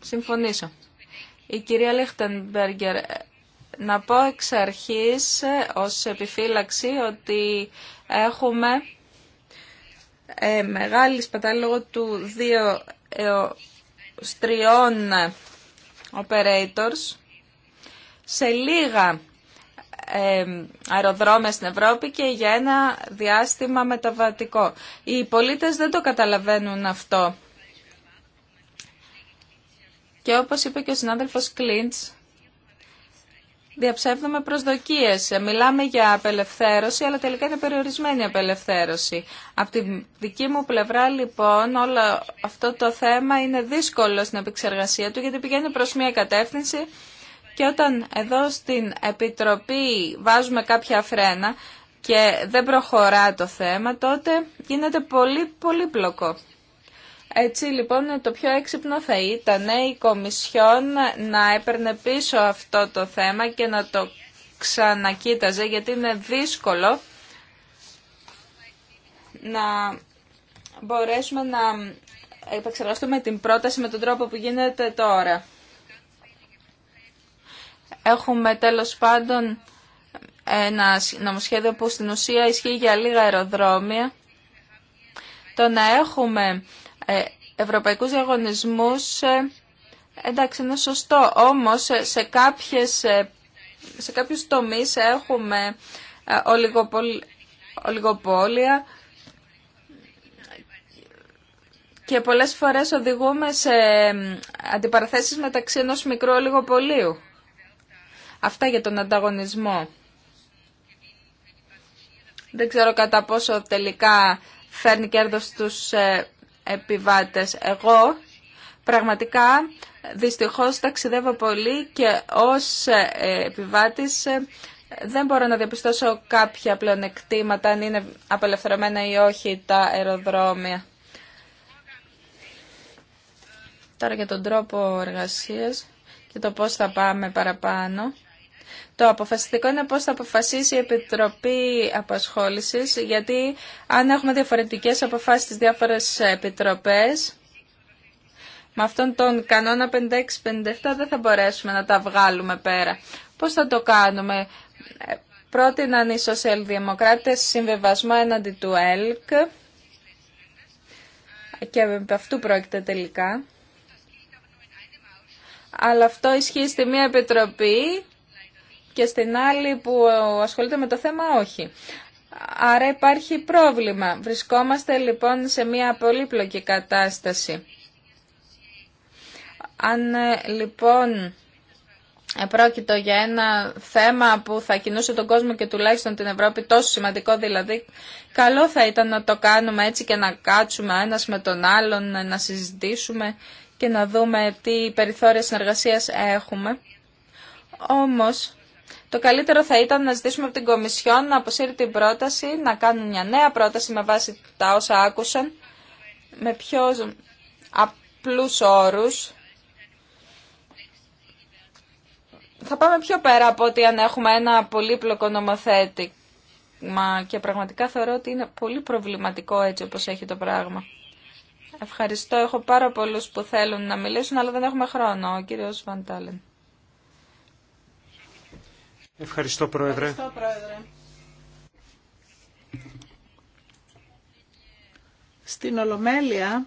S3: συμφωνήσω. Η κυρία Λίχτενμπεργκερ, να πω εξ αρχής ως επιφύλαξη ότι έχουμε ε, μεγάλη σπατάλη λόγω του δύο στριών 3 operators σε λίγα ε, αεροδρόμια στην Ευρώπη και για ένα διάστημα μεταβατικό. Οι πολίτες δεν το καταλαβαίνουν αυτό. Και όπως είπε και ο συνάδελφος Κλίντς, διαψεύδουμε προσδοκίες. Μιλάμε για απελευθέρωση, αλλά τελικά είναι περιορισμένη απελευθέρωση. Από τη δική μου πλευρά, λοιπόν, όλο αυτό το θέμα είναι δύσκολο στην επεξεργασία του, γιατί πηγαίνει προς μια κατεύθυνση και όταν εδώ στην Επιτροπή βάζουμε κάποια φρένα και δεν προχωρά το θέμα, τότε γίνεται πολύ πολύπλοκο. Έτσι λοιπόν το πιο έξυπνο θα ήταν η Κομισιόν να έπαιρνε πίσω αυτό το θέμα και να το ξανακοίταζε γιατί είναι δύσκολο να μπορέσουμε να επεξεργαστούμε την πρόταση με τον τρόπο που γίνεται τώρα. Έχουμε τέλος πάντων ένα νομοσχέδιο που στην ουσία ισχύει για λίγα αεροδρόμια. Το να έχουμε ε, ευρωπαϊκούς διαγωνισμούς, ε, εντάξει είναι σωστό, όμως ε, σε, κάποιες, σε κάποιους τομείς έχουμε ολιγοπόλια και πολλές φορές οδηγούμε σε αντιπαραθέσεις μεταξύ ενός μικρού ολιγοπολίου. Αυτά για τον ανταγωνισμό. Δεν ξέρω κατά πόσο τελικά φέρνει κέρδος στους επιβάτες. Εγώ πραγματικά δυστυχώς ταξιδεύω πολύ και ως ε, επιβάτης ε, δεν μπορώ να διαπιστώσω κάποια πλεονεκτήματα αν είναι απελευθερωμένα ή όχι τα αεροδρόμια. Τώρα για τον τρόπο εργασίας και το πώς θα πάμε παραπάνω. Το αποφασιστικό είναι πώς θα αποφασίσει η Επιτροπή Απασχόλησης, γιατί αν έχουμε διαφορετικές αποφάσεις στις διάφορες επιτροπές, με αυτόν τον κανόνα 56-57 δεν θα μπορέσουμε να τα βγάλουμε πέρα. Πώς θα το κάνουμε. Πρότειναν οι σοσιαλδημοκράτες συμβεβασμό έναντι του ΕΛΚ και από αυτού πρόκειται τελικά. Αλλά αυτό ισχύει στη μία επιτροπή και στην άλλη που ασχολείται με το θέμα όχι. Άρα υπάρχει πρόβλημα. Βρισκόμαστε λοιπόν σε μια πολύπλοκη κατάσταση. Αν λοιπόν πρόκειτο για ένα θέμα που θα κινούσε τον κόσμο και τουλάχιστον την Ευρώπη τόσο σημαντικό δηλαδή, καλό θα ήταν να το κάνουμε έτσι και να κάτσουμε ένας με τον άλλον, να συζητήσουμε και να δούμε τι περιθώρια συνεργασίας έχουμε. Όμως το καλύτερο θα ήταν να ζητήσουμε από την Κομισιόν να αποσύρει την πρόταση, να κάνουν μια νέα πρόταση με βάση τα όσα άκουσαν, με πιο απλούς όρους. Θα πάμε πιο πέρα από ότι αν έχουμε ένα πολύπλοκο νομοθέτημα και πραγματικά θεωρώ ότι είναι πολύ προβληματικό έτσι όπως έχει το πράγμα. Ευχαριστώ. Έχω πάρα πολλούς που θέλουν να μιλήσουν, αλλά δεν έχουμε χρόνο. Ο κύριος Βαντάλεν.
S4: Ευχαριστώ, Πρόεδρε.
S1: Ευχαριστώ, Στην Ολομέλεια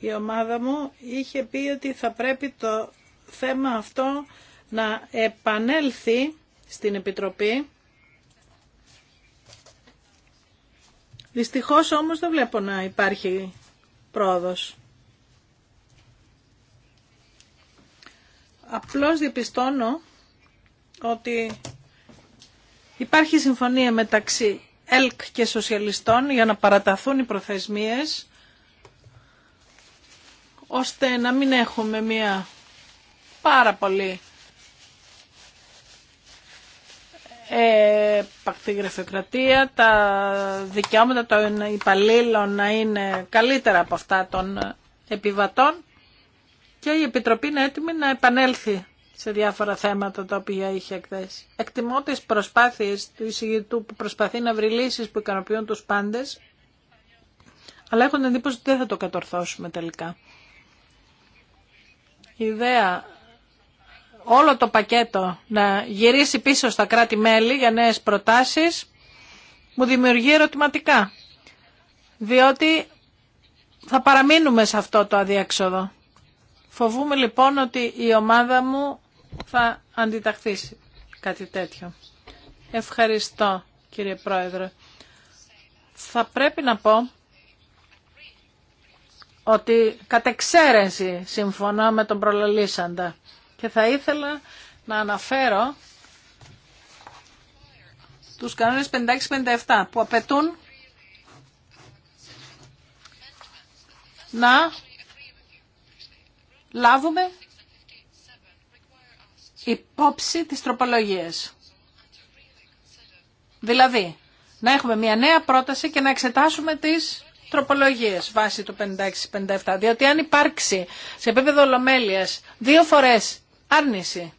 S1: η ομάδα μου είχε πει ότι θα πρέπει το θέμα αυτό να επανέλθει στην Επιτροπή. Δυστυχώς όμως δεν βλέπω να υπάρχει πρόοδος. Απλώς διαπιστώνω ότι υπάρχει συμφωνία μεταξύ ΕΛΚ και Σοσιαλιστών για να παραταθούν οι προθεσμίες ώστε να μην έχουμε μία πάρα πολύ ε, πακτή γραφειοκρατία, τα δικαιώματα των υπαλλήλων να είναι καλύτερα από αυτά των επιβατών και η Επιτροπή είναι έτοιμη να επανέλθει σε διάφορα θέματα τα οποία είχε εκθέσει. Εκτιμώ τις προσπάθειες του εισηγητού που προσπαθεί να βρει λύσει που ικανοποιούν του πάντες, αλλά την εντύπωση ότι δεν θα το κατορθώσουμε τελικά. Η ιδέα όλο το πακέτο να γυρίσει πίσω στα κράτη-μέλη για νέες προτάσεις μου δημιουργεί ερωτηματικά, διότι θα παραμείνουμε σε αυτό το αδιέξοδο. Φοβούμαι λοιπόν ότι η ομάδα μου θα αντιταχθεί κάτι τέτοιο. Ευχαριστώ κύριε Πρόεδρε. Θα πρέπει να πω ότι κατ' εξαίρεση συμφωνώ με τον προλαλήσαντα και θα ήθελα να αναφέρω τους κανόνες 56-57 που απαιτούν να λάβουμε υπόψη της τροπολογίας. Δηλαδή, να έχουμε μια νέα πρόταση και να εξετάσουμε τις τροπολογίες βάσει του 56-57. Διότι αν υπάρξει σε επίπεδο ολομέλειας δύο φορές άρνηση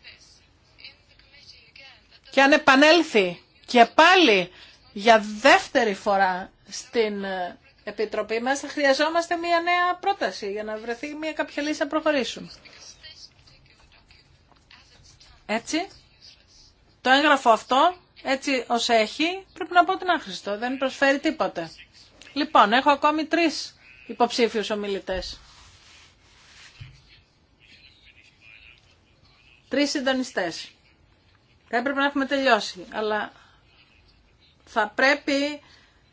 S1: και αν επανέλθει και πάλι για δεύτερη φορά στην ε, Επιτροπή μας θα χρειαζόμαστε μια νέα πρόταση για να βρεθεί μια κάποια λύση να προχωρήσουμε. Έτσι, το έγγραφο αυτό, έτσι ως έχει, πρέπει να πω την άχρηστο, δεν προσφέρει τίποτε. Λοιπόν, έχω ακόμη τρεις υποψήφιους ομιλητές. Τρεις συντονιστές. Θα πρέπει να έχουμε τελειώσει, αλλά θα πρέπει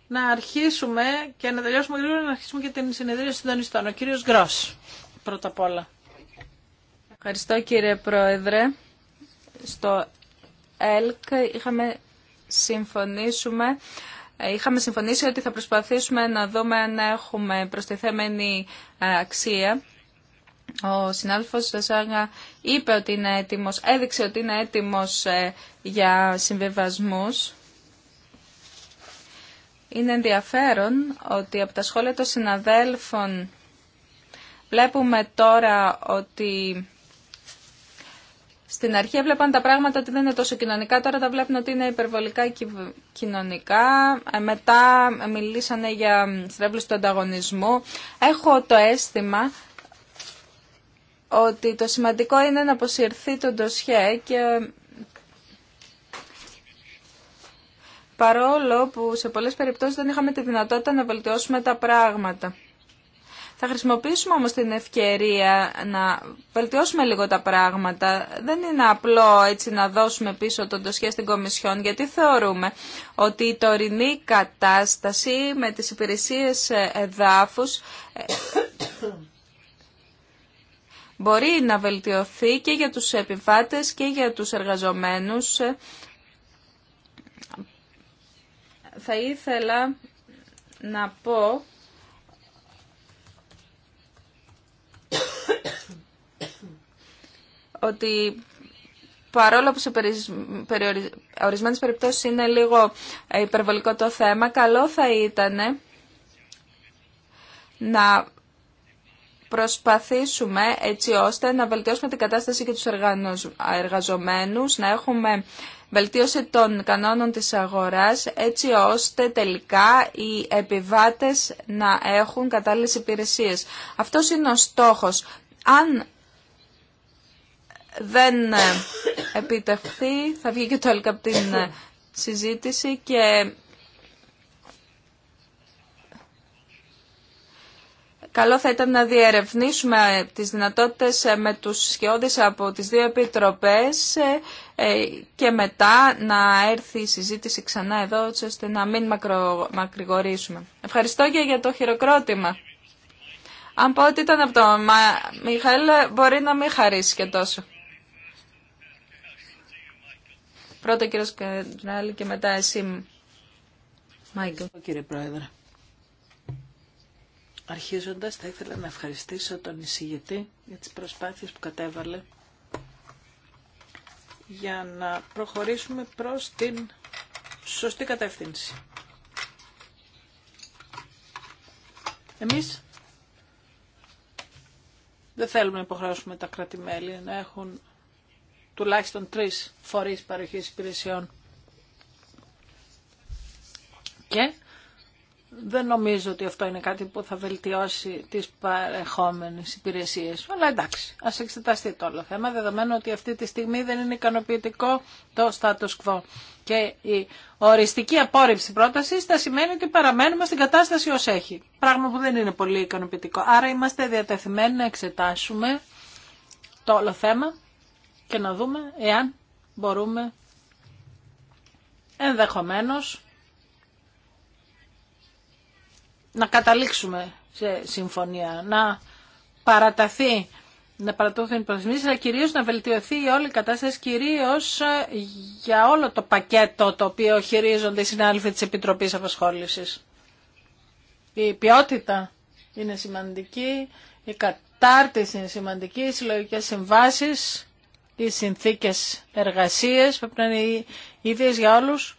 S1: να αρχίσουμε και να τελειώσουμε γρήγορα να αρχίσουμε και την συνεδρία συντονιστών. Ο κύριος Γκρός, πρώτα απ' όλα.
S3: Ευχαριστώ κύριε Πρόεδρε στο ΕΛΚ είχαμε συμφωνήσουμε ε, Είχαμε συμφωνήσει ότι θα προσπαθήσουμε να δούμε αν έχουμε προστιθέμενη ε, αξία. Ο συνάδελφος Σασάγα είπε ότι είναι έτοιμος, έδειξε ότι είναι έτοιμος ε, για συμβιβασμούς. Είναι ενδιαφέρον ότι από τα σχόλια των συναδέλφων βλέπουμε τώρα ότι στην αρχή έβλεπαν τα πράγματα ότι δεν είναι τόσο κοινωνικά, τώρα τα βλέπουν ότι είναι υπερβολικά κοινωνικά. Ε, μετά μιλήσανε για στρέβλους του ανταγωνισμού. Έχω το αίσθημα ότι το σημαντικό είναι να αποσυρθεί το ντοσιέ και παρόλο που σε πολλές περιπτώσεις δεν είχαμε τη δυνατότητα να βελτιώσουμε τα πράγματα. Θα χρησιμοποιήσουμε όμως την ευκαιρία να βελτιώσουμε λίγο τα πράγματα. Δεν είναι απλό έτσι να δώσουμε πίσω τον τοσχέ στην Κομισιόν, γιατί θεωρούμε ότι η τωρινή κατάσταση με τις υπηρεσίες ε, εδάφους ε, μπορεί να βελτιωθεί και για τους επιβάτες και για τους εργαζομένους. Θα ήθελα να πω ότι παρόλο που σε ορισμένες περιπτώσεις είναι λίγο υπερβολικό το θέμα, καλό θα ήταν να προσπαθήσουμε έτσι ώστε να βελτιώσουμε την κατάσταση και τους εργαζομένους, να έχουμε βελτίωση των κανόνων της αγοράς, έτσι ώστε τελικά οι επιβάτες να έχουν κατάλληλες υπηρεσίες. Αυτός είναι ο στόχος. Αν δεν ε, επιτευχθεί, θα βγει και το άλλο από την ε, συζήτηση και καλό θα ήταν να διερευνήσουμε ε, τις δυνατότητες με τους σχεώδεις από τις δύο επιτροπές και μετά να έρθει η συζήτηση ξανά εδώ, ώστε να μην μακρο, μακρηγορήσουμε. Ευχαριστώ και για το χειροκρότημα. Αν πω ότι ήταν από τον Μιχαήλ, μπορεί να μην χαρίσει και τόσο. Πρώτα ο κύριος και μετά εσύ, Μάικλ.
S1: Κύριε Πρόεδρε, αρχίζοντας θα ήθελα να ευχαριστήσω τον εισηγητή για τις προσπάθειες που κατέβαλε για να προχωρήσουμε προς την σωστή κατεύθυνση. Εμείς δεν θέλουμε να υποχρεώσουμε τα κρατη να έχουν τουλάχιστον τρεις φορείς παροχής υπηρεσιών. Και δεν νομίζω ότι αυτό είναι κάτι που θα βελτιώσει τις παρεχόμενες υπηρεσίες. Αλλά εντάξει, ας εξεταστεί το όλο θέμα, δεδομένου ότι αυτή τη στιγμή δεν είναι ικανοποιητικό το status quo. Και η οριστική απόρριψη πρόταση θα σημαίνει ότι παραμένουμε στην κατάσταση ως έχει. Πράγμα που δεν είναι πολύ ικανοποιητικό. Άρα είμαστε διατεθειμένοι να εξετάσουμε το όλο θέμα και να δούμε εάν μπορούμε ενδεχομένως να καταλήξουμε σε συμφωνία, να παραταθεί, να παρατώθουν οι προθεσμίες, αλλά κυρίως να βελτιωθεί η όλη κατάσταση, κυρίως ε, για όλο το πακέτο το οποίο χειρίζονται οι συνάδελφοι της Επιτροπής Απασχόλησης. Η ποιότητα είναι σημαντική, η κατάρτιση είναι σημαντική, οι συλλογικές συμβάσεις οι συνθήκες εργασίες πρέπει να είναι οι ίδιες για όλους,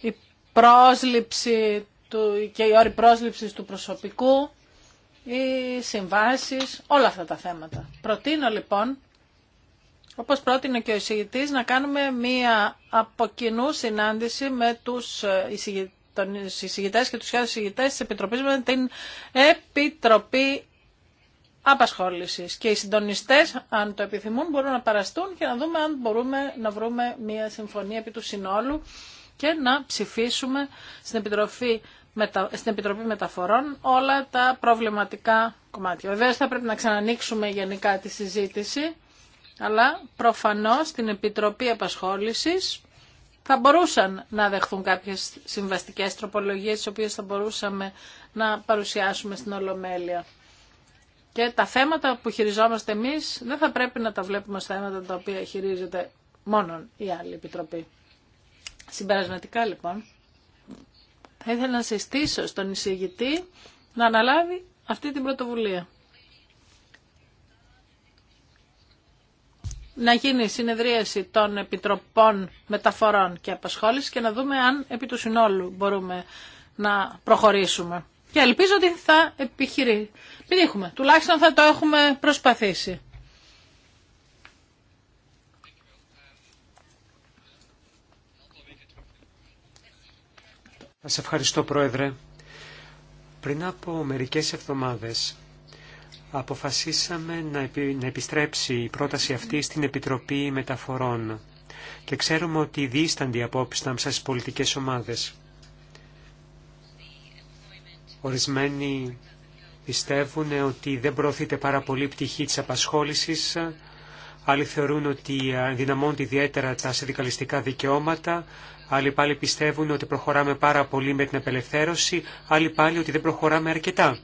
S1: η πρόσληψη του, και η όρη πρόσληψης του προσωπικού, οι συμβάσεις, όλα αυτά τα θέματα. Προτείνω λοιπόν, όπως πρότεινε και ο εισηγητής, να κάνουμε μία από κοινού συνάντηση με τους ε, εισηγητές, και τους χιλιάδες εισηγητές της Επιτροπής με την Επιτροπή Απασχόληση. Και οι συντονιστέ, αν το επιθυμούν, μπορούν να παραστούν και να δούμε αν μπορούμε να βρούμε μια συμφωνία επί του συνόλου και να ψηφίσουμε στην Επιτροπή, μετα... στην Επιτροπή Μεταφορών όλα τα προβληματικά κομμάτια. Βεβαίω θα πρέπει να ξανανοίξουμε γενικά τη συζήτηση, αλλά προφανώς στην Επιτροπή Απασχόλησης θα μπορούσαν να δεχθούν κάποιες συμβαστικές τροπολογίες, τις οποίες θα μπορούσαμε να παρουσιάσουμε στην Ολομέλεια. Και τα θέματα που χειριζόμαστε εμείς δεν θα πρέπει να τα βλέπουμε στα θέματα τα οποία χειρίζεται μόνον η άλλη Επιτροπή. Συμπερασματικά λοιπόν, θα ήθελα να συστήσω στον εισηγητή να αναλάβει αυτή την πρωτοβουλία. να γίνει συνεδρίαση των Επιτροπών Μεταφορών και Απασχόλησης και να δούμε αν επί του συνόλου μπορούμε να προχωρήσουμε. Και ελπίζω ότι θα επιχειρεί. Μην έχουμε. Τουλάχιστον θα το έχουμε προσπαθήσει.
S4: Σας ευχαριστώ Πρόεδρε. Πριν από μερικές εβδομάδες αποφασίσαμε να, επιστρέψει η πρόταση αυτή στην Επιτροπή Μεταφορών και ξέρουμε ότι δίστανται οι απόψεις στις πολιτικές ομάδες. Ορισμένοι πιστεύουν ότι δεν προωθείται πάρα πολύ η πτυχή της απασχόλησης. Άλλοι θεωρούν ότι ενδυναμώνται ιδιαίτερα τα συνδικαλιστικά δικαιώματα. Άλλοι πάλι πιστεύουν ότι προχωράμε πάρα πολύ με την απελευθέρωση. Άλλοι πάλι ότι δεν προχωράμε αρκετά.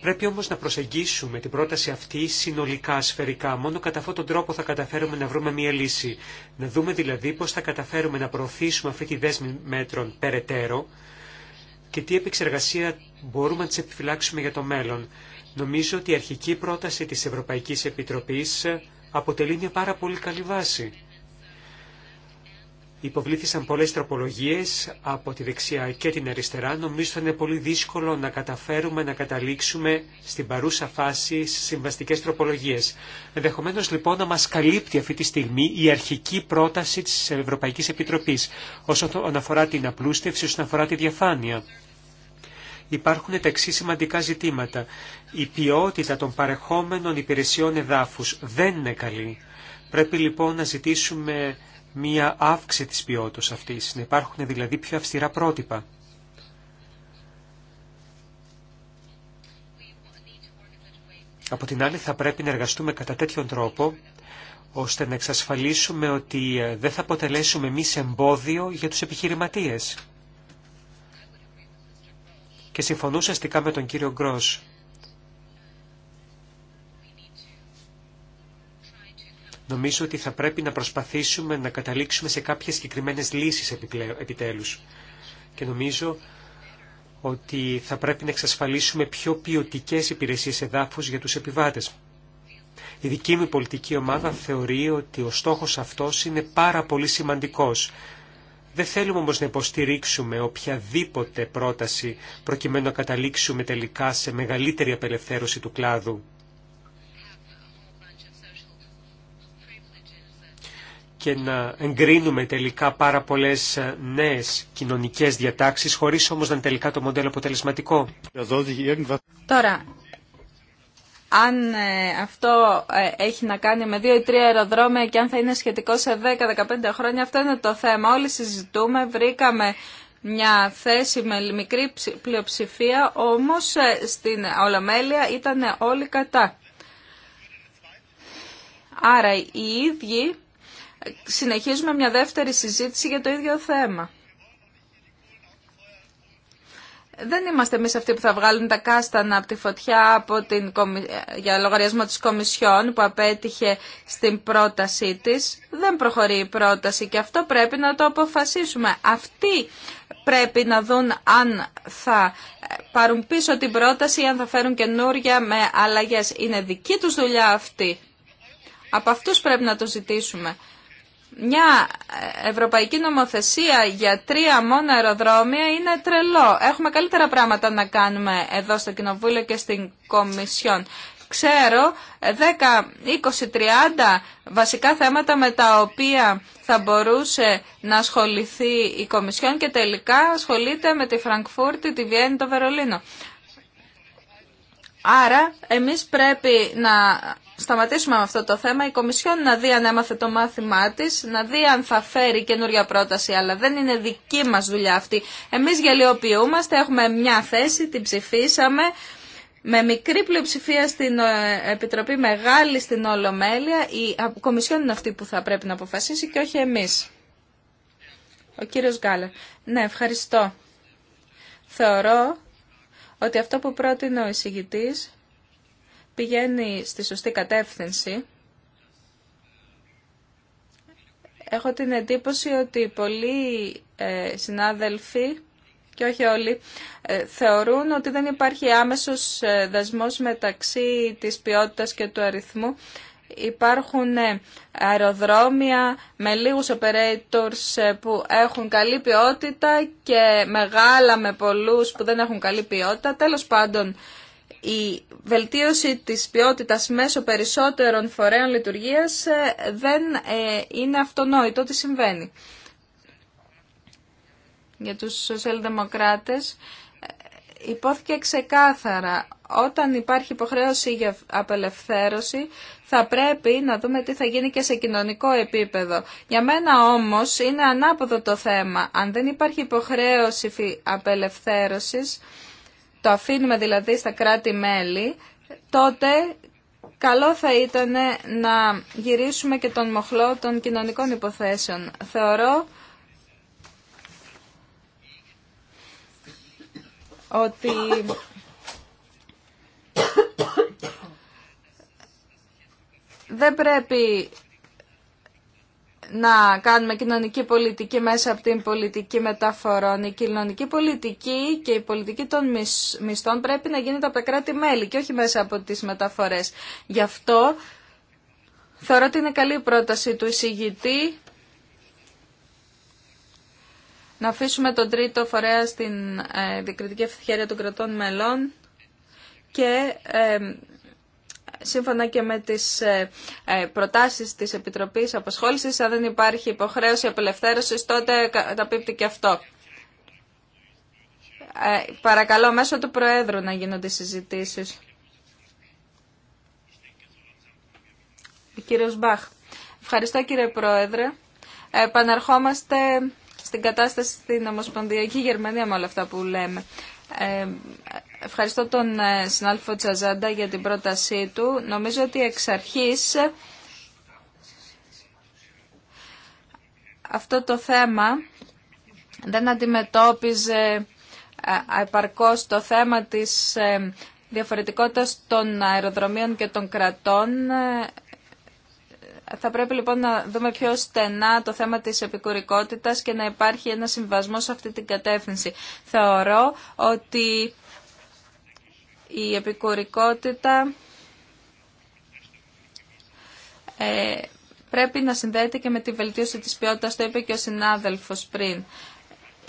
S4: Πρέπει όμως να προσεγγίσουμε την πρόταση αυτή συνολικά, σφαιρικά. Μόνο κατά αυτόν τον τρόπο θα καταφέρουμε να βρούμε μία λύση. Να δούμε δηλαδή πώς θα καταφέρουμε να προωθήσουμε αυτή τη δέσμη μέτρων περαιτέρω, και τι επεξεργασία μπορούμε να τις επιφυλάξουμε για το μέλλον. Νομίζω ότι η αρχική πρόταση της Ευρωπαϊκής Επιτροπής αποτελεί μια πάρα πολύ καλή βάση. Υποβλήθησαν πολλέ τροπολογίε από τη δεξιά και την αριστερά. Νομίζω ότι είναι πολύ δύσκολο να καταφέρουμε να καταλήξουμε στην παρούσα φάση στις συμβαστικές τροπολογίες. Ενδεχομένως λοιπόν να μα καλύπτει αυτή τη στιγμή η αρχική πρόταση τη Ευρωπαϊκή Επιτροπής όσον αφορά την απλούστευση, όσον αφορά τη διαφάνεια. Υπάρχουν τα εξή σημαντικά ζητήματα. Η ποιότητα των παρεχόμενων υπηρεσιών εδάφου δεν είναι καλή. Πρέπει λοιπόν να ζητήσουμε μία αύξηση της ποιότητας αυτής, να υπάρχουν δηλαδή πιο αυστηρά πρότυπα. Από την άλλη θα πρέπει να εργαστούμε κατά τέτοιον τρόπο, ώστε να εξασφαλίσουμε ότι ε, δεν θα αποτελέσουμε εμεί εμπόδιο για τους επιχειρηματίες. Και συμφωνούσα αστικά με τον κύριο Γκρός. Νομίζω ότι θα πρέπει να προσπαθήσουμε να καταλήξουμε σε κάποιες συγκεκριμένε λύσεις επιτέλους. Και νομίζω ότι θα πρέπει να εξασφαλίσουμε πιο ποιοτικέ υπηρεσίες εδάφους για τους επιβάτες. Η δική μου πολιτική ομάδα θεωρεί ότι ο στόχος αυτός είναι πάρα πολύ σημαντικός. Δεν θέλουμε όμως να υποστηρίξουμε οποιαδήποτε πρόταση προκειμένου να καταλήξουμε τελικά σε μεγαλύτερη απελευθέρωση του κλάδου. και να εγκρίνουμε τελικά πάρα πολλές ε, νέες κοινωνικές διατάξεις, χωρίς όμως να είναι τελικά το μοντέλο αποτελεσματικό.
S3: Τώρα, αν ε, αυτό ε, έχει να κάνει με δύο ή τρία αεροδρόμια και αν θα είναι σχετικό σε 10-15 χρόνια, αυτό είναι το θέμα. Όλοι συζητούμε, βρήκαμε μια θέση με μικρή πλειοψηφία, όμως στην Ολομέλεια ήταν όλοι κατά. Άρα οι ίδιοι συνεχίζουμε μια δεύτερη συζήτηση για το ίδιο θέμα. Δεν είμαστε εμεί αυτοί που θα βγάλουν τα κάστανα από τη φωτιά από την, για λογαριασμό της Κομισιόν που απέτυχε στην πρότασή της. Δεν προχωρεί η πρόταση και αυτό πρέπει να το αποφασίσουμε. Αυτοί πρέπει να δουν αν θα πάρουν πίσω την πρόταση ή αν θα φέρουν καινούρια με αλλαγές. Είναι δική τους δουλειά αυτή. Από αυτούς πρέπει να το ζητήσουμε μια ε, ευρωπαϊκή νομοθεσία για τρία μόνο αεροδρόμια είναι τρελό. Έχουμε καλύτερα πράγματα να κάνουμε εδώ στο Κοινοβούλιο και στην Κομισιόν. Ξέρω 10, 20, 30 βασικά θέματα με τα οποία θα μπορούσε να ασχοληθεί η Κομισιόν και τελικά ασχολείται με τη Φραγκφούρτη, τη Βιέννη, το Βερολίνο. Άρα εμείς πρέπει να σταματήσουμε με αυτό το θέμα. Η Κομισιόν να δει αν έμαθε το μάθημά τη, να δει αν θα φέρει καινούρια πρόταση, αλλά δεν είναι δική μα δουλειά αυτή. Εμεί γελιοποιούμαστε, έχουμε μια θέση, την ψηφίσαμε. Με μικρή πλειοψηφία στην ε, Επιτροπή, μεγάλη στην Ολομέλεια, η Κομισιόν είναι αυτή που θα πρέπει να αποφασίσει και όχι εμείς. Ο κύριος Γκάλερ. Ναι, ευχαριστώ. Θεωρώ ότι αυτό που πρότεινε ο εισηγητής πηγαίνει στη σωστή κατεύθυνση. Έχω την εντύπωση ότι πολλοί ε, συνάδελφοι και όχι όλοι, ε, θεωρούν ότι δεν υπάρχει άμεσος ε, δασμός μεταξύ της ποιότητας και του αριθμού. Υπάρχουν αεροδρόμια με λίγους operators που έχουν καλή ποιότητα και μεγάλα με πολλούς που δεν έχουν καλή ποιότητα. Τέλος πάντων, η βελτίωση της ποιότητας μέσω περισσότερων φορέων λειτουργίας ε, δεν ε, είναι αυτονόητο ό,τι συμβαίνει. Για τους σοσιαλδημοκράτες ε, υπόθηκε ξεκάθαρα όταν υπάρχει υποχρέωση για απελευθέρωση θα πρέπει να δούμε τι θα γίνει και σε κοινωνικό επίπεδο. Για μένα όμως είναι ανάποδο το θέμα. Αν δεν υπάρχει υποχρέωση απελευθέρωσης το αφήνουμε δηλαδή στα κράτη-μέλη, τότε καλό θα ήταν να γυρίσουμε και τον μοχλό των κοινωνικών υποθέσεων. Θεωρώ ότι <coughs> δεν πρέπει να κάνουμε κοινωνική πολιτική μέσα από την πολιτική μεταφορών. Η κοινωνική πολιτική και η πολιτική των μισθών πρέπει να γίνεται από τα κράτη-μέλη και όχι μέσα από τις μεταφορές. Γι' αυτό θεωρώ ότι είναι καλή η πρόταση του εισηγητή να αφήσουμε τον τρίτο φορέα στην ε, διακριτική των κρατών μελών και ε, σύμφωνα και με τις ε, ε, προτάσεις της Επιτροπής Αποσχόλησης. αν δεν υπάρχει υποχρέωση απελευθέρωσης, τότε καταπίπτει και αυτό. Ε, παρακαλώ, μέσω του Προέδρου να γίνονται συζητήσεις. κύριος Μπαχ. Ευχαριστώ κύριε Πρόεδρε. Παναρχόμαστε στην κατάσταση στην Ομοσπονδιακή Γερμανία με όλα αυτά που λέμε. Ευχαριστώ τον ε, συνάδελφο Τσαζάντα για την πρότασή του. Νομίζω ότι εξ αρχής αυτό το θέμα δεν αντιμετώπιζε ε, επαρκώς το θέμα της ε, διαφορετικότητας των αεροδρομίων και των κρατών. Θα πρέπει λοιπόν να δούμε πιο στενά το θέμα της επικουρικότητας και να υπάρχει ένα συμβασμό σε αυτή την κατεύθυνση. Θεωρώ ότι η επικορικότητα ε, πρέπει να συνδέεται και με τη βελτίωση της ποιότητας, το είπε και ο συνάδελφος πριν.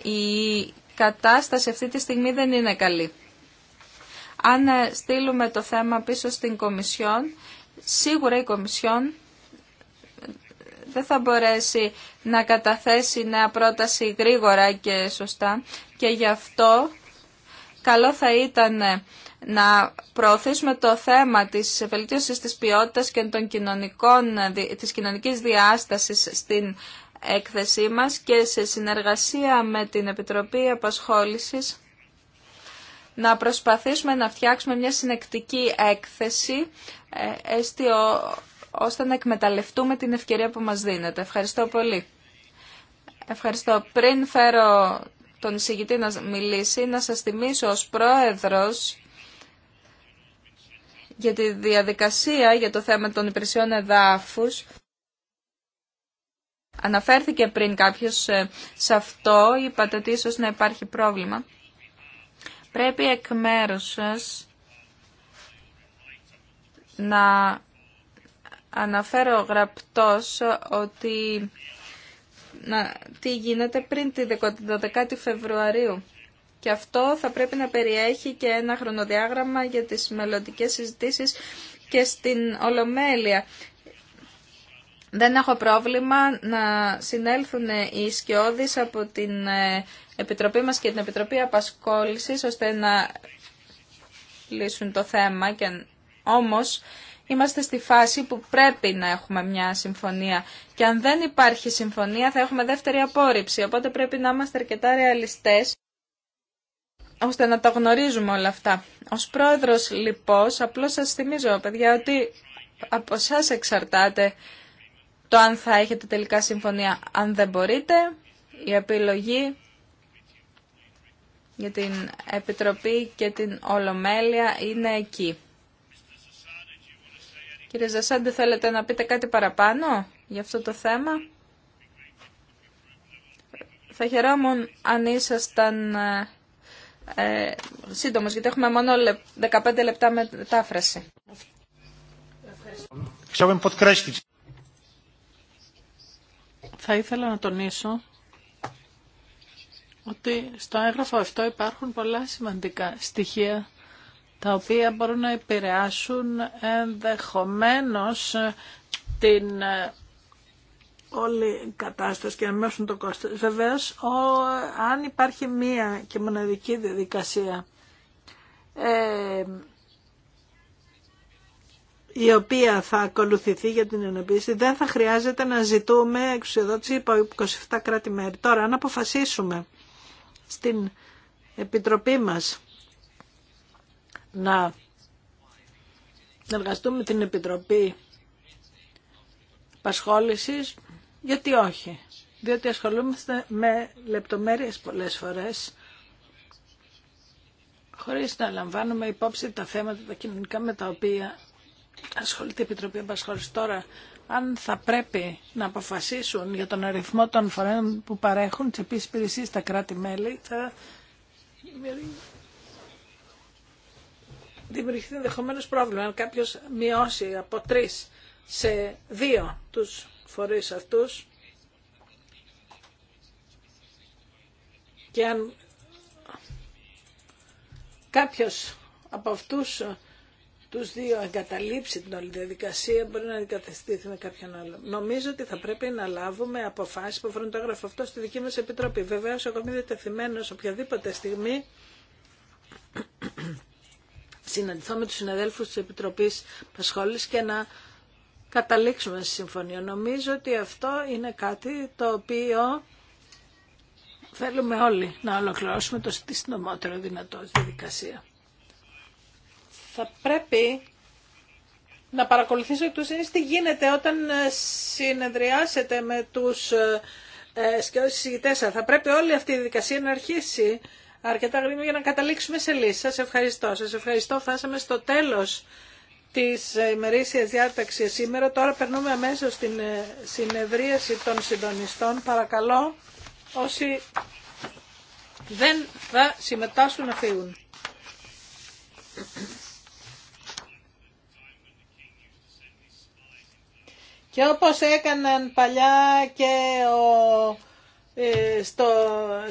S3: Η κατάσταση αυτή τη στιγμή δεν είναι καλή. Αν ε, στείλουμε το θέμα πίσω στην Κομισιόν, σίγουρα η Κομισιόν ε, δεν θα μπορέσει να καταθέσει νέα πρόταση γρήγορα και σωστά και γι' αυτό καλό θα ήταν να προωθήσουμε το θέμα της βελτίωσης της ποιότητας και των κοινωνικών, της κοινωνικής διάστασης στην έκθεσή μας και σε συνεργασία με την Επιτροπή Απασχόλησης να προσπαθήσουμε να φτιάξουμε μια συνεκτική έκθεση ε, ώστε να εκμεταλλευτούμε την ευκαιρία που μας δίνεται. Ευχαριστώ πολύ. Ευχαριστώ. Πριν φέρω τον εισηγητή να μιλήσει, να σας θυμίσω ως πρόεδρος για τη διαδικασία για το θέμα των υπηρεσιών εδάφους. Αναφέρθηκε πριν κάποιος σε αυτό, είπατε ότι ίσως να υπάρχει πρόβλημα. Πρέπει εκ μέρους σας να αναφέρω γραπτός ότι να, τι γίνεται πριν τη 12η Φεβρουαρίου. Και αυτό θα πρέπει να περιέχει και ένα χρονοδιάγραμμα για τις μελλοντικέ συζητήσεις και στην Ολομέλεια. Δεν έχω πρόβλημα να συνέλθουν οι σκιώδεις από την ε, Επιτροπή μας και την Επιτροπή Απασχόλησης ώστε να λύσουν το θέμα. Και όμως είμαστε στη φάση που πρέπει να έχουμε μια συμφωνία. Και αν δεν υπάρχει συμφωνία θα έχουμε δεύτερη απόρριψη. Οπότε πρέπει να είμαστε αρκετά ρεαλιστές ώστε να τα γνωρίζουμε όλα αυτά. Ως πρόεδρος λοιπόν, απλώς σας θυμίζω παιδιά ότι από εσά εξαρτάται το αν θα έχετε τελικά συμφωνία. Αν δεν μπορείτε, η επιλογή για την Επιτροπή και την Ολομέλεια είναι εκεί. Κύριε Ζασάντη, θέλετε να πείτε κάτι παραπάνω για αυτό το θέμα. Θα χαιρόμουν αν ήσασταν ε, ε, γιατί έχουμε μόνο 15 λεπτά μετάφραση.
S1: Θα ήθελα να τονίσω ότι στο έγγραφο αυτό υπάρχουν πολλά σημαντικά στοιχεία τα οποία μπορούν να επηρεάσουν ενδεχομένως την όλη κατάσταση και να μειώσουν το κόστος. Βεβαίως, ο, αν υπάρχει μία και μοναδική διαδικασία ε, η οποία θα ακολουθηθεί για την ενοποίηση, δεν θα χρειάζεται να ζητούμε εξουσιοδότηση από 27 κράτη-μέρη. Τώρα, αν αποφασίσουμε στην Επιτροπή μας να εργαστούμε την Επιτροπή Πασχόλησης, γιατί όχι. Διότι ασχολούμαστε με λεπτομέρειες πολλές φορές χωρίς να λαμβάνουμε υπόψη τα θέματα τα κοινωνικά με τα οποία ασχολείται η Επιτροπή Επασχόλης τώρα αν θα πρέπει να αποφασίσουν για τον αριθμό των φορέων που παρέχουν τις επίσης στα κράτη-μέλη θα δημιουργηθεί ενδεχομένω πρόβλημα αν κάποιος μειώσει από τρεις σε δύο τους φορές αυτούς και αν κάποιος από αυτούς ε, τους δύο εγκαταλείψει την όλη διαδικασία μπορεί να αντικαταστήθει με κάποιον άλλο. Νομίζω ότι θα πρέπει να λάβουμε αποφάσεις που αφορούν το έγγραφο αυτό στη δική μας επιτροπή. Βεβαίω εγώ είμαι διατεθειμένος οποιαδήποτε στιγμή <clears throat> συναντηθώ με τους συναδέλφους της Επιτροπής Πασχόλης και να καταλήξουμε στη συμφωνία. Νομίζω ότι αυτό είναι κάτι το οποίο θέλουμε όλοι να ολοκληρώσουμε το συντομότερο δυνατό στη δικασία. Θα πρέπει να παρακολουθήσω εκ του τι γίνεται όταν ε, συνεδριάσετε με τους ε, ε Θα πρέπει όλη αυτή η δικασία να αρχίσει αρκετά γρήγορα για να καταλήξουμε σε λύση. Σας ευχαριστώ. Σας ευχαριστώ. Φτάσαμε στο τέλος της ημερήσιας διάταξης σήμερα. Τώρα περνούμε αμέσω στην ε, συνεδρίαση των συντονιστών. Παρακαλώ όσοι δεν θα συμμετάσχουν να φύγουν. Και όπως έκαναν παλιά και ο, ε, στο,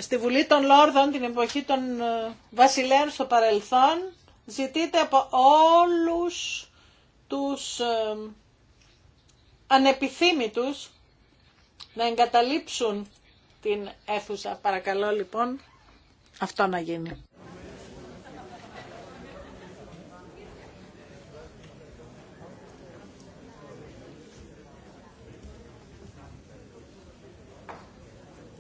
S1: στη Βουλή των Λόρδων την εποχή των ε, βασιλέων στο παρελθόν, ζητείτε από όλους τους ανεπιθύμητους να εγκαταλείψουν την αίθουσα. Παρακαλώ λοιπόν αυτό να γίνει.